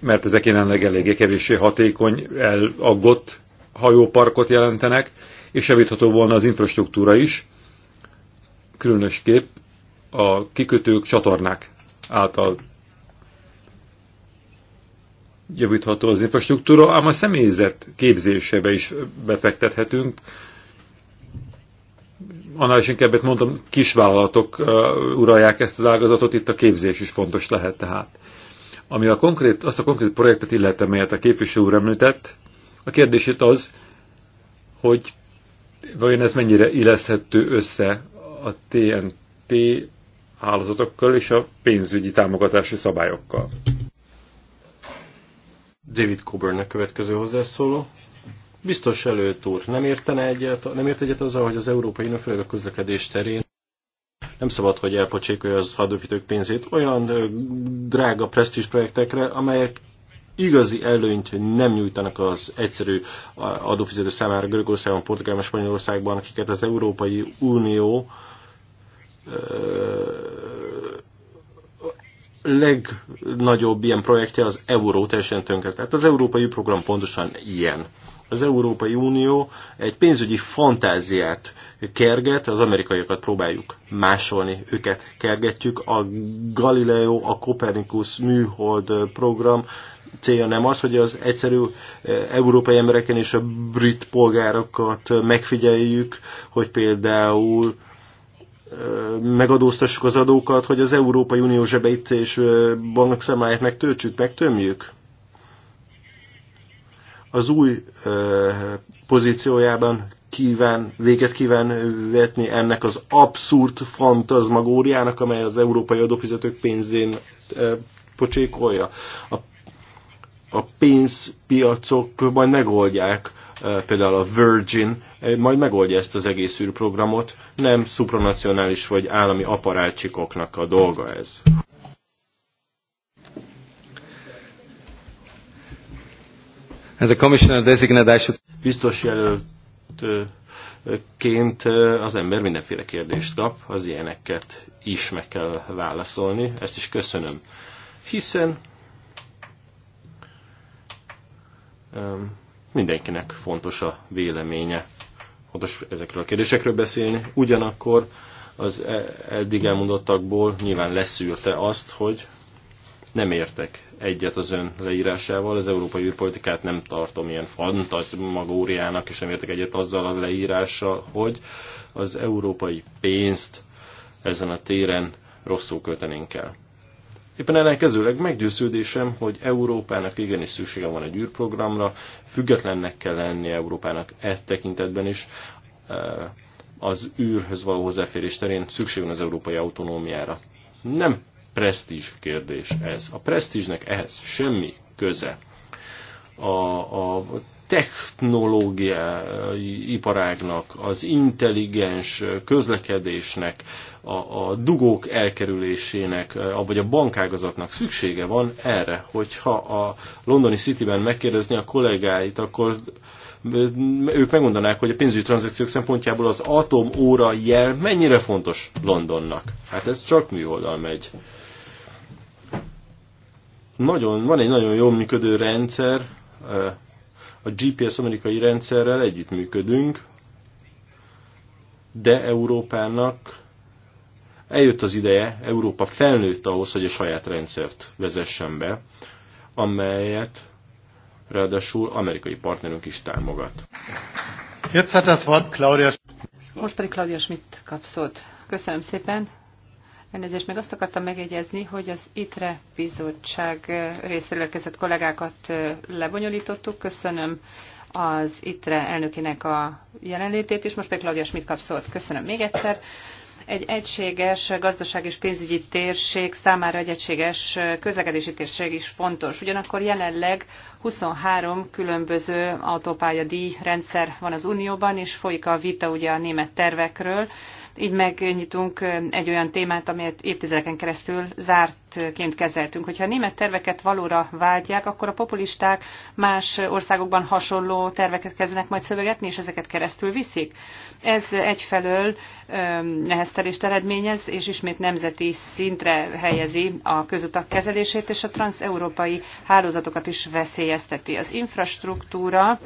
mert ezek jelenleg eléggé kevéssé hatékony, elaggott hajóparkot jelentenek, és javítható volna az infrastruktúra is, különösképp a kikötők, csatornák által javítható az infrastruktúra, ám a személyzet képzésébe is befektethetünk. Annál is inkább, mondom, kisvállalatok uralják ezt az ágazatot, itt a képzés is fontos lehet tehát. Ami a konkrét, azt a konkrét projektet illetve, melyet a képviselő úr említett, a kérdés itt az, hogy vajon ez mennyire illeszhető össze a TNT hálózatokkal és a pénzügyi támogatási szabályokkal. David Coburn a következő hozzászóló. Biztos előtt úr, nem, értene egyet, nem ért egyet azzal, hogy az európai főleg a közlekedés terén nem szabad, hogy elpocsékolja az adófizetők pénzét olyan drága presztízs projektekre, amelyek igazi előnyt nem nyújtanak az egyszerű adófizető számára Görögországban, Portugálban, Spanyolországban, akiket az Európai Unió legnagyobb ilyen projektje az euró teljesen tönkre. Tehát az európai program pontosan ilyen az Európai Unió egy pénzügyi fantáziát kerget, az amerikaiakat próbáljuk másolni, őket kergetjük. A Galileo, a Copernicus műhold program célja nem az, hogy az egyszerű eh, európai embereken és a brit polgárokat megfigyeljük, hogy például eh, megadóztassuk az adókat, hogy az Európai Unió zsebeit és eh, bankszámláját megtöltsük, megtömjük? az új pozíciójában kíván, véget kíván vetni ennek az abszurd fantazmagóriának, amely az európai adófizetők pénzén pocsékolja. A, a pénzpiacok majd megoldják, például a Virgin majd megoldja ezt az egész űrprogramot, nem szupranacionális vagy állami aparátcsikoknak a dolga ez. Ez a commissioner designate, I should... Biztos jelöltként az ember mindenféle kérdést kap, az ilyeneket is meg kell válaszolni, ezt is köszönöm. Hiszen mindenkinek fontos a véleménye. Fontos ezekről a kérdésekről beszélni. Ugyanakkor az e- eddig elmondottakból nyilván leszűrte azt, hogy nem értek egyet az ön leírásával, az európai űrpolitikát nem tartom ilyen fantazmagóriának, és nem értek egyet azzal a leírással, hogy az európai pénzt ezen a téren rosszul kötenénk el. Éppen ellenkezőleg meggyőződésem, hogy Európának igenis szüksége van egy űrprogramra, függetlennek kell lenni Európának e tekintetben is, eh, az űrhöz való hozzáférés terén szükség van az európai autonómiára. Nem presztízs kérdés ez. A presztízsnek ehhez semmi köze. A, a technológiai iparágnak, az intelligens közlekedésnek, a, a dugók elkerülésének, vagy a bankágazatnak szüksége van erre, hogyha a londoni Cityben megkérdezni a kollégáit, akkor ők megmondanák, hogy a pénzügyi tranzakciók szempontjából az atomóra jel mennyire fontos Londonnak. Hát ez csak műholdal megy. Nagyon, van egy nagyon jól működő rendszer, a GPS amerikai rendszerrel együttműködünk, de Európának eljött az ideje, Európa felnőtt ahhoz, hogy a saját rendszert vezessen be, amelyet ráadásul amerikai partnerünk is támogat. Jetzt hat das Wort Claudia. Most pedig Claudia Schmidt kapszott. Köszönöm szépen. Elnézést, még azt akartam megjegyezni, hogy az ITRE bizottság részéről érkezett kollégákat lebonyolítottuk. Köszönöm az ITRE elnökének a jelenlétét is. Most pedig Claudia Schmidt kap szót. Köszönöm még egyszer egy egységes gazdaság és pénzügyi térség számára egy egységes közlekedési térség is fontos. Ugyanakkor jelenleg 23 különböző autópálya díjrendszer van az Unióban, és folyik a vita ugye a német tervekről, így megnyitunk egy olyan témát, amelyet évtizedeken keresztül zártként kezeltünk. Hogyha a német terveket valóra váltják, akkor a populisták más országokban hasonló terveket kezdenek majd szövegetni, és ezeket keresztül viszik. Ez egyfelől neheztelést eredményez, és ismét nemzeti szintre helyezi a közutak kezelését, és a transeurópai hálózatokat is veszélyezteti. Az infrastruktúra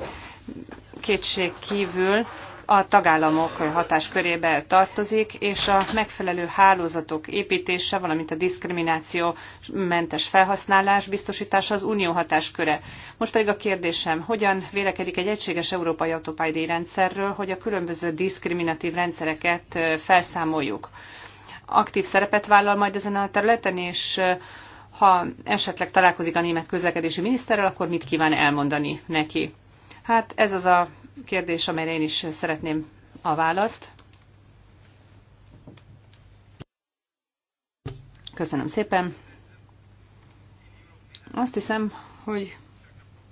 kétség kívül a tagállamok hatáskörébe tartozik, és a megfelelő hálózatok építése, valamint a diszkrimináció mentes felhasználás biztosítása az unió hatásköre. Most pedig a kérdésem, hogyan vélekedik egy egységes európai autópályadíj rendszerről, hogy a különböző diszkriminatív rendszereket felszámoljuk? Aktív szerepet vállal majd ezen a területen, és ha esetleg találkozik a német közlekedési miniszterrel, akkor mit kíván elmondani neki? Hát ez az a kérdés, amelyre én is szeretném a választ. Köszönöm szépen. Azt hiszem, hogy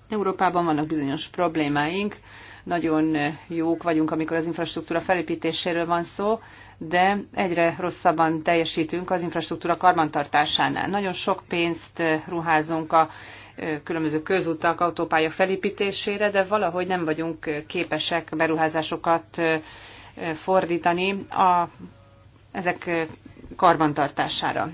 Európában vannak bizonyos problémáink. Nagyon jók vagyunk, amikor az infrastruktúra felépítéséről van szó, de egyre rosszabban teljesítünk az infrastruktúra karbantartásánál. Nagyon sok pénzt ruházunk a különböző közutak, autópálya felépítésére, de valahogy nem vagyunk képesek beruházásokat fordítani a, ezek karbantartására.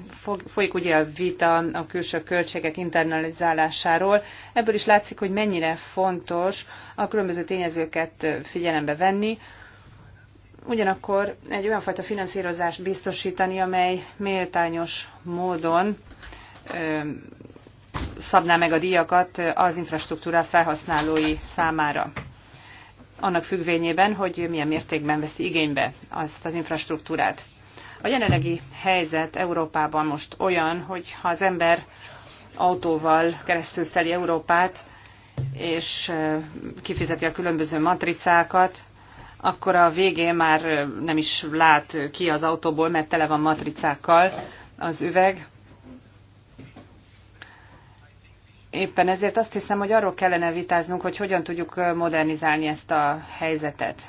Folyik ugye a vita a külső költségek internalizálásáról. Ebből is látszik, hogy mennyire fontos a különböző tényezőket figyelembe venni, ugyanakkor egy olyan fajta finanszírozást biztosítani, amely méltányos módon szabná meg a díjakat az infrastruktúra felhasználói számára. Annak függvényében, hogy milyen mértékben veszi igénybe azt az infrastruktúrát. A jelenlegi helyzet Európában most olyan, hogy ha az ember autóval keresztül szeli Európát, és kifizeti a különböző matricákat, akkor a végén már nem is lát ki az autóból, mert tele van matricákkal az üveg, éppen ezért azt hiszem, hogy arról kellene vitáznunk, hogy hogyan tudjuk modernizálni ezt a helyzetet.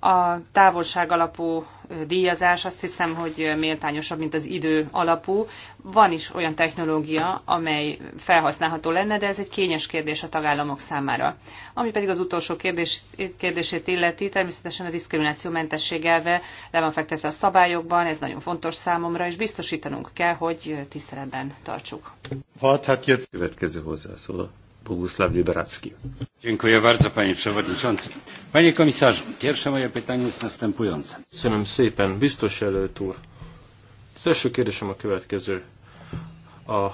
A távolság alapú díjazás azt hiszem, hogy méltányosabb, mint az idő alapú. Van is olyan technológia, amely felhasználható lenne, de ez egy kényes kérdés a tagállamok számára. Ami pedig az utolsó kérdés, kérdését illeti, természetesen a diszkrimináció mentesség elve le van fektetve a szabályokban, ez nagyon fontos számomra, és biztosítanunk kell, hogy tiszteletben tartsuk. Hát Következő hozzászóló. Bogusław Liberacki. Dziękuję bardzo, panie przewodniczący. Panie komisarzu, pierwsze moje pytanie jest następujące. Köszönöm szépen, biztos előtt úr. Az első kérdésem a következő. A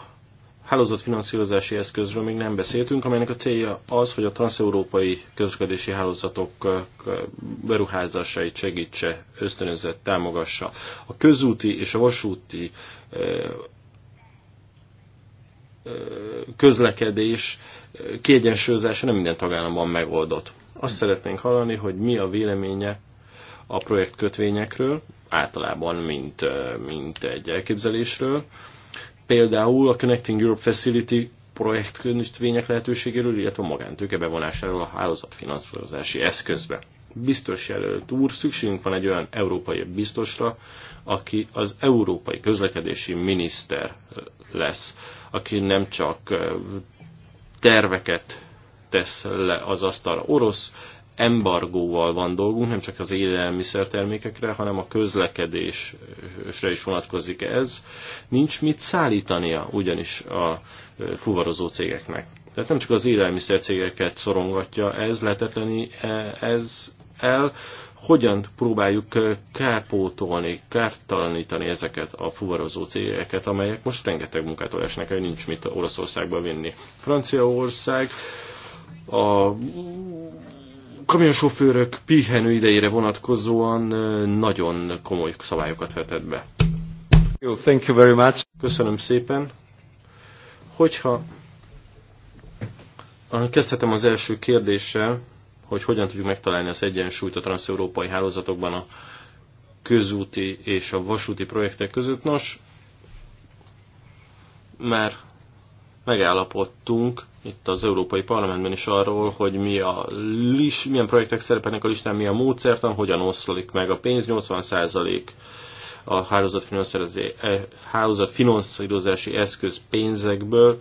hálózat finanszírozási eszközről még nem beszéltünk, amelynek a célja az, hogy a transeurópai közlekedési hálózatok beruházásait segítse, ösztönözze, támogassa. A közúti és a vasúti közlekedés kiegyensúlyozása nem minden tagállamban megoldott. Azt szeretnénk hallani, hogy mi a véleménye a projektkötvényekről, általában mint, mint egy elképzelésről. Például a Connecting Europe Facility projektkötvények lehetőségéről, illetve a magántőke bevonásáról a hálózatfinanszírozási eszközbe. Biztos jelölt úr, szükségünk van egy olyan európai biztosra, aki az európai közlekedési miniszter lesz, aki nem csak terveket tesz le az asztalra. Orosz embargóval van dolgunk, nem csak az élelmiszertermékekre, hanem a közlekedésre is vonatkozik ez. Nincs mit szállítania ugyanis a fuvarozó cégeknek. Tehát nem csak az élelmiszer cégeket szorongatja ez, lehetetleni ez el, hogyan próbáljuk kárpótolni, kártalanítani ezeket a fuvarozó cégeket, amelyek most rengeteg munkától esnek, hogy nincs mit Oroszországba vinni. Franciaország a kamionsofőrök pihenő idejére vonatkozóan nagyon komoly szabályokat vetett be. Jó, thank you very much. Köszönöm szépen. Hogyha kezdhetem az első kérdéssel, hogy hogyan tudjuk megtalálni az egyensúlyt a transzeurópai hálózatokban a közúti és a vasúti projektek között. Nos, már megállapodtunk itt az Európai Parlamentben is arról, hogy mi a lis, milyen projektek szerepelnek a listán, mi a módszertan, hogyan oszlik meg a pénz, 80% a hálózatfinanszírozási eh, eszköz pénzekből,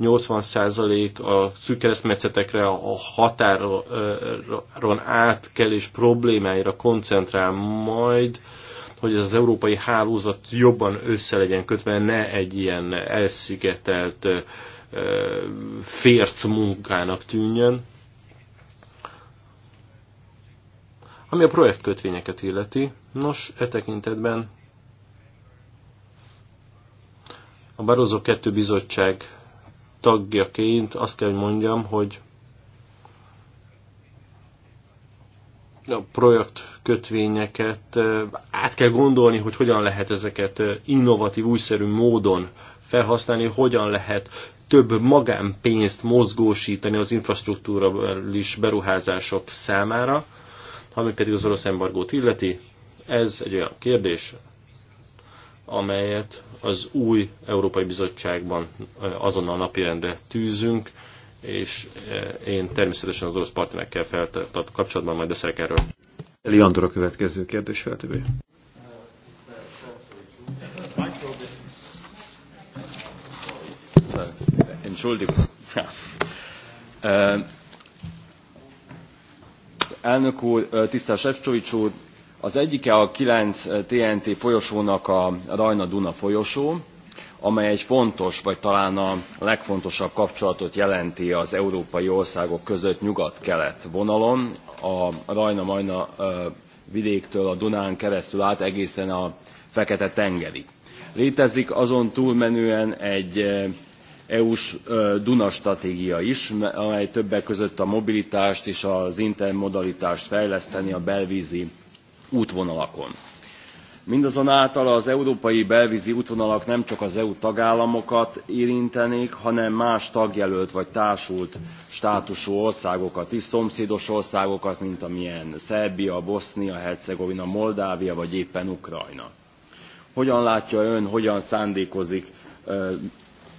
80% a szűk keresztmetszetekre, a határon átkelés problémáira koncentrál majd, hogy ez az európai hálózat jobban össze legyen kötve, ne egy ilyen elszigetelt férc munkának tűnjön. Ami a projektkötvényeket illeti, nos, e tekintetben a Barozó 2 bizottság tagjaként azt kell, hogy mondjam, hogy a projekt kötvényeket át kell gondolni, hogy hogyan lehet ezeket innovatív, újszerű módon felhasználni, hogyan lehet több magánpénzt mozgósítani az infrastruktúrális beruházások számára, ami pedig az orosz embargót illeti. Ez egy olyan kérdés, amelyet az új Európai Bizottságban azonnal napirendre tűzünk, és én természetesen az orosz partnerekkel feltart kapcsolatban majd beszélek erről. Leandor a következő kérdés feltevő. Elnök úr, tisztelt Sefcsovics úr, az egyike a 9 eh, TNT folyosónak a Rajna-Duna folyosó, amely egy fontos, vagy talán a legfontosabb kapcsolatot jelenti az európai országok között nyugat-kelet vonalon, a Rajna-Majna eh, vidéktől a Dunán keresztül át egészen a Fekete-tengerig. Létezik azon túlmenően egy EU-s eh, e Duna stratégia is, amely többek között a mobilitást és az intermodalitást fejleszteni a belvízi útvonalakon. Mindazonáltal az európai belvízi útvonalak nem csak az EU tagállamokat érintenék, hanem más tagjelölt vagy társult státusú országokat is, szomszédos országokat, mint amilyen Szerbia, Bosznia, Hercegovina, Moldávia vagy éppen Ukrajna. Hogyan látja ön, hogyan szándékozik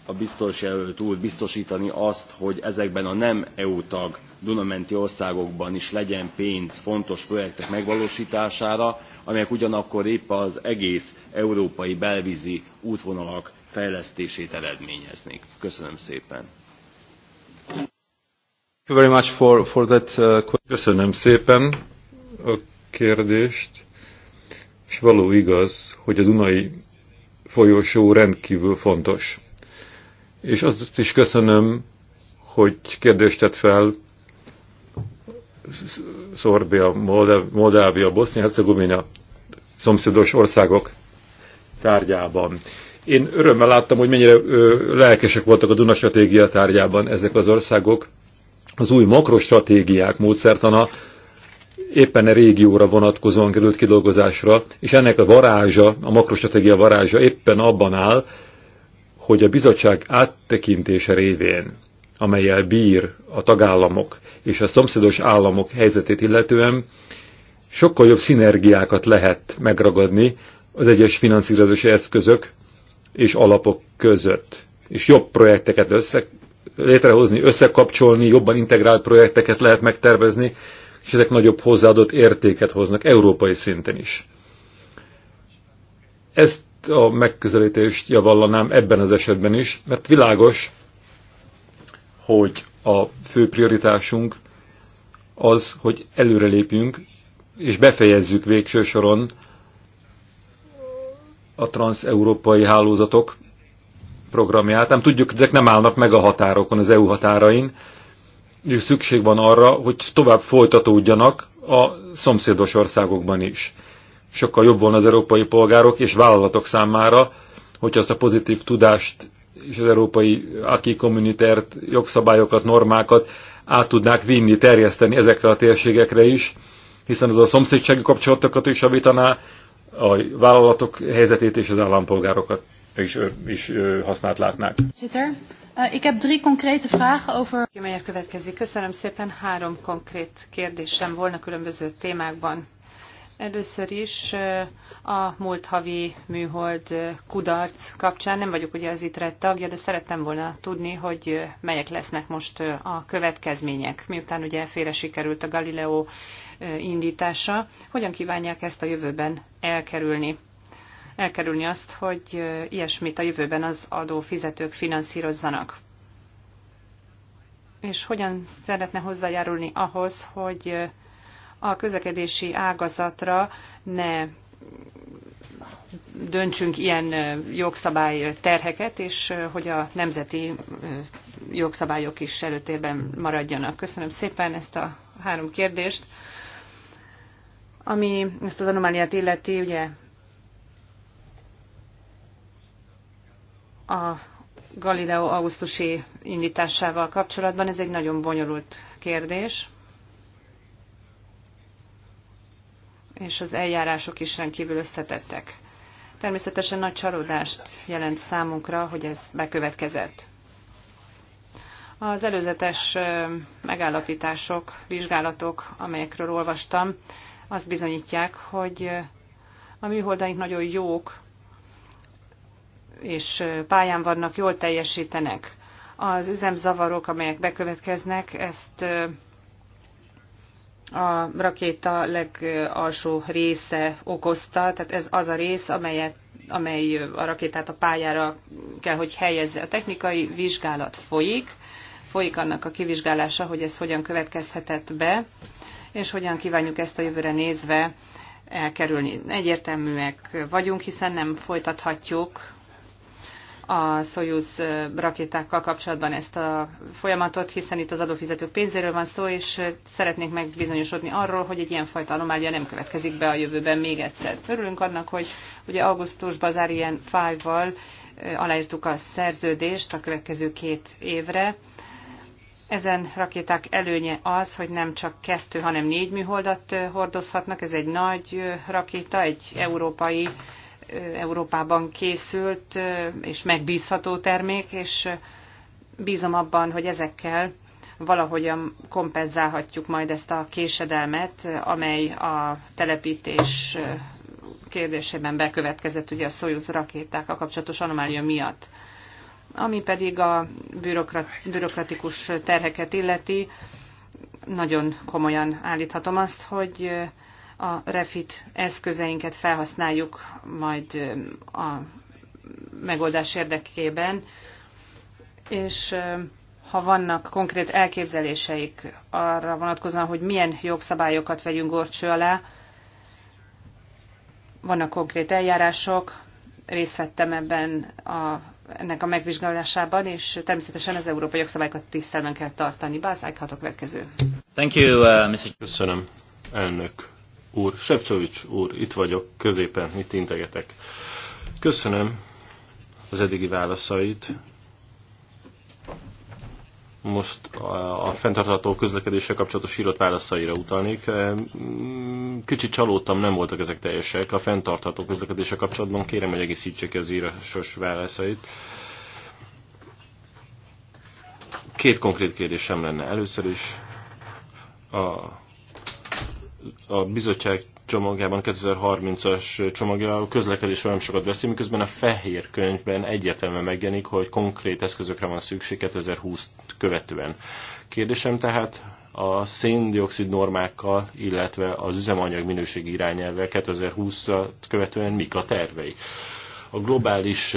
a biztos jelölt úr biztosítani azt, hogy ezekben a nem EU tag dunamenti országokban is legyen pénz fontos projektek megvalóstására amelyek ugyanakkor épp az egész európai belvízi útvonalak fejlesztését eredményeznék. köszönöm szépen! Uh, köszönöm szépen a kérdést, és való igaz, hogy a Dunai folyosó rendkívül fontos. És azt is köszönöm, hogy kérdést tett fel Szorbia, Moldávia, Bosznia-Hercegovina szomszédos országok tárgyában. Én örömmel láttam, hogy mennyire ö, lelkesek voltak a Duna stratégia tárgyában ezek az országok. Az új makrostratégiák módszertana éppen a régióra vonatkozóan került kidolgozásra, és ennek a varázsa, a makrostratégia varázsa éppen abban áll, hogy a bizottság áttekintése révén, amelyel bír a tagállamok és a szomszédos államok helyzetét illetően sokkal jobb szinergiákat lehet megragadni az egyes finanszírozási eszközök és alapok között. És jobb projekteket össze, létrehozni, összekapcsolni, jobban integrált projekteket lehet megtervezni, és ezek nagyobb hozzáadott értéket hoznak európai szinten is. Ezt a megközelítést javallanám ebben az esetben is, mert világos, hogy a fő prioritásunk az, hogy előrelépjünk és befejezzük végső soron a transeurópai hálózatok programját. Nem tudjuk, ezek nem állnak meg a határokon, az EU határain, és szükség van arra, hogy tovább folytatódjanak a szomszédos országokban is. Sokkal jobb volna az európai polgárok és vállalatok számára, hogyha azt a pozitív tudást és az európai aki kommunitert, jogszabályokat, normákat át tudnák vinni, terjeszteni ezekre a térségekre is, hiszen az a szomszédsági kapcsolatokat is javítaná, a vállalatok helyzetét és az állampolgárokat is, is használt látnák. Uh, ik heb drie concrete vragen over... Köszönöm szépen, három konkrét kérdésem volna különböző témákban. Először is eh, a múlt havi műhold eh, kudarc kapcsán, nem vagyok ugye az ITRE tagja, de szerettem volna tudni, hogy eh, melyek lesznek most a következmények, miután ugye félre sikerült a Galileo indítása, hogyan kívánják ezt a jövőben elkerülni. Elkerülni azt, hogy ilyesmit a jövőben az adófizetők finanszírozzanak és hogyan szeretne hozzájárulni ahhoz, hogy a közlekedési ágazatra ne döntsünk ilyen jogszabály terheket, és hogy a nemzeti jogszabályok is előtérben maradjanak. Köszönöm szépen ezt a három kérdést. Ami ezt az anomáliát illeti, ugye a Galileo augusztusi indításával kapcsolatban, ez egy nagyon bonyolult kérdés. és az eljárások is rendkívül összetettek. Természetesen nagy csalódást jelent számunkra, hogy ez bekövetkezett. Az előzetes megállapítások, vizsgálatok, amelyekről olvastam, azt bizonyítják, hogy a műholdaink nagyon jók, és pályán vannak, jól teljesítenek. Az üzemzavarok, amelyek bekövetkeznek, ezt a rakéta legalsó része okozta, tehát ez az a rész, amelyet, amely a rakétát a pályára kell, hogy helyezze. A technikai vizsgálat folyik, folyik annak a kivizsgálása, hogy ez hogyan következhetett be, és hogyan kívánjuk ezt a jövőre nézve elkerülni. Egyértelműek vagyunk, hiszen nem folytathatjuk a Soyuz rakétákkal kapcsolatban ezt a folyamatot, hiszen itt az adófizetők pénzéről van szó, és szeretnék megbizonyosodni arról, hogy egy ilyen fajta anomália nem következik be a jövőben még egyszer. Örülünk annak, hogy ugye augusztusban az Ariane 5-val aláírtuk a szerződést a következő két évre. Ezen rakéták előnye az, hogy nem csak kettő, hanem négy műholdat hordozhatnak. Ez egy nagy rakéta, egy európai Európában készült és megbízható termék, és bízom abban, hogy ezekkel valahogyan kompenzálhatjuk majd ezt a késedelmet, amely a telepítés kérdésében bekövetkezett ugye a Soyuz rakétákkal kapcsolatos anomália miatt. Ami pedig a bürokrat, bürokratikus terheket illeti, nagyon komolyan állíthatom azt, hogy a refit eszközeinket felhasználjuk majd a megoldás érdekében, és ha vannak konkrét elképzeléseik arra vonatkozóan, hogy milyen jogszabályokat vegyünk gorcső alá, vannak konkrét eljárások, részt vettem ebben a, ennek a megvizsgálásában, és természetesen az európai jogszabályokat tisztelmen kell tartani. Bászájkhatok következő. Thank you, uh, Mrs. Köszönöm, elnök úr, Sevcsovics úr, itt vagyok, középen, mit integetek. Köszönöm az eddigi válaszait. Most a, a fenntartható közlekedéssel kapcsolatos írott válaszaira utalnék. Kicsit csalódtam, nem voltak ezek teljesek. A fenntartható közlekedéssel kapcsolatban kérem, hogy egészítsék az írásos válaszait. Két konkrét kérdésem lenne. Először is a a bizottság csomagjában 2030-as csomagja a közlekedésről nem sokat beszél, miközben a fehér könyvben egyértelműen megjelenik, hogy konkrét eszközökre van szükség 2020 követően. Kérdésem tehát a széndiokszid normákkal, illetve az üzemanyag minőségi irányelvvel 2020 követően mik a tervei? A globális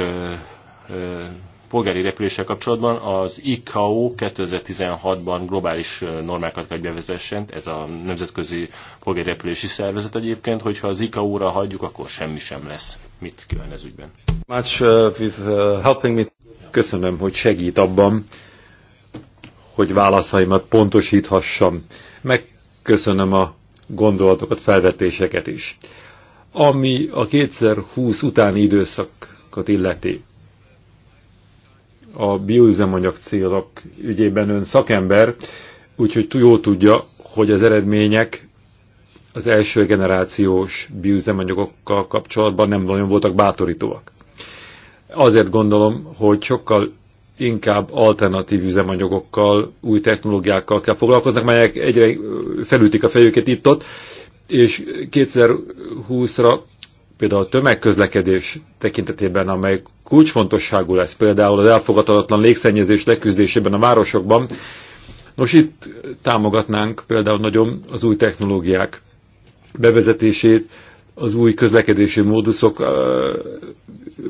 polgári repüléssel kapcsolatban az ICAO 2016-ban globális normákat kell bevezessen, ez a Nemzetközi Polgári Repülési Szervezet egyébként, hogyha az ICAO-ra hagyjuk, akkor semmi sem lesz. Mit kíván ez ügyben? Much, uh, with, uh, helping me. Köszönöm, hogy segít abban, hogy válaszaimat pontosíthassam. Megköszönöm a gondolatokat, felvetéseket is. Ami a 2020 utáni időszakot illeti, a bioüzemanyag célok ügyében ön szakember, úgyhogy jó tudja, hogy az eredmények az első generációs bioüzemanyagokkal kapcsolatban nem nagyon voltak bátorítóak. Azért gondolom, hogy sokkal inkább alternatív üzemanyagokkal, új technológiákkal kell foglalkoznak, melyek egyre felütik a fejüket itt-ott, és 2020-ra például a tömegközlekedés tekintetében, amely kulcsfontosságú lesz például az elfogadhatatlan légszennyezés leküzdésében a városokban. Nos, itt támogatnánk például nagyon az új technológiák bevezetését, az új közlekedési móduszok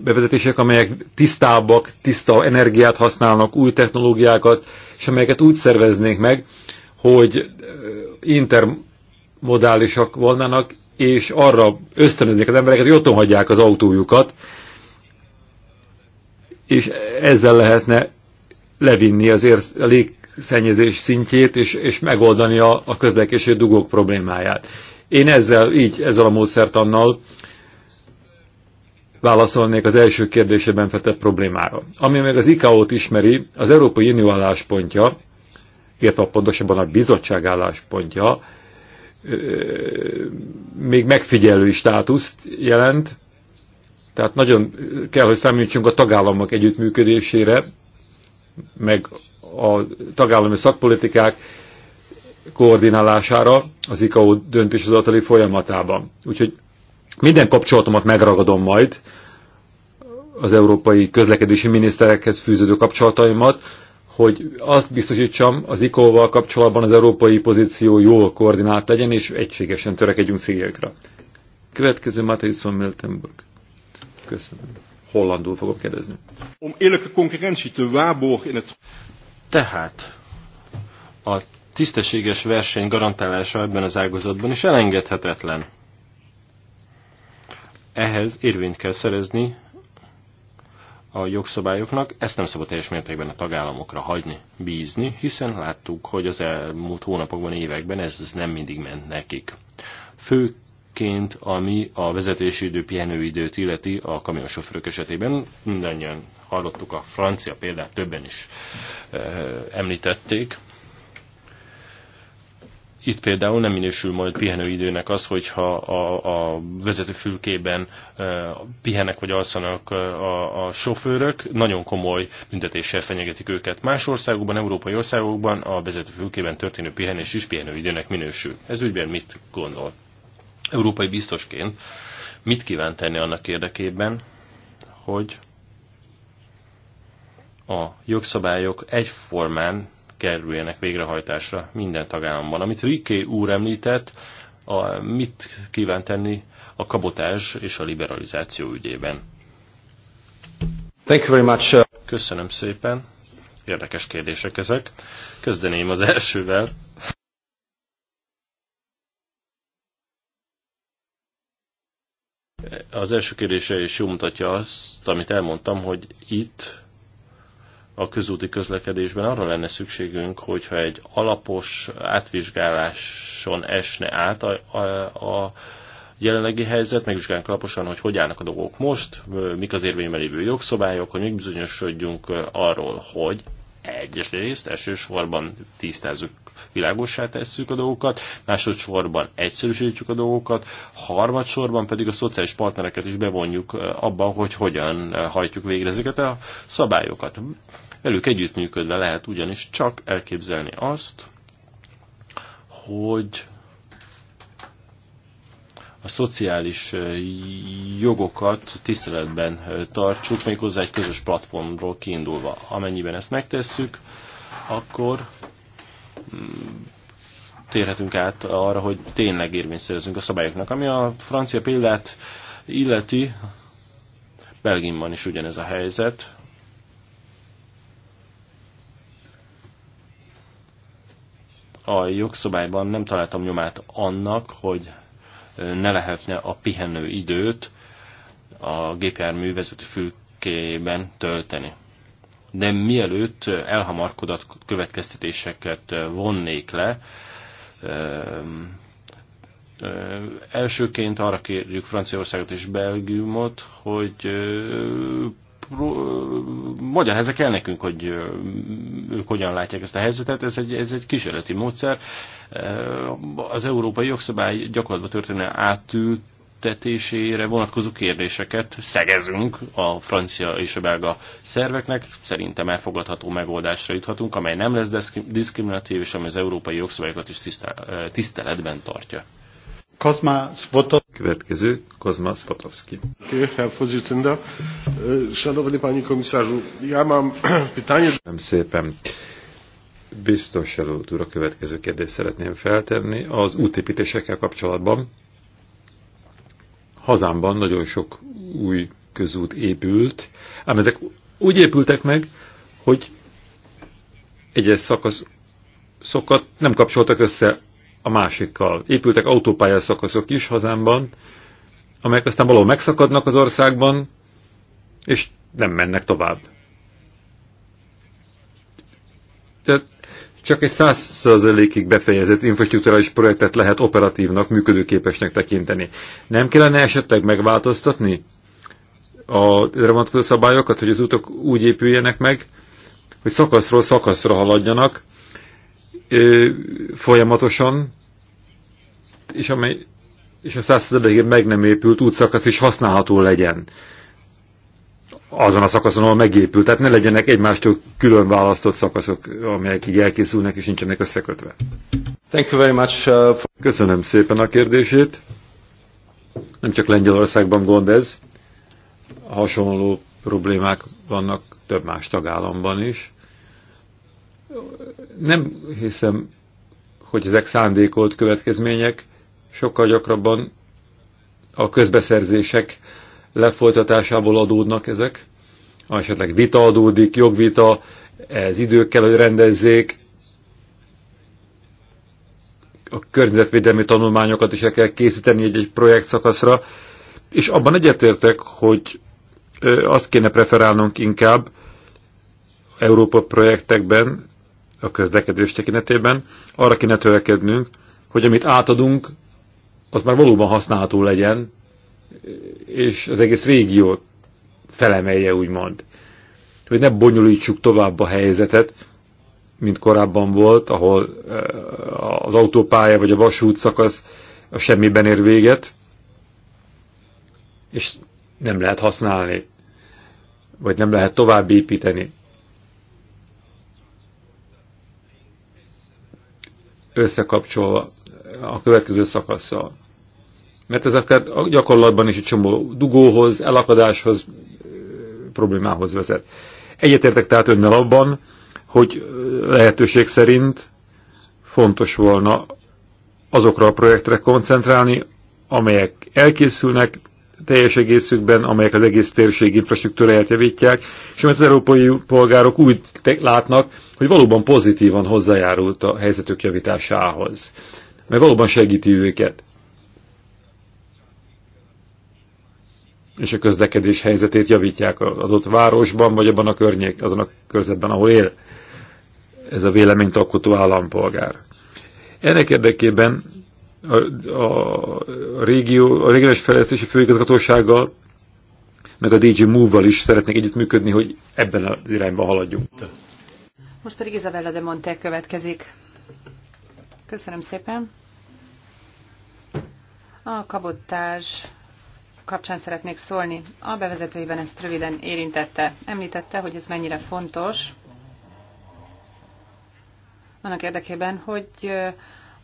bevezetések, amelyek tisztábbak, tiszta energiát használnak, új technológiákat, és amelyeket úgy szerveznék meg, hogy intermodálisak volnának, és arra ösztönöznék az embereket, hogy otthon hagyják az autójukat, és ezzel lehetne levinni az ér, a légszennyezés szintjét, és, és megoldani a, a közlekedési dugók problémáját. Én ezzel, így, ezzel a módszertannal válaszolnék az első kérdésében fetett problémára. Ami meg az ICAO-t ismeri, az Európai Unió álláspontja, illetve pontosabban a bizottság álláspontja, még megfigyelői státuszt jelent, tehát nagyon kell, hogy számítsunk a tagállamok együttműködésére, meg a tagállami szakpolitikák koordinálására az ICAO döntéshozatali folyamatában. Úgyhogy minden kapcsolatomat megragadom majd, az európai közlekedési miniszterekhez fűződő kapcsolataimat, hogy azt biztosítsam, az ICO-val kapcsolatban az európai pozíció jól koordinált legyen, és egységesen törekedjünk céljaikra. Következő Matthijs van Miltenburg. Köszönöm. Hollandul fogok kérdezni. Om eerlijke concurrentie te waarborgen in het... Tehát a tisztességes verseny garantálása ebben az ágazatban is elengedhetetlen. Ehhez érvényt kell szerezni a jogszabályoknak, ezt nem szabad teljes mértékben a tagállamokra hagyni, bízni, hiszen láttuk, hogy az elmúlt hónapokban, években ez nem mindig ment nekik. Fő Ként, ami a vezetési idő pihenőidőt illeti a kamionsofőrök esetében. Mindannyian hallottuk a francia példát, többen is e, említették. Itt például nem minősül majd pihenőidőnek az, hogyha a, a vezetőfülkében e, pihenek vagy alszanak a, a sofőrök, nagyon komoly büntetéssel fenyegetik őket. Más országokban, európai országokban a vezetőfülkében történő pihenés is pihenőidőnek minősül. Ez ügyben mit gondol? európai biztosként mit kíván tenni annak érdekében, hogy a jogszabályok egyformán kerüljenek végrehajtásra minden tagállamban. Amit Riké úr említett, a, mit kíván tenni a kabotás és a liberalizáció ügyében. Thank you very much. Uh, Köszönöm szépen. Érdekes kérdések ezek. Kezdeném az elsővel. Az első kérdése is jól mutatja azt, amit elmondtam, hogy itt a közúti közlekedésben arra lenne szükségünk, hogyha egy alapos átvizsgáláson esne át a, a, a jelenlegi helyzet, megvizsgálunk alaposan, hogy hogy állnak a dolgok most, mik az érvényben lévő jogszabályok, hogy megbizonyosodjunk arról, hogy egyrészt elsősorban tisztázzuk, világossá tesszük a dolgokat, másodszorban egyszerűsítjük a dolgokat, harmadsorban pedig a szociális partnereket is bevonjuk eh, abba, hogy hogyan eh, hajtjuk végre ezeket a szabályokat. Velük együttműködve lehet ugyanis csak elképzelni azt, hogy a szociális jogokat tiszteletben tartsuk, méghozzá egy közös platformról kiindulva. Amennyiben ezt megtesszük, akkor mm, térhetünk át arra, hogy tényleg érvényszerezünk a szabályoknak. Ami a francia példát illeti, Belgiumban is ugyanez a helyzet. A jogszabályban nem találtam nyomát annak, hogy ne lehetne a pihenő időt a gépjármű vezető fülkében tölteni. De mielőtt elhamarkodott következtetéseket vonnék le, ehm, ehm, elsőként arra kérjük Franciaországot és Belgiumot, hogy ehm, ezek el nekünk, hogy ők hogyan látják ezt a helyzetet. Ez egy, ez egy kísérleti módszer. Az európai jogszabály gyakorlatban történő átült vonatkozó kérdéseket szegezünk a francia és a belga szerveknek. Szerintem elfogadható megoldásra juthatunk, amely nem lesz diszkriminatív, és ami az európai jogszabályokat is tiszteletben tartja. Kozma Svotowski. Következő Kozma Swotowski. Herr e, Szanowny Panie Komisarzu, ja mam pytanie... Nem szépen. Biztos előtt úr, a következő kérdést szeretném feltenni. Az útépítésekkel kapcsolatban hazámban nagyon sok új közút épült, ám ezek úgy épültek meg, hogy egyes szakaszokat nem kapcsoltak össze a másikkal. Épültek autópályaszakaszok is hazámban, amelyek aztán valahol megszakadnak az országban, és nem mennek tovább. Tehát csak egy százszerzelékig befejezett infrastruktúrális projektet lehet operatívnak, működőképesnek tekinteni. Nem kellene esetleg megváltoztatni a vonatkozó szabályokat, hogy az utak úgy épüljenek meg, hogy szakaszról szakaszra haladjanak, ö, folyamatosan, és, amely, és a százszerzadékén meg nem épült útszakasz is használható legyen azon a szakaszon, ahol megépült. Tehát ne legyenek egymástól külön választott szakaszok, amelyek így elkészülnek és nincsenek összekötve. Thank you very much. Uh, for... Köszönöm szépen a kérdését. Nem csak Lengyelországban gond ez, hasonló problémák vannak több más tagállamban is nem hiszem, hogy ezek szándékolt következmények, sokkal gyakrabban a közbeszerzések lefolytatásából adódnak ezek, esetleg vita adódik, jogvita, ez idők kell, hogy rendezzék, a környezetvédelmi tanulmányokat is el kell készíteni egy-egy projekt szakaszra, és abban egyetértek, hogy azt kéne preferálnunk inkább Európa projektekben, a közlekedés tekintetében. Arra kéne törekednünk, hogy amit átadunk, az már valóban használható legyen, és az egész régiót felemelje, úgymond. Hogy ne bonyolítsuk tovább a helyzetet, mint korábban volt, ahol eh, az autópálya vagy a vasút szakasz a semmiben ér véget, és nem lehet használni, vagy nem lehet tovább építeni összekapcsolva a következő szakaszsal. Mert ez akár a gyakorlatban is egy csomó dugóhoz, elakadáshoz, problémához vezet. Egyetértek tehát önnel abban, hogy lehetőség szerint fontos volna azokra a projektre koncentrálni, amelyek elkészülnek, teljes egészükben, amelyek az egész térség infrastruktúráját javítják, és az európai polgárok úgy látnak, hogy valóban pozitívan hozzájárult a helyzetük javításához, mert valóban segíti őket. És a közlekedés helyzetét javítják az ott városban, vagy abban a környék, azon a körzetben, ahol él ez a véleményt alkotó állampolgár. Ennek érdekében a, a, a, régió, a regionális fejlesztési főigazgatósággal, meg a DJ Move-val is szeretnék együttműködni, hogy ebben az irányban haladjunk. Most pedig Izabella de Monte következik. Köszönöm szépen. A kabottás kapcsán szeretnék szólni. A bevezetőiben ezt röviden érintette. Említette, hogy ez mennyire fontos annak érdekében, hogy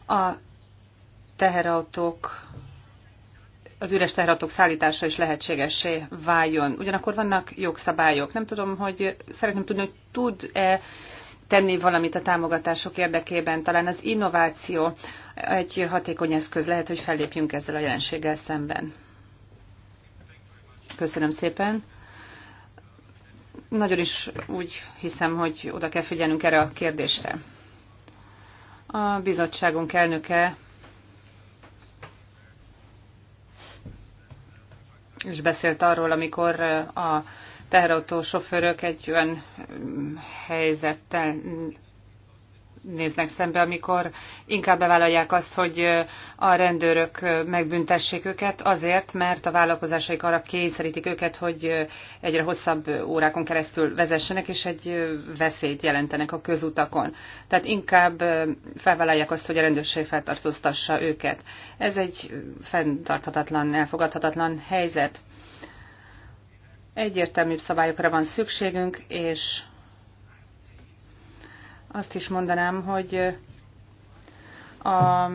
a teherautók az üres teherautók szállítása is lehetségessé váljon. Ugyanakkor vannak jogszabályok. Nem tudom, hogy szeretném tudni, hogy tud-e tenni valamit a támogatások érdekében. Talán az innováció egy hatékony eszköz lehet, hogy fellépjünk ezzel a jelenséggel szemben. Köszönöm szépen. Nagyon is úgy hiszem, hogy oda kell figyelnünk erre a kérdésre. A bizottságunk elnöke és beszélt arról, amikor eh, a teherautó sofőrök egy olyan mm, helyzettel néznek szembe, amikor inkább bevállalják azt, hogy a rendőrök megbüntessék őket, azért, mert a vállalkozásaik arra kényszerítik őket, hogy egyre hosszabb órákon keresztül vezessenek, és egy veszélyt jelentenek a közutakon. Tehát inkább felvállalják azt, hogy a rendőrség feltartóztassa őket. Ez egy fenntarthatatlan, elfogadhatatlan helyzet. Egyértelműbb szabályokra van szükségünk, és azt is mondanám, hogy a,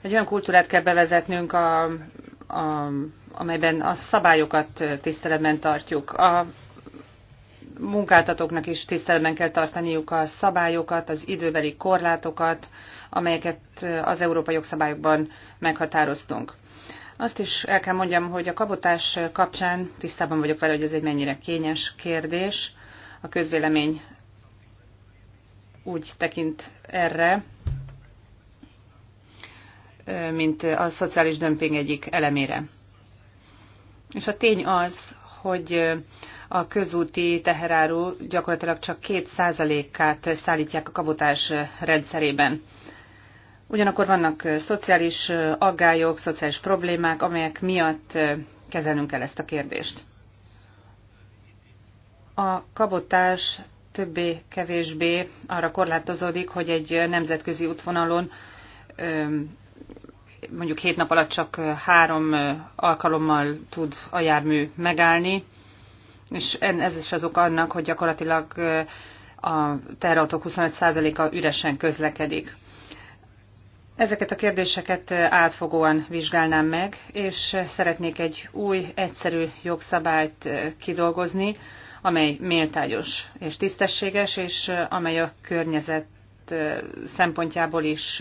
egy olyan kultúrát kell bevezetnünk, a, a, amelyben a szabályokat tiszteletben tartjuk. A munkáltatóknak is tiszteletben kell tartaniuk a szabályokat, az időbeli korlátokat, amelyeket az európai jogszabályokban meghatároztunk. Azt is el kell mondjam, hogy a kabotás kapcsán tisztában vagyok vele, hogy ez egy mennyire kényes kérdés. A közvélemény úgy tekint erre, mint a szociális dömping egyik elemére. És a tény az, hogy a közúti teheráru gyakorlatilag csak 2%-át szállítják a kabotás rendszerében. Ugyanakkor vannak szociális aggályok, szociális problémák, amelyek miatt kezelnünk kell ezt a kérdést. A kabotás többé-kevésbé arra korlátozódik, hogy egy nemzetközi útvonalon mondjuk hét nap alatt csak három alkalommal tud a jármű megállni, és ez is az ok annak, hogy gyakorlatilag a terrautók 25%-a üresen közlekedik. Ezeket a kérdéseket átfogóan vizsgálnám meg, és szeretnék egy új, egyszerű jogszabályt kidolgozni, amely méltányos és tisztességes, és amely a környezet szempontjából is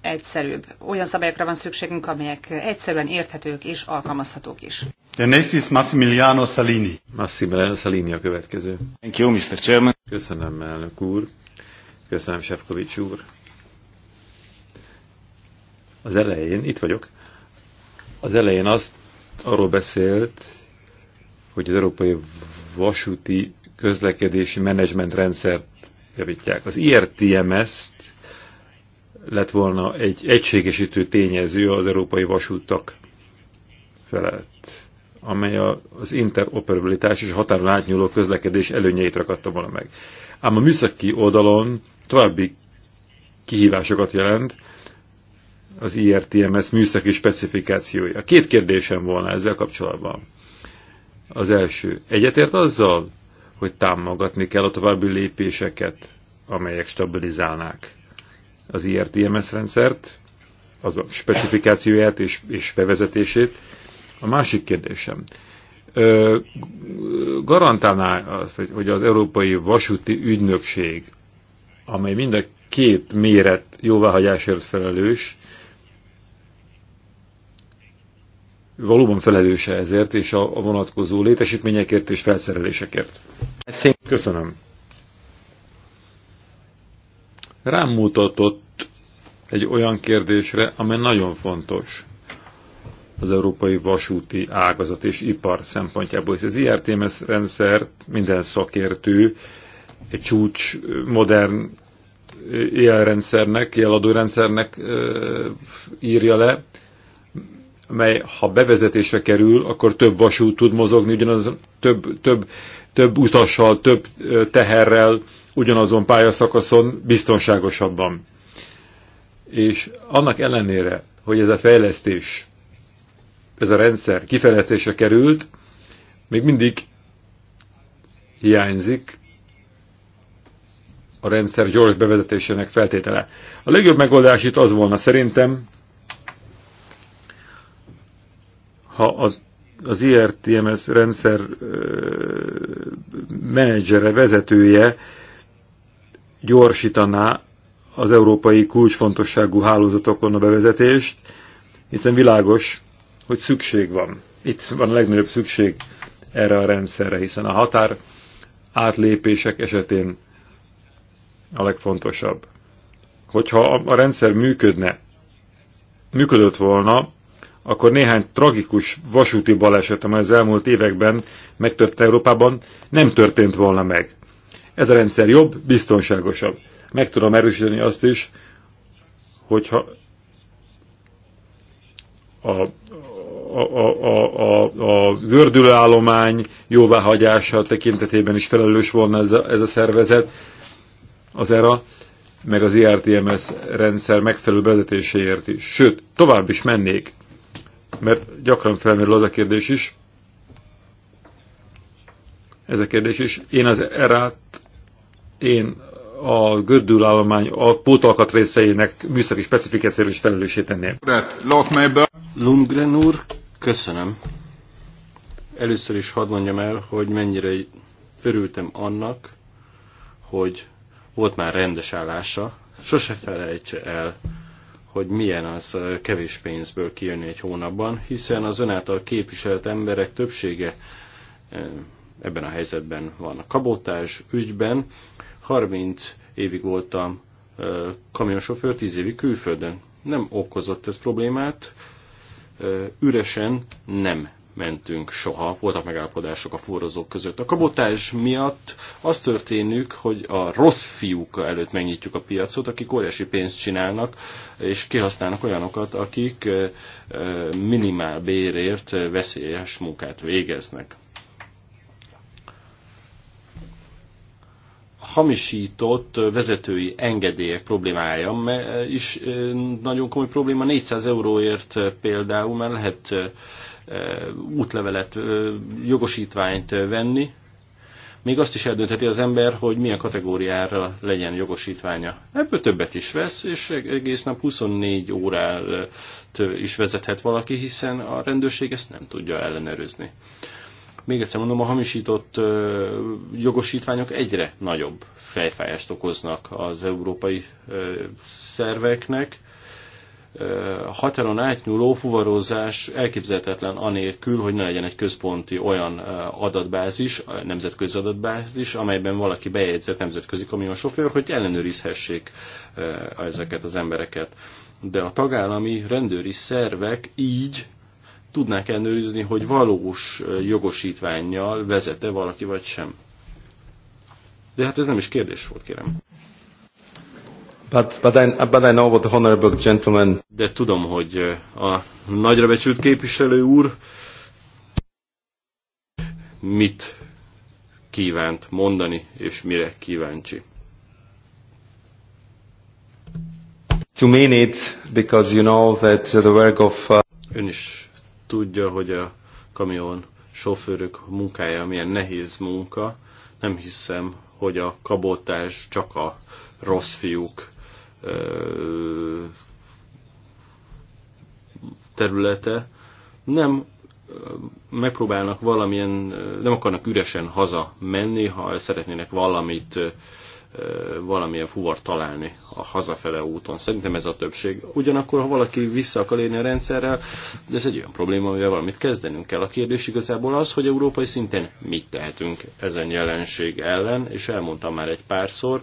egyszerűbb. Olyan szabályokra van szükségünk, amelyek egyszerűen érthetők és alkalmazhatók is. The next is Massimiliano Salini. Massimiliano Salini a következő. Thank you, Mr. Chairman. Köszönöm, elnök úr. Köszönöm, Sefkovics úr. Az elején, itt vagyok, az elején azt arról beszélt, hogy az európai vasúti közlekedési menedzsmentrendszert javítják. Az IRTMS-t lett volna egy egységesítő tényező az európai vasútak felett, amely az interoperabilitás és határon átnyúló közlekedés előnyeit ragadta volna meg. Ám a műszaki oldalon további kihívásokat jelent az IRTMS műszaki specifikációja. Két kérdésem volna ezzel kapcsolatban. Az első. Egyetért azzal, hogy támogatni kell a további lépéseket, amelyek stabilizálnák az IRTMS rendszert, az a specifikációját és, és bevezetését. A másik kérdésem. garantálná az, hogy az Európai Vasúti Ügynökség, amely mind a két méret jóváhagyásért felelős, valóban felelőse ezért és a, a vonatkozó létesítményekért és felszerelésekért. Köszönöm. Rám mutatott egy olyan kérdésre, amely nagyon fontos az európai vasúti ágazat és ipar szempontjából. Ez az IRTMS er rendszert minden szakértő egy csúcs modern jelrendszernek, jeladórendszernek írja le, amely ha bevezetésre kerül, akkor több vasút tud mozogni, ugyanaz több, több, több utassal, több teherrel, ugyanazon pályaszakaszon biztonságosabban. És annak ellenére, hogy ez a fejlesztés, ez a rendszer kifejlesztésre került, még mindig hiányzik a rendszer gyors bevezetésének feltétele. A legjobb megoldás itt az volna szerintem, ha az, az IRTMS rendszer menedzsere, vezetője gyorsítaná az európai kulcsfontosságú hálózatokon a bevezetést, hiszen világos, hogy szükség van. Itt van a legnagyobb szükség erre a rendszerre, hiszen a határ átlépések esetén a legfontosabb. Hogyha a rendszer működne, működött volna, akkor néhány tragikus vasúti baleset, amely az elmúlt években megtörtént Európában, nem történt volna meg. Ez a rendszer jobb, biztonságosabb. Meg tudom erősíteni azt is, hogyha a, a, a, a, a gördülőállomány jóváhagyása tekintetében is felelős volna ez a, ez a szervezet, az ERA, meg az IRTMS rendszer megfelelő vezetéséért is. Sőt, tovább is mennék mert gyakran felmerül az a kérdés is, ez a kérdés is, én az erát, én a gördülállomány a pótalkat részeinek műszaki specifikációra is felelőssé tenném. Lundgren úr, köszönöm. Először is hadd mondjam el, hogy mennyire örültem annak, hogy volt már rendes állása. Sose felejtse el hogy milyen az kevés pénzből kijönni egy hónapban, hiszen az ön által képviselt emberek többsége ebben a helyzetben van. A kabotás ügyben 30 évig voltam kamionsofőr, 10 évig külföldön. Nem okozott ez problémát, üresen nem mentünk soha, voltak megállapodások a forrozók között. A kabotás miatt az történik, hogy a rossz fiúk előtt megnyitjuk a piacot, akik óriási pénzt csinálnak, és kihasználnak olyanokat, akik minimál bérért veszélyes munkát végeznek. hamisított vezetői engedélyek problémája is nagyon komoly probléma. 400 euróért például mert lehet útlevelet, jogosítványt venni, még azt is eldöntheti az ember, hogy milyen kategóriára legyen jogosítványa. Ebből többet is vesz, és egész nap 24 órát is vezethet valaki, hiszen a rendőrség ezt nem tudja ellenőrizni. Még egyszer mondom, a hamisított jogosítványok egyre nagyobb fejfájást okoznak az európai szerveknek, határon átnyúló fuvarozás elképzelhetetlen anélkül, hogy ne legyen egy központi olyan adatbázis, nemzetközi adatbázis, amelyben valaki bejegyzett nemzetközi kamionsofőr, hogy ellenőrizhessék ezeket az embereket. De a tagállami rendőri szervek így tudnák ellenőrizni, hogy valós jogosítványjal vezete valaki vagy sem. De hát ez nem is kérdés volt, kérem. But, but, I, but I know what the honorable gentleman... De tudom, hogy a nagyra becsült képviselő úr mit kívánt mondani, és mire kíváncsi. To mean it, because you know that the work of... Uh... Ön is tudja, hogy a kamion sofőrök munkája milyen nehéz munka. Nem hiszem, hogy a kabotás csak a rossz fiúk területe nem megpróbálnak valamilyen, nem akarnak üresen haza menni, ha szeretnének valamit, valamilyen fuvar találni a hazafele úton. Szerintem ez a többség. Ugyanakkor, ha valaki vissza akar élni a rendszerrel, de ez egy olyan probléma, amivel valamit kezdenünk kell. A kérdés igazából az, hogy európai szinten mit tehetünk ezen jelenség ellen, és elmondtam már egy párszor,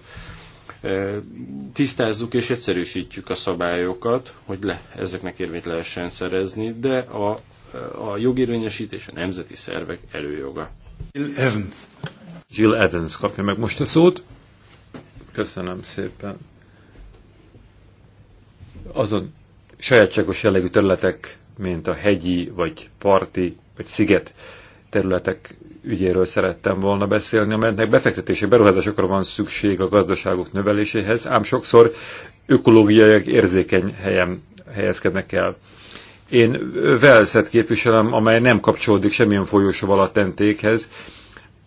tisztázzuk és egyszerűsítjük a szabályokat, hogy le, ezeknek érvényt lehessen szerezni, de a, a jogérvényesítés a nemzeti szervek előjoga. Jill Evans. Jill Evans kapja meg most a szót. Köszönöm szépen. Azon sajátságos jellegű területek, mint a hegyi, vagy parti, vagy sziget területek ügyéről szerettem volna beszélni, amelynek befektetési beruházásokra van szükség a gazdaságok növeléséhez, ám sokszor ökológiai érzékeny helyen helyezkednek el. Én Velszet képviselem, amely nem kapcsolódik semmilyen folyósóval a tentékhez,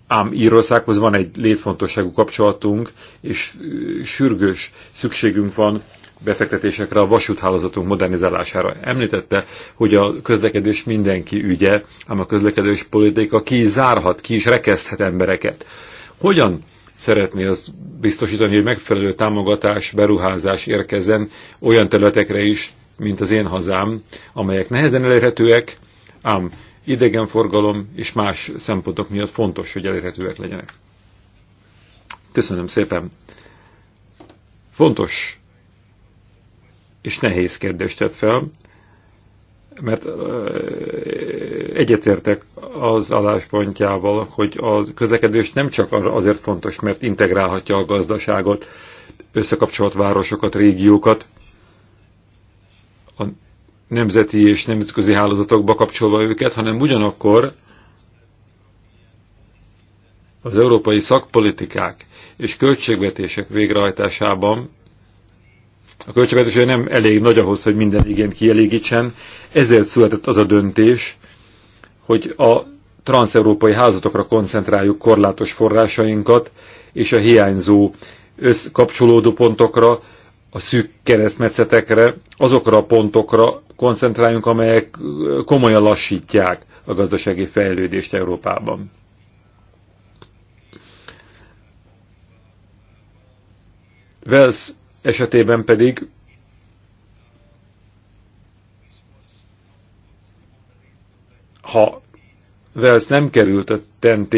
ám Írországhoz van egy létfontosságú kapcsolatunk, és sürgős szükségünk van befektetésekre, a vasúthálózatunk modernizálására. Említette, hogy a közlekedés mindenki ügye, ám a közlekedés politika ki zárhat, ki is rekeszthet embereket. Hogyan szeretné az biztosítani, hogy megfelelő támogatás, beruházás érkezzen olyan területekre is, mint az én hazám, amelyek nehezen elérhetőek, ám idegenforgalom és más szempontok miatt fontos, hogy elérhetőek legyenek. Köszönöm szépen! Fontos és nehéz kérdést tett fel, mert egyetértek az álláspontjával, hogy a közlekedés nem csak azért fontos, mert integrálhatja a gazdaságot, összekapcsolt városokat, régiókat, a nemzeti és nemzetközi hálózatokba kapcsolva őket, hanem ugyanakkor az európai szakpolitikák és költségvetések végrehajtásában a költségvetés nem elég nagy ahhoz, hogy minden igényt kielégítsen, ezért született az a döntés, hogy a transeurópai házatokra koncentráljuk korlátos forrásainkat, és a hiányzó összkapcsolódó pontokra, a szűk keresztmetszetekre, azokra a pontokra koncentráljunk, amelyek komolyan lassítják a gazdasági fejlődést Európában. Wells esetében pedig ha Wells nem került a TNT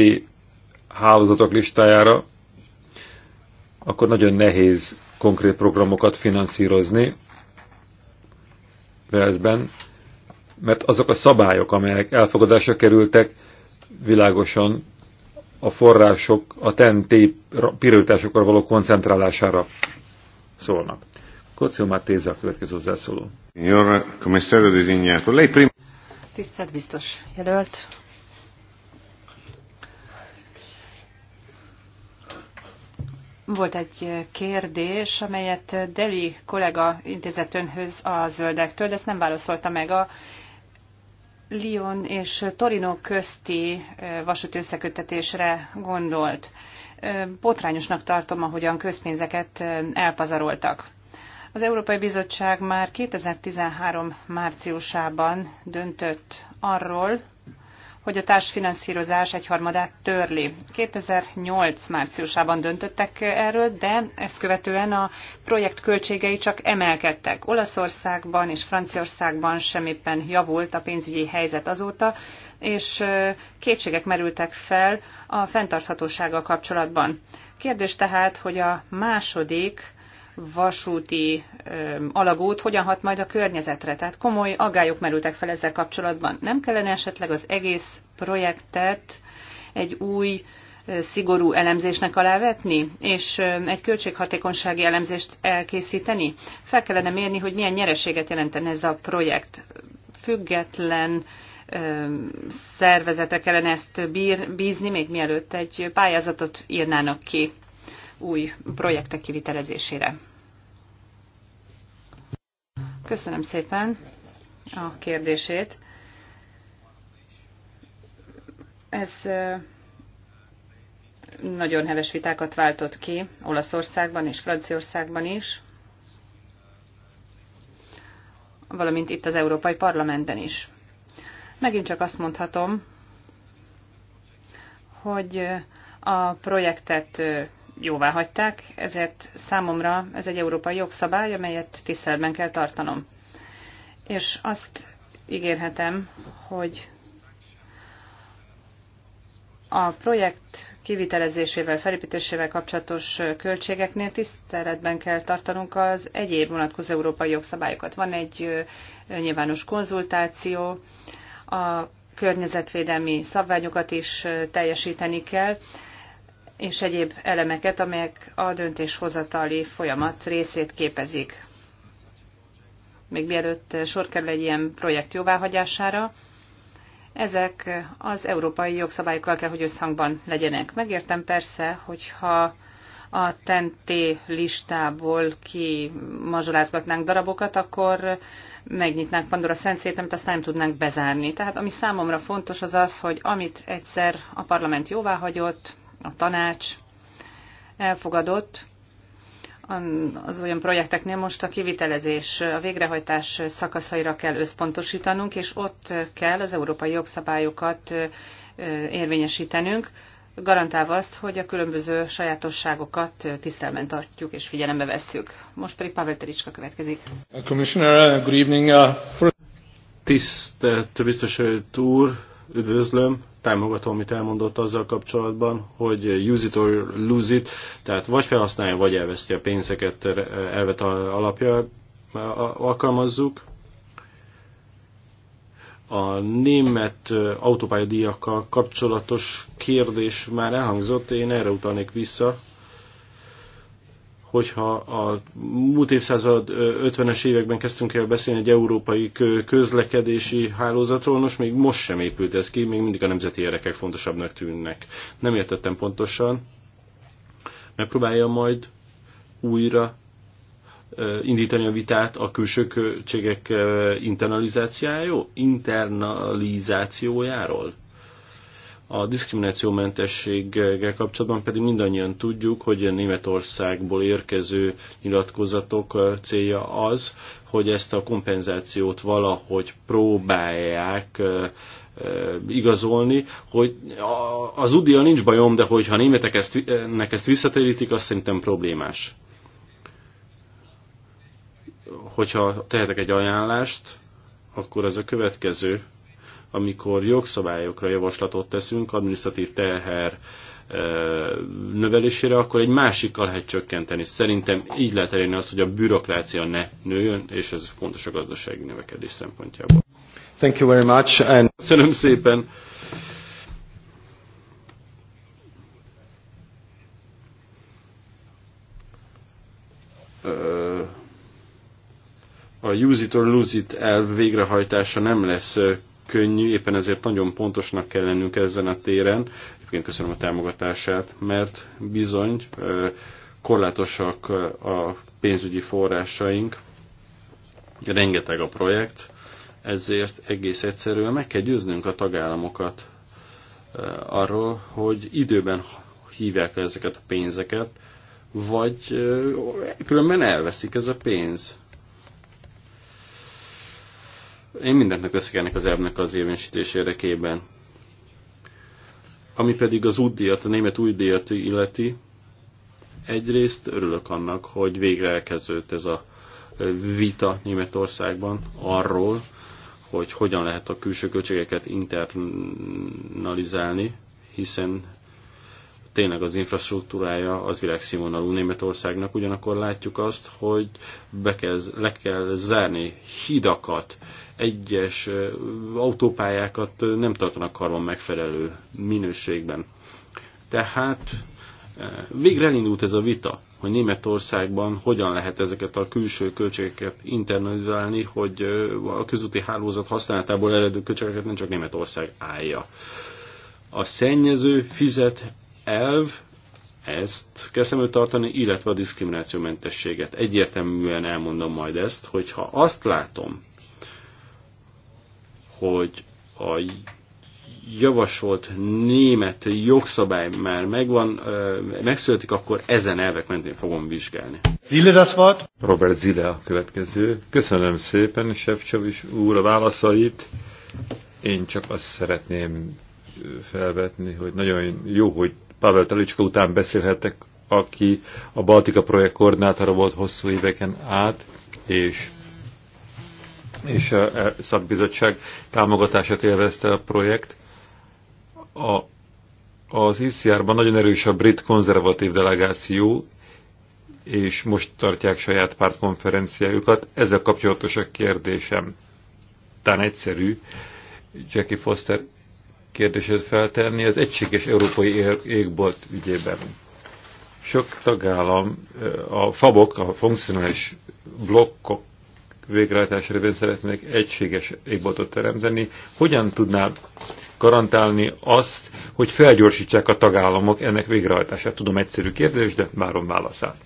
hálózatok listájára, akkor nagyon nehéz konkrét programokat finanszírozni Velszben, mert azok a szabályok, amelyek elfogadásra kerültek, világosan a források, a TNT pirőtásokra való koncentrálására szólnak. Kocio Mattéza a következő hozzászóló. Tisztelt biztos jelölt! Volt egy kérdés, amelyet Deli kollega intézett önhöz a zöldektől, de ezt nem válaszolta meg. A Lyon és Torino közti vasúti összeköttetésre gondolt. Botrányosnak tartom, ahogyan közpénzeket elpazaroltak. Az Európai Bizottság már 2013 márciusában döntött arról, hogy a társfinanszírozás egyharmadát törli. 2008 márciusában döntöttek erről, de ezt követően a projekt költségei csak emelkedtek. Olaszországban és Franciaországban sem éppen javult a pénzügyi helyzet azóta, és kétségek merültek fel a fenntarthatósággal kapcsolatban. Kérdés tehát, hogy a második vasúti alagút hogyan hat majd a környezetre. Tehát komoly aggályok merültek fel ezzel kapcsolatban. Nem kellene esetleg az egész projektet egy új szigorú elemzésnek alávetni, és egy költséghatékonysági elemzést elkészíteni? Fel kellene mérni, hogy milyen nyereséget jelenten ez a projekt. Független szervezetek kellene ezt bír, bízni, még mielőtt egy pályázatot írnának ki új projektek kivitelezésére. Köszönöm szépen a kérdését. Ez nagyon heves vitákat váltott ki Olaszországban és Franciaországban is, valamint itt az Európai Parlamentben is. Megint csak azt mondhatom, hogy a projektet jóvá hagyták, ezért számomra ez egy európai jogszabály, amelyet tiszteletben kell tartanom. És azt ígérhetem, hogy a projekt kivitelezésével, felépítésével kapcsolatos költségeknél tiszteletben kell tartanunk az egyéb vonatkozó európai jogszabályokat. Van egy nyilvános konzultáció, a környezetvédelmi szabványokat is teljesíteni kell, és egyéb elemeket, amelyek a döntéshozatali folyamat részét képezik. Még mielőtt sor kerül egy ilyen projekt jóváhagyására, ezek az európai jogszabályokkal kell, hogy összhangban legyenek. Megértem persze, hogyha a TNT listából kimazsolázgatnánk darabokat, akkor megnyitnánk Pandora szentszét, amit aztán nem tudnánk bezárni. Tehát ami számomra fontos az az, hogy amit egyszer a parlament jóvá hagyott, a tanács elfogadott az olyan projekteknél most a kivitelezés, a végrehajtás szakaszaira kell összpontosítanunk, és ott kell az európai jogszabályokat érvényesítenünk, garantálva azt, hogy a különböző sajátosságokat tisztelben tartjuk és figyelembe vesszük. Most pedig Pavel Tericska következik. Commissioner, good evening. Uh, Tisztelt biztos úr, üdvözlöm, támogatom, amit elmondott azzal kapcsolatban, hogy use it or lose it, tehát vagy felhasználja, vagy elveszti a pénzeket, e, elvet alapja e, alkalmazzuk. A német e, autópályadíjakkal kapcsolatos kérdés már elhangzott, én erre utalnék vissza hogyha a múlt évszázad 50-es években kezdtünk el beszélni egy európai közlekedési hálózatról, nos még most sem épült ez ki, még mindig a nemzeti érdekek fontosabbnak tűnnek. Nem értettem pontosan. Megpróbálja majd újra indítani a vitát a külső költségek internalizációjáról? internalizációjáról? A diszkriminációmentességgel kapcsolatban pedig mindannyian tudjuk, hogy a Németországból érkező nyilatkozatok célja az, hogy ezt a kompenzációt valahogy próbálják igazolni, hogy az udia nincs bajom, de hogyha a németek ezt, nek ezt visszatérítik, az szerintem problémás. Hogyha tehetek egy ajánlást, akkor ez a következő, amikor jogszabályokra javaslatot teszünk, administratív teher e, növelésére, akkor egy másikkal lehet csökkenteni. Szerintem így lehet elérni azt, hogy a bürokrácia ne nőjön, és ez fontos a gazdasági növekedés szempontjából. Thank you very much. And... Köszönöm szépen. A use it or lose it elv végrehajtása nem lesz könnyű, éppen ezért nagyon pontosnak kell lennünk ezen a téren. Egyébként köszönöm a támogatását, mert bizony korlátosak a pénzügyi forrásaink, rengeteg a projekt, ezért egész egyszerűen meg kell győznünk a tagállamokat arról, hogy időben hívják le ezeket a pénzeket, vagy különben elveszik ez a pénz. Én mindent megteszek ennek az elvnek az érvényesítés érdekében. Ami pedig az útdíjat, a német újdíjat illeti, egyrészt örülök annak, hogy végre elkezdődött ez a vita Németországban arról, hogy hogyan lehet a külső költségeket internalizálni, hiszen tényleg az infrastruktúrája az világszínvonalú Németországnak, ugyanakkor látjuk azt, hogy be kell, le kell zárni hidakat, egyes autópályákat nem tartanak karban megfelelő minőségben. Tehát végre elindult ez a vita, hogy Németországban hogyan lehet ezeket a külső költségeket internalizálni, hogy a közúti hálózat használatából eredő költségeket nem csak Németország állja. A szennyező fizet elv, ezt kell szemül tartani, illetve a diszkriminációmentességet. Egyértelműen elmondom majd ezt, hogyha azt látom, hogy a javasolt német jogszabály már megvan, megszületik, akkor ezen elvek mentén fogom vizsgálni. Zille das Wort? Robert Zille a következő. Köszönöm szépen, Sefcsovics úr, a válaszait. Én csak azt szeretném felvetni, hogy nagyon jó, hogy Pavel Talicska után beszélhetek, aki a Baltika projekt koordinátora volt hosszú éveken át, és, és a szakbizottság támogatását élvezte a projekt. A, az ICR-ban nagyon erős a brit konzervatív delegáció, és most tartják saját pártkonferenciájukat. Ezzel kapcsolatos a kérdésem. Tán egyszerű, Jackie Foster kérdését feltenni az egységes európai égbolt ügyében. Sok tagállam a fabok, a funkcionális blokkok végrehajtás révén szeretnék egységes égboltot teremteni. Hogyan tudná garantálni azt, hogy felgyorsítsák a tagállamok ennek végrehajtását? Tudom, egyszerű kérdés, de várom válaszát.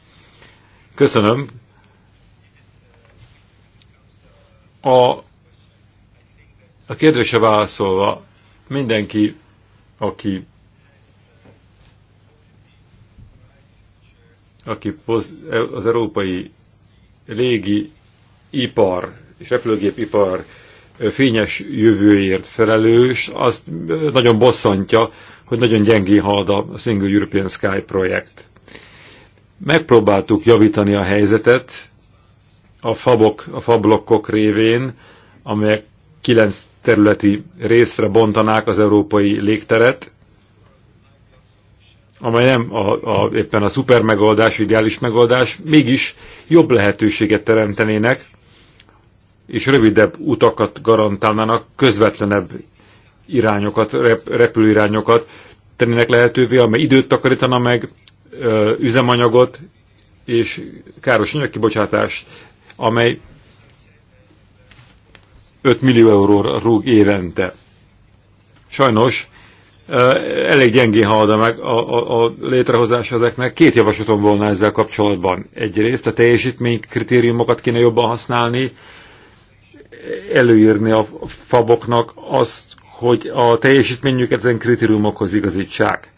Köszönöm. A, a kérdése válaszolva, Mindenki, aki aki poz, az európai légi ipar és repülőgépipar fényes jövőért felelős, azt nagyon bosszantja, hogy nagyon gyengé halad a Single European Sky projekt. Megpróbáltuk javítani a helyzetet a fabok, a fablokkok révén, amelyek kilenc területi részre bontanák az európai légteret, amely nem a, a, éppen a szuper megoldás, ideális megoldás, mégis jobb lehetőséget teremtenének, és rövidebb utakat garantálnának, közvetlenebb irányokat, rep, repülőirányokat tennének lehetővé, amely időt takarítana meg, üzemanyagot és káros anyagkibocsátást, amely 5 millió euróra rúg évente. Sajnos elég gyengén halad meg a, a, a létrehozás ezeknek. Két javaslatom volna ezzel kapcsolatban. Egyrészt a teljesítmény kritériumokat kéne jobban használni, előírni a faboknak azt, hogy a teljesítményüket ezen kritériumokhoz igazítsák.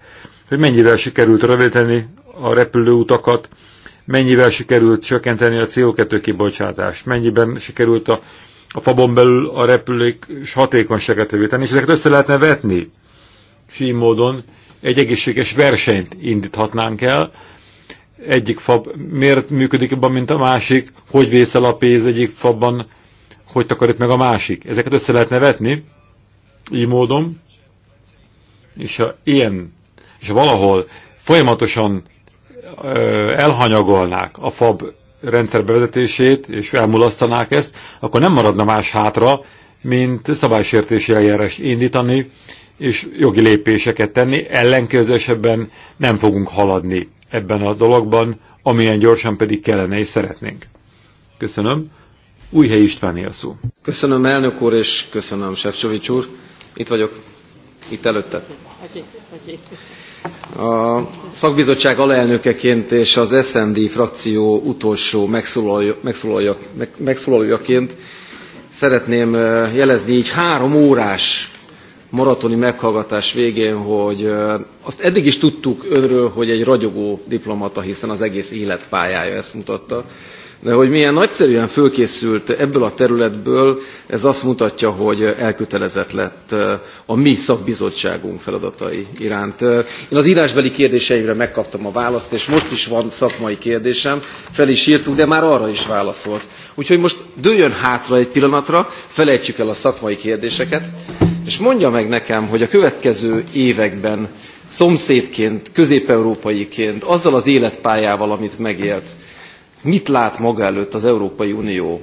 Hogy mennyivel sikerült rövidíteni a repülőutakat, mennyivel sikerült csökkenteni a CO2 kibocsátást, mennyiben sikerült a a fabon belül a repülők hatékonyságát tenni, és ezeket össze lehetne vetni. És így módon egy egészséges versenyt indíthatnánk el. Egyik fab miért működik jobban, mint a másik, hogy vészel a pénz egyik fabban, hogy takarít meg a másik. Ezeket össze lehetne vetni, így módon, és ha ilyen, és ha valahol folyamatosan elhanyagolnák a fab rendszer bevezetését, és elmulasztanák ezt, akkor nem maradna más hátra, mint szabálysértési eljárás indítani, és jogi lépéseket tenni, ellenkezősebben nem fogunk haladni ebben a dologban, amilyen gyorsan pedig kellene és szeretnénk. Köszönöm. Újhely István a szó. Köszönöm elnök úr, és köszönöm Sefcsovics úr. Itt vagyok, itt előtte. A szakbizottság alelnökeként és az SND frakció utolsó megszólalója, megszólalójaként szeretném jelezni így három órás maratoni meghallgatás végén, hogy azt eddig is tudtuk önről, hogy egy ragyogó diplomata, hiszen az egész életpályája ezt mutatta. De hogy milyen nagyszerűen fölkészült ebből a területből, ez azt mutatja, hogy elkötelezett lett a mi szakbizottságunk feladatai iránt. Én az írásbeli kérdéseimre megkaptam a választ, és most is van szakmai kérdésem, fel is írtuk, de már arra is válaszolt. Úgyhogy most dőljön hátra egy pillanatra, felejtsük el a szakmai kérdéseket, és mondja meg nekem, hogy a következő években szomszédként, közép-európaiként, azzal az életpályával, amit megélt, mit lát maga előtt az Európai Unió,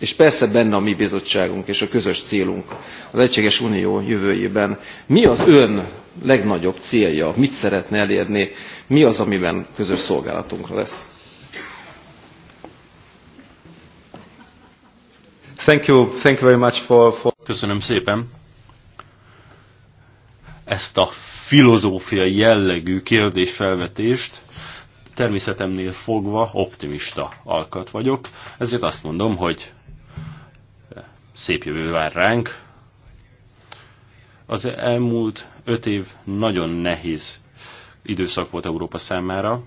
és persze benne a mi bizottságunk és a közös célunk az Egységes Unió jövőjében. Mi az ön legnagyobb célja, mit szeretne elérni, mi az, amiben közös szolgálatunkra lesz? Thank you, thank you very much for, for... Köszönöm szépen ezt a filozófiai jellegű kérdésfelvetést természetemnél fogva optimista alkat vagyok, ezért azt mondom, hogy szép jövő vár ránk. Az elmúlt öt év nagyon nehéz időszak volt Európa számára.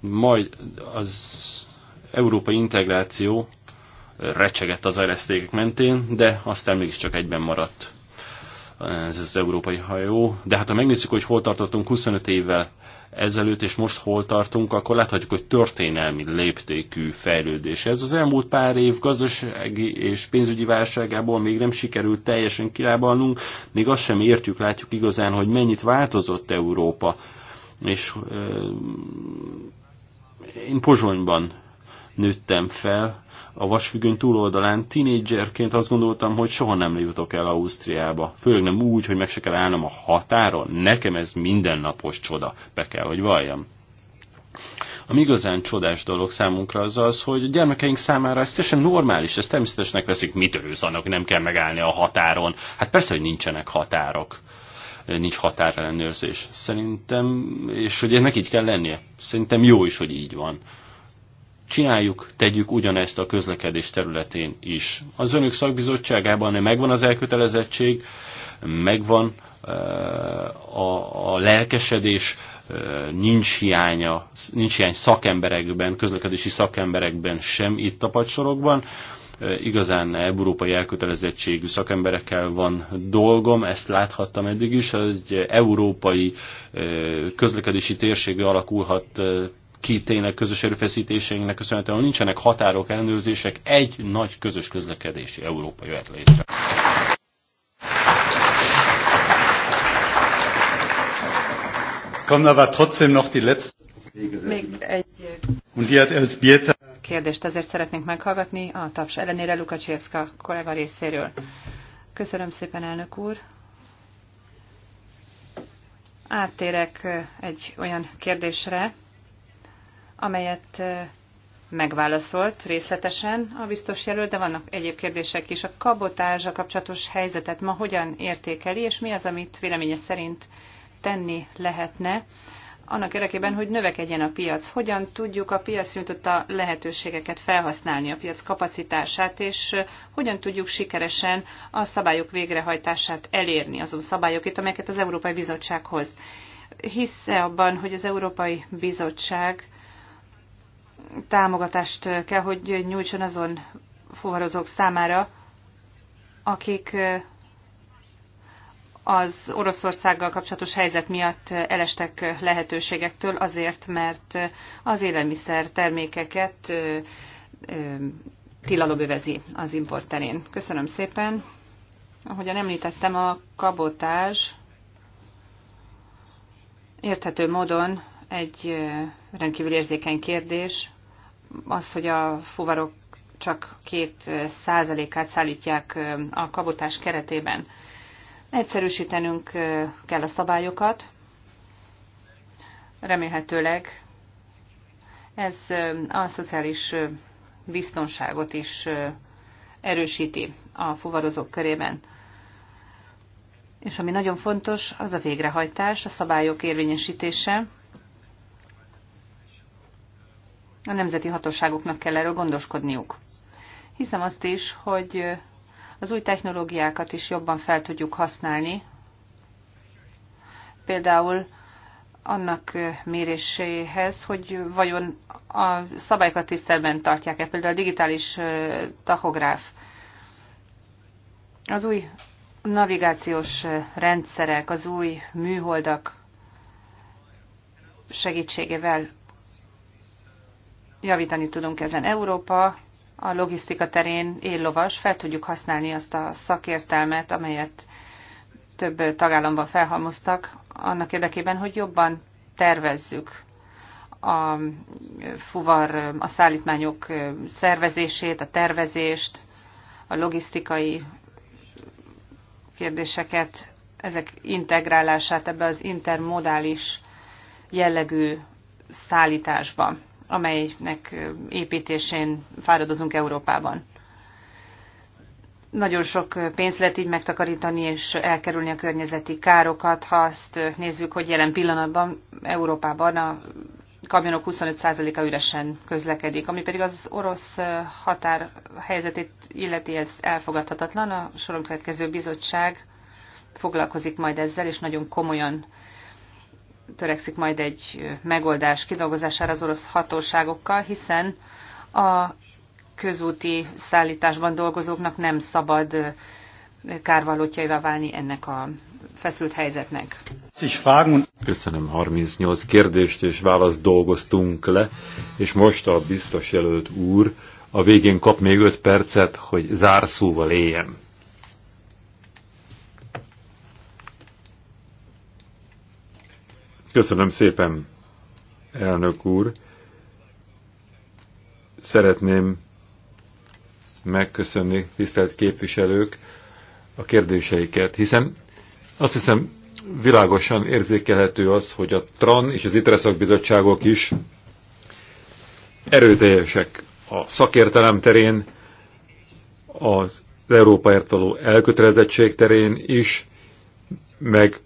Majd az európai integráció recsegett az eresztékek mentén, de aztán mégiscsak egyben maradt ez az európai hajó. De hát ha megnézzük, hogy hol tartottunk 25 évvel ezelőtt, és most hol tartunk, akkor láthatjuk, hogy történelmi léptékű fejlődés. Ez az elmúlt pár év gazdasági és pénzügyi válságából még nem sikerült teljesen kirábalnunk, még azt sem értjük, látjuk igazán, hogy mennyit változott Európa. És euh, én Pozsonyban nőttem fel, a vasfüggöny túloldalán tínédzserként azt gondoltam, hogy soha nem jutok el Ausztriába. Főleg nem úgy, hogy meg se kell állnom a határon. Nekem ez mindennapos csoda. Be kell, hogy valljam. A igazán csodás dolog számunkra az az, hogy a gyermekeink számára ez teljesen normális, ez természetesnek veszik, mit örülsz annak, nem kell megállni a határon. Hát persze, hogy nincsenek határok nincs határellenőrzés. Szerintem, és hogy ennek így kell lennie. Szerintem jó is, hogy így van. Csináljuk, tegyük ugyanezt a közlekedés területén is. Az önök szakbizottságában megvan az elkötelezettség, megvan e, a, a lelkesedés, e, nincs hiánya, nincs hiány szakemberekben, közlekedési szakemberekben sem itt a pacsorokban. E, igazán európai elkötelezettségű szakemberekkel van dolgom, ezt láthattam eddig is, egy európai közlekedési térségű alakulhat két tényleg közös erőfeszítéseinknek köszönhetően, hogy nincsenek határok, ellenőrzések, egy nagy közös közlekedési Európa jöhet létre. Még egy eh, kérdést azért szeretnénk meghallgatni a taps ellenére Lukacsevska kollega részéről. Köszönöm szépen, elnök úr. Áttérek eh, egy olyan kérdésre, amelyet megválaszolt részletesen a biztos jelölt, de vannak egyéb kérdések is. A kabotázsa kapcsolatos helyzetet ma hogyan értékeli, és mi az, amit véleménye szerint tenni lehetne, annak érdekében, hogy növekedjen a piac. Hogyan tudjuk a piac a lehetőségeket felhasználni, a piac kapacitását, és hogyan tudjuk sikeresen a szabályok végrehajtását elérni, azon szabályokét, amelyeket az Európai Bizottság hoz. Hisz-e abban, hogy az Európai Bizottság támogatást kell, hogy nyújtson azon fuvarozók számára, akik az Oroszországgal kapcsolatos helyzet miatt elestek lehetőségektől azért, mert az élelmiszer termékeket tilalom övezi az import terén. Köszönöm szépen. Ahogyan említettem, a kabotás érthető módon egy rendkívül érzékeny kérdés, az, hogy a fuvarok csak két százalékát szállítják a kabotás keretében. Egyszerűsítenünk kell a szabályokat. Remélhetőleg ez a szociális biztonságot is erősíti a fuvarozók körében. És ami nagyon fontos, az a végrehajtás, a szabályok érvényesítése, a nemzeti hatóságoknak kell erről gondoskodniuk. Hiszem azt is, hogy az új technológiákat is jobban fel tudjuk használni. Például annak méréséhez, hogy vajon a szabályokat tisztelben tartják-e, például a digitális tachográf. Az új navigációs rendszerek, az új műholdak segítségével javítani tudunk ezen. Európa a logisztika terén éllovas, fel tudjuk használni azt a szakértelmet, amelyet több tagállamban felhalmoztak, annak érdekében, hogy jobban tervezzük a fuvar, a szállítmányok szervezését, a tervezést, a logisztikai kérdéseket, ezek integrálását ebbe az intermodális jellegű szállításba amelynek építésén fáradozunk Európában. Nagyon sok pénzt lehet így megtakarítani és elkerülni a környezeti károkat, ha azt nézzük, hogy jelen pillanatban Európában a kamionok 25%-a üresen közlekedik, ami pedig az orosz határ helyzetét illeti, ez elfogadhatatlan. A soron következő bizottság foglalkozik majd ezzel, és nagyon komolyan törekszik majd egy megoldás kidolgozására az orosz hatóságokkal, hiszen a közúti szállításban dolgozóknak nem szabad kárvalótjaivá válni ennek a feszült helyzetnek. Köszönöm, 38 kérdést és választ dolgoztunk le, és most a biztos jelölt úr a végén kap még 5 percet, hogy zárszóval éljen. Köszönöm szépen, elnök úr. Szeretném megköszönni tisztelt képviselők a kérdéseiket, hiszen azt hiszem világosan érzékelhető az, hogy a TRAN és az ITRESZAK bizottságok is erőteljesek a szakértelem terén, az Európaért való elkötelezettség terén is, meg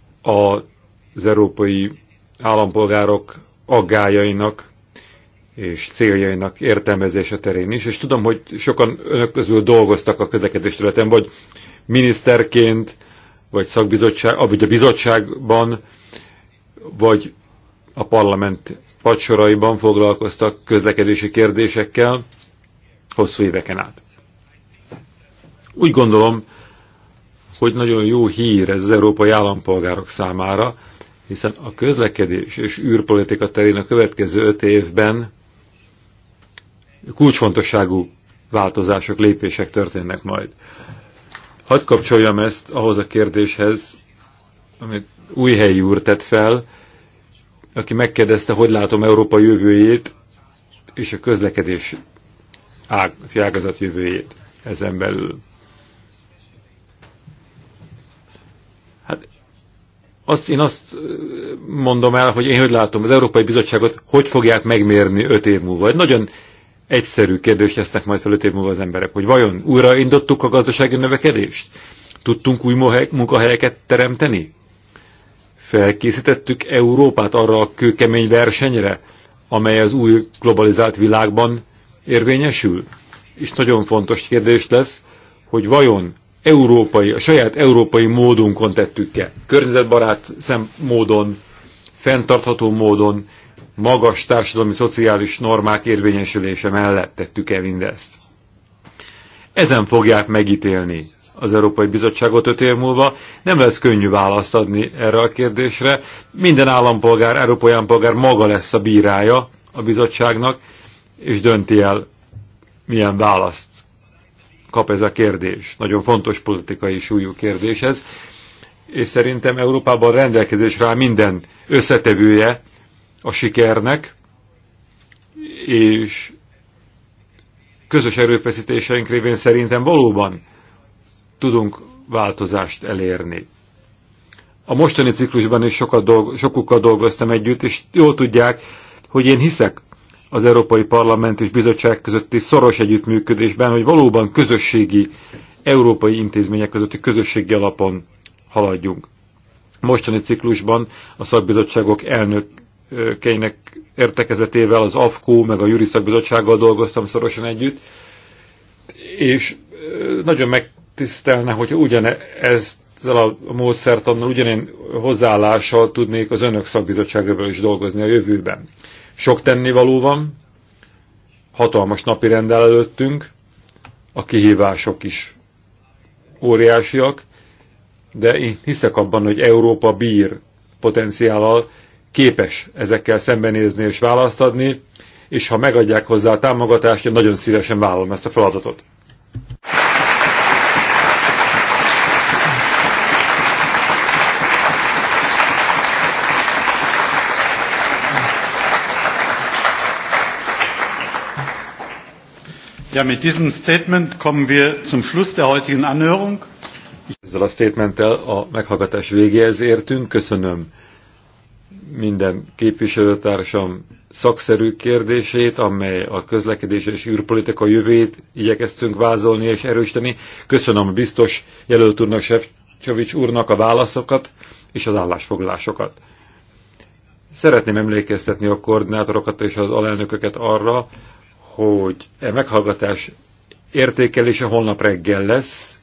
az európai állampolgárok aggájainak és céljainak értelmezése terén is, és tudom, hogy sokan önök közül dolgoztak a közlekedés területen, vagy miniszterként, vagy szakbizottság, vagy a bizottságban, vagy a parlament pacsoraiban foglalkoztak közlekedési kérdésekkel hosszú éveken át. Úgy gondolom, hogy nagyon jó hír ez az európai állampolgárok számára, hiszen a közlekedés és űrpolitika terén a következő öt évben kulcsfontosságú változások, lépések történnek majd. Hagy kapcsoljam ezt ahhoz a kérdéshez, amit Újhelyi úr tett fel, aki megkérdezte, hogy látom Európa jövőjét és a közlekedés ágazat jövőjét ezen belül. azt, én azt mondom el, hogy én hogy látom az Európai Bizottságot, hogy fogják megmérni öt év múlva. Egy nagyon egyszerű kérdés, lesznek majd fel öt év múlva az emberek, hogy vajon újraindottuk a gazdasági növekedést? Tudtunk új munkahelyeket teremteni? Felkészítettük Európát arra a kőkemény versenyre, amely az új globalizált világban érvényesül? És nagyon fontos kérdés lesz, hogy vajon európai, a saját európai módunkon tettük-e. Környezetbarát szem módon, fenntartható módon, magas társadalmi szociális normák érvényesülése mellett tettük el mindezt. Ezen fogják megítélni az Európai Bizottságot öt év múlva. Nem lesz könnyű választ adni erre a kérdésre. Minden állampolgár, európai állampolgár maga lesz a bírája a bizottságnak, és dönti el, milyen választ kap ez a kérdés. Nagyon fontos politikai súlyú kérdés ez, és szerintem Európában rendelkezés rá minden összetevője a sikernek, és közös erőfeszítéseink révén szerintem valóban tudunk változást elérni. A mostani ciklusban is sokat dolgo, sokukkal dolgoztam együtt, és jól tudják, hogy én hiszek az Európai Parlament és Bizottság közötti szoros együttműködésben, hogy valóban közösségi, európai intézmények közötti közösségi alapon haladjunk. Mostani ciklusban a szakbizottságok elnökeinek értekezetével az AFKO meg a Juri szakbizottsággal dolgoztam szorosan együtt, és nagyon megtisztelne, hogy ugyanezzel ezzel a módszertannal ugyanilyen hozzáállással tudnék az önök szakbizottságával is dolgozni a jövőben. Sok tennivaló van, hatalmas napi rendel előttünk, a kihívások is óriásiak, de én hiszek abban, hogy Európa bír potenciállal, képes ezekkel szembenézni és választ adni, és ha megadják hozzá a támogatást, én nagyon szívesen vállalom ezt a feladatot. Ja, mit diesem Statement kommen wir zum Schluss der heutigen Anhörung. Ezzel a statementtel a meghallgatás végéhez értünk. Köszönöm minden képviselőtársam szakszerű kérdését, amely a közlekedés és űrpolitika jövét igyekeztünk vázolni és erősíteni. Köszönöm a biztos jelölt úrnak, Sefcsovics úrnak a válaszokat és az állásfoglalásokat. Szeretném emlékeztetni a koordinátorokat és az alelnököket arra, hogy e meghallgatás értékelése holnap reggel lesz,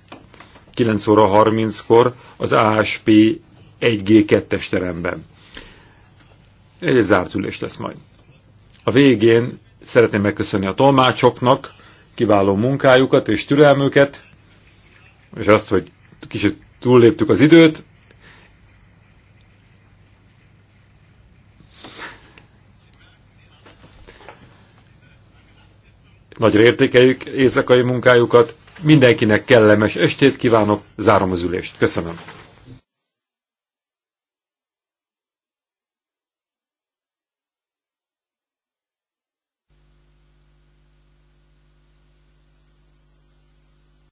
9 óra 30-kor az ASP 1G2-es teremben. Egy zárt ülés lesz majd. A végén szeretném megköszönni a tolmácsoknak kiváló munkájukat és türelmüket, és azt, hogy kicsit túlléptük az időt, Nagyra értékeljük éjszakai munkájukat, mindenkinek kellemes estét kívánok, zárom az ülést. Köszönöm.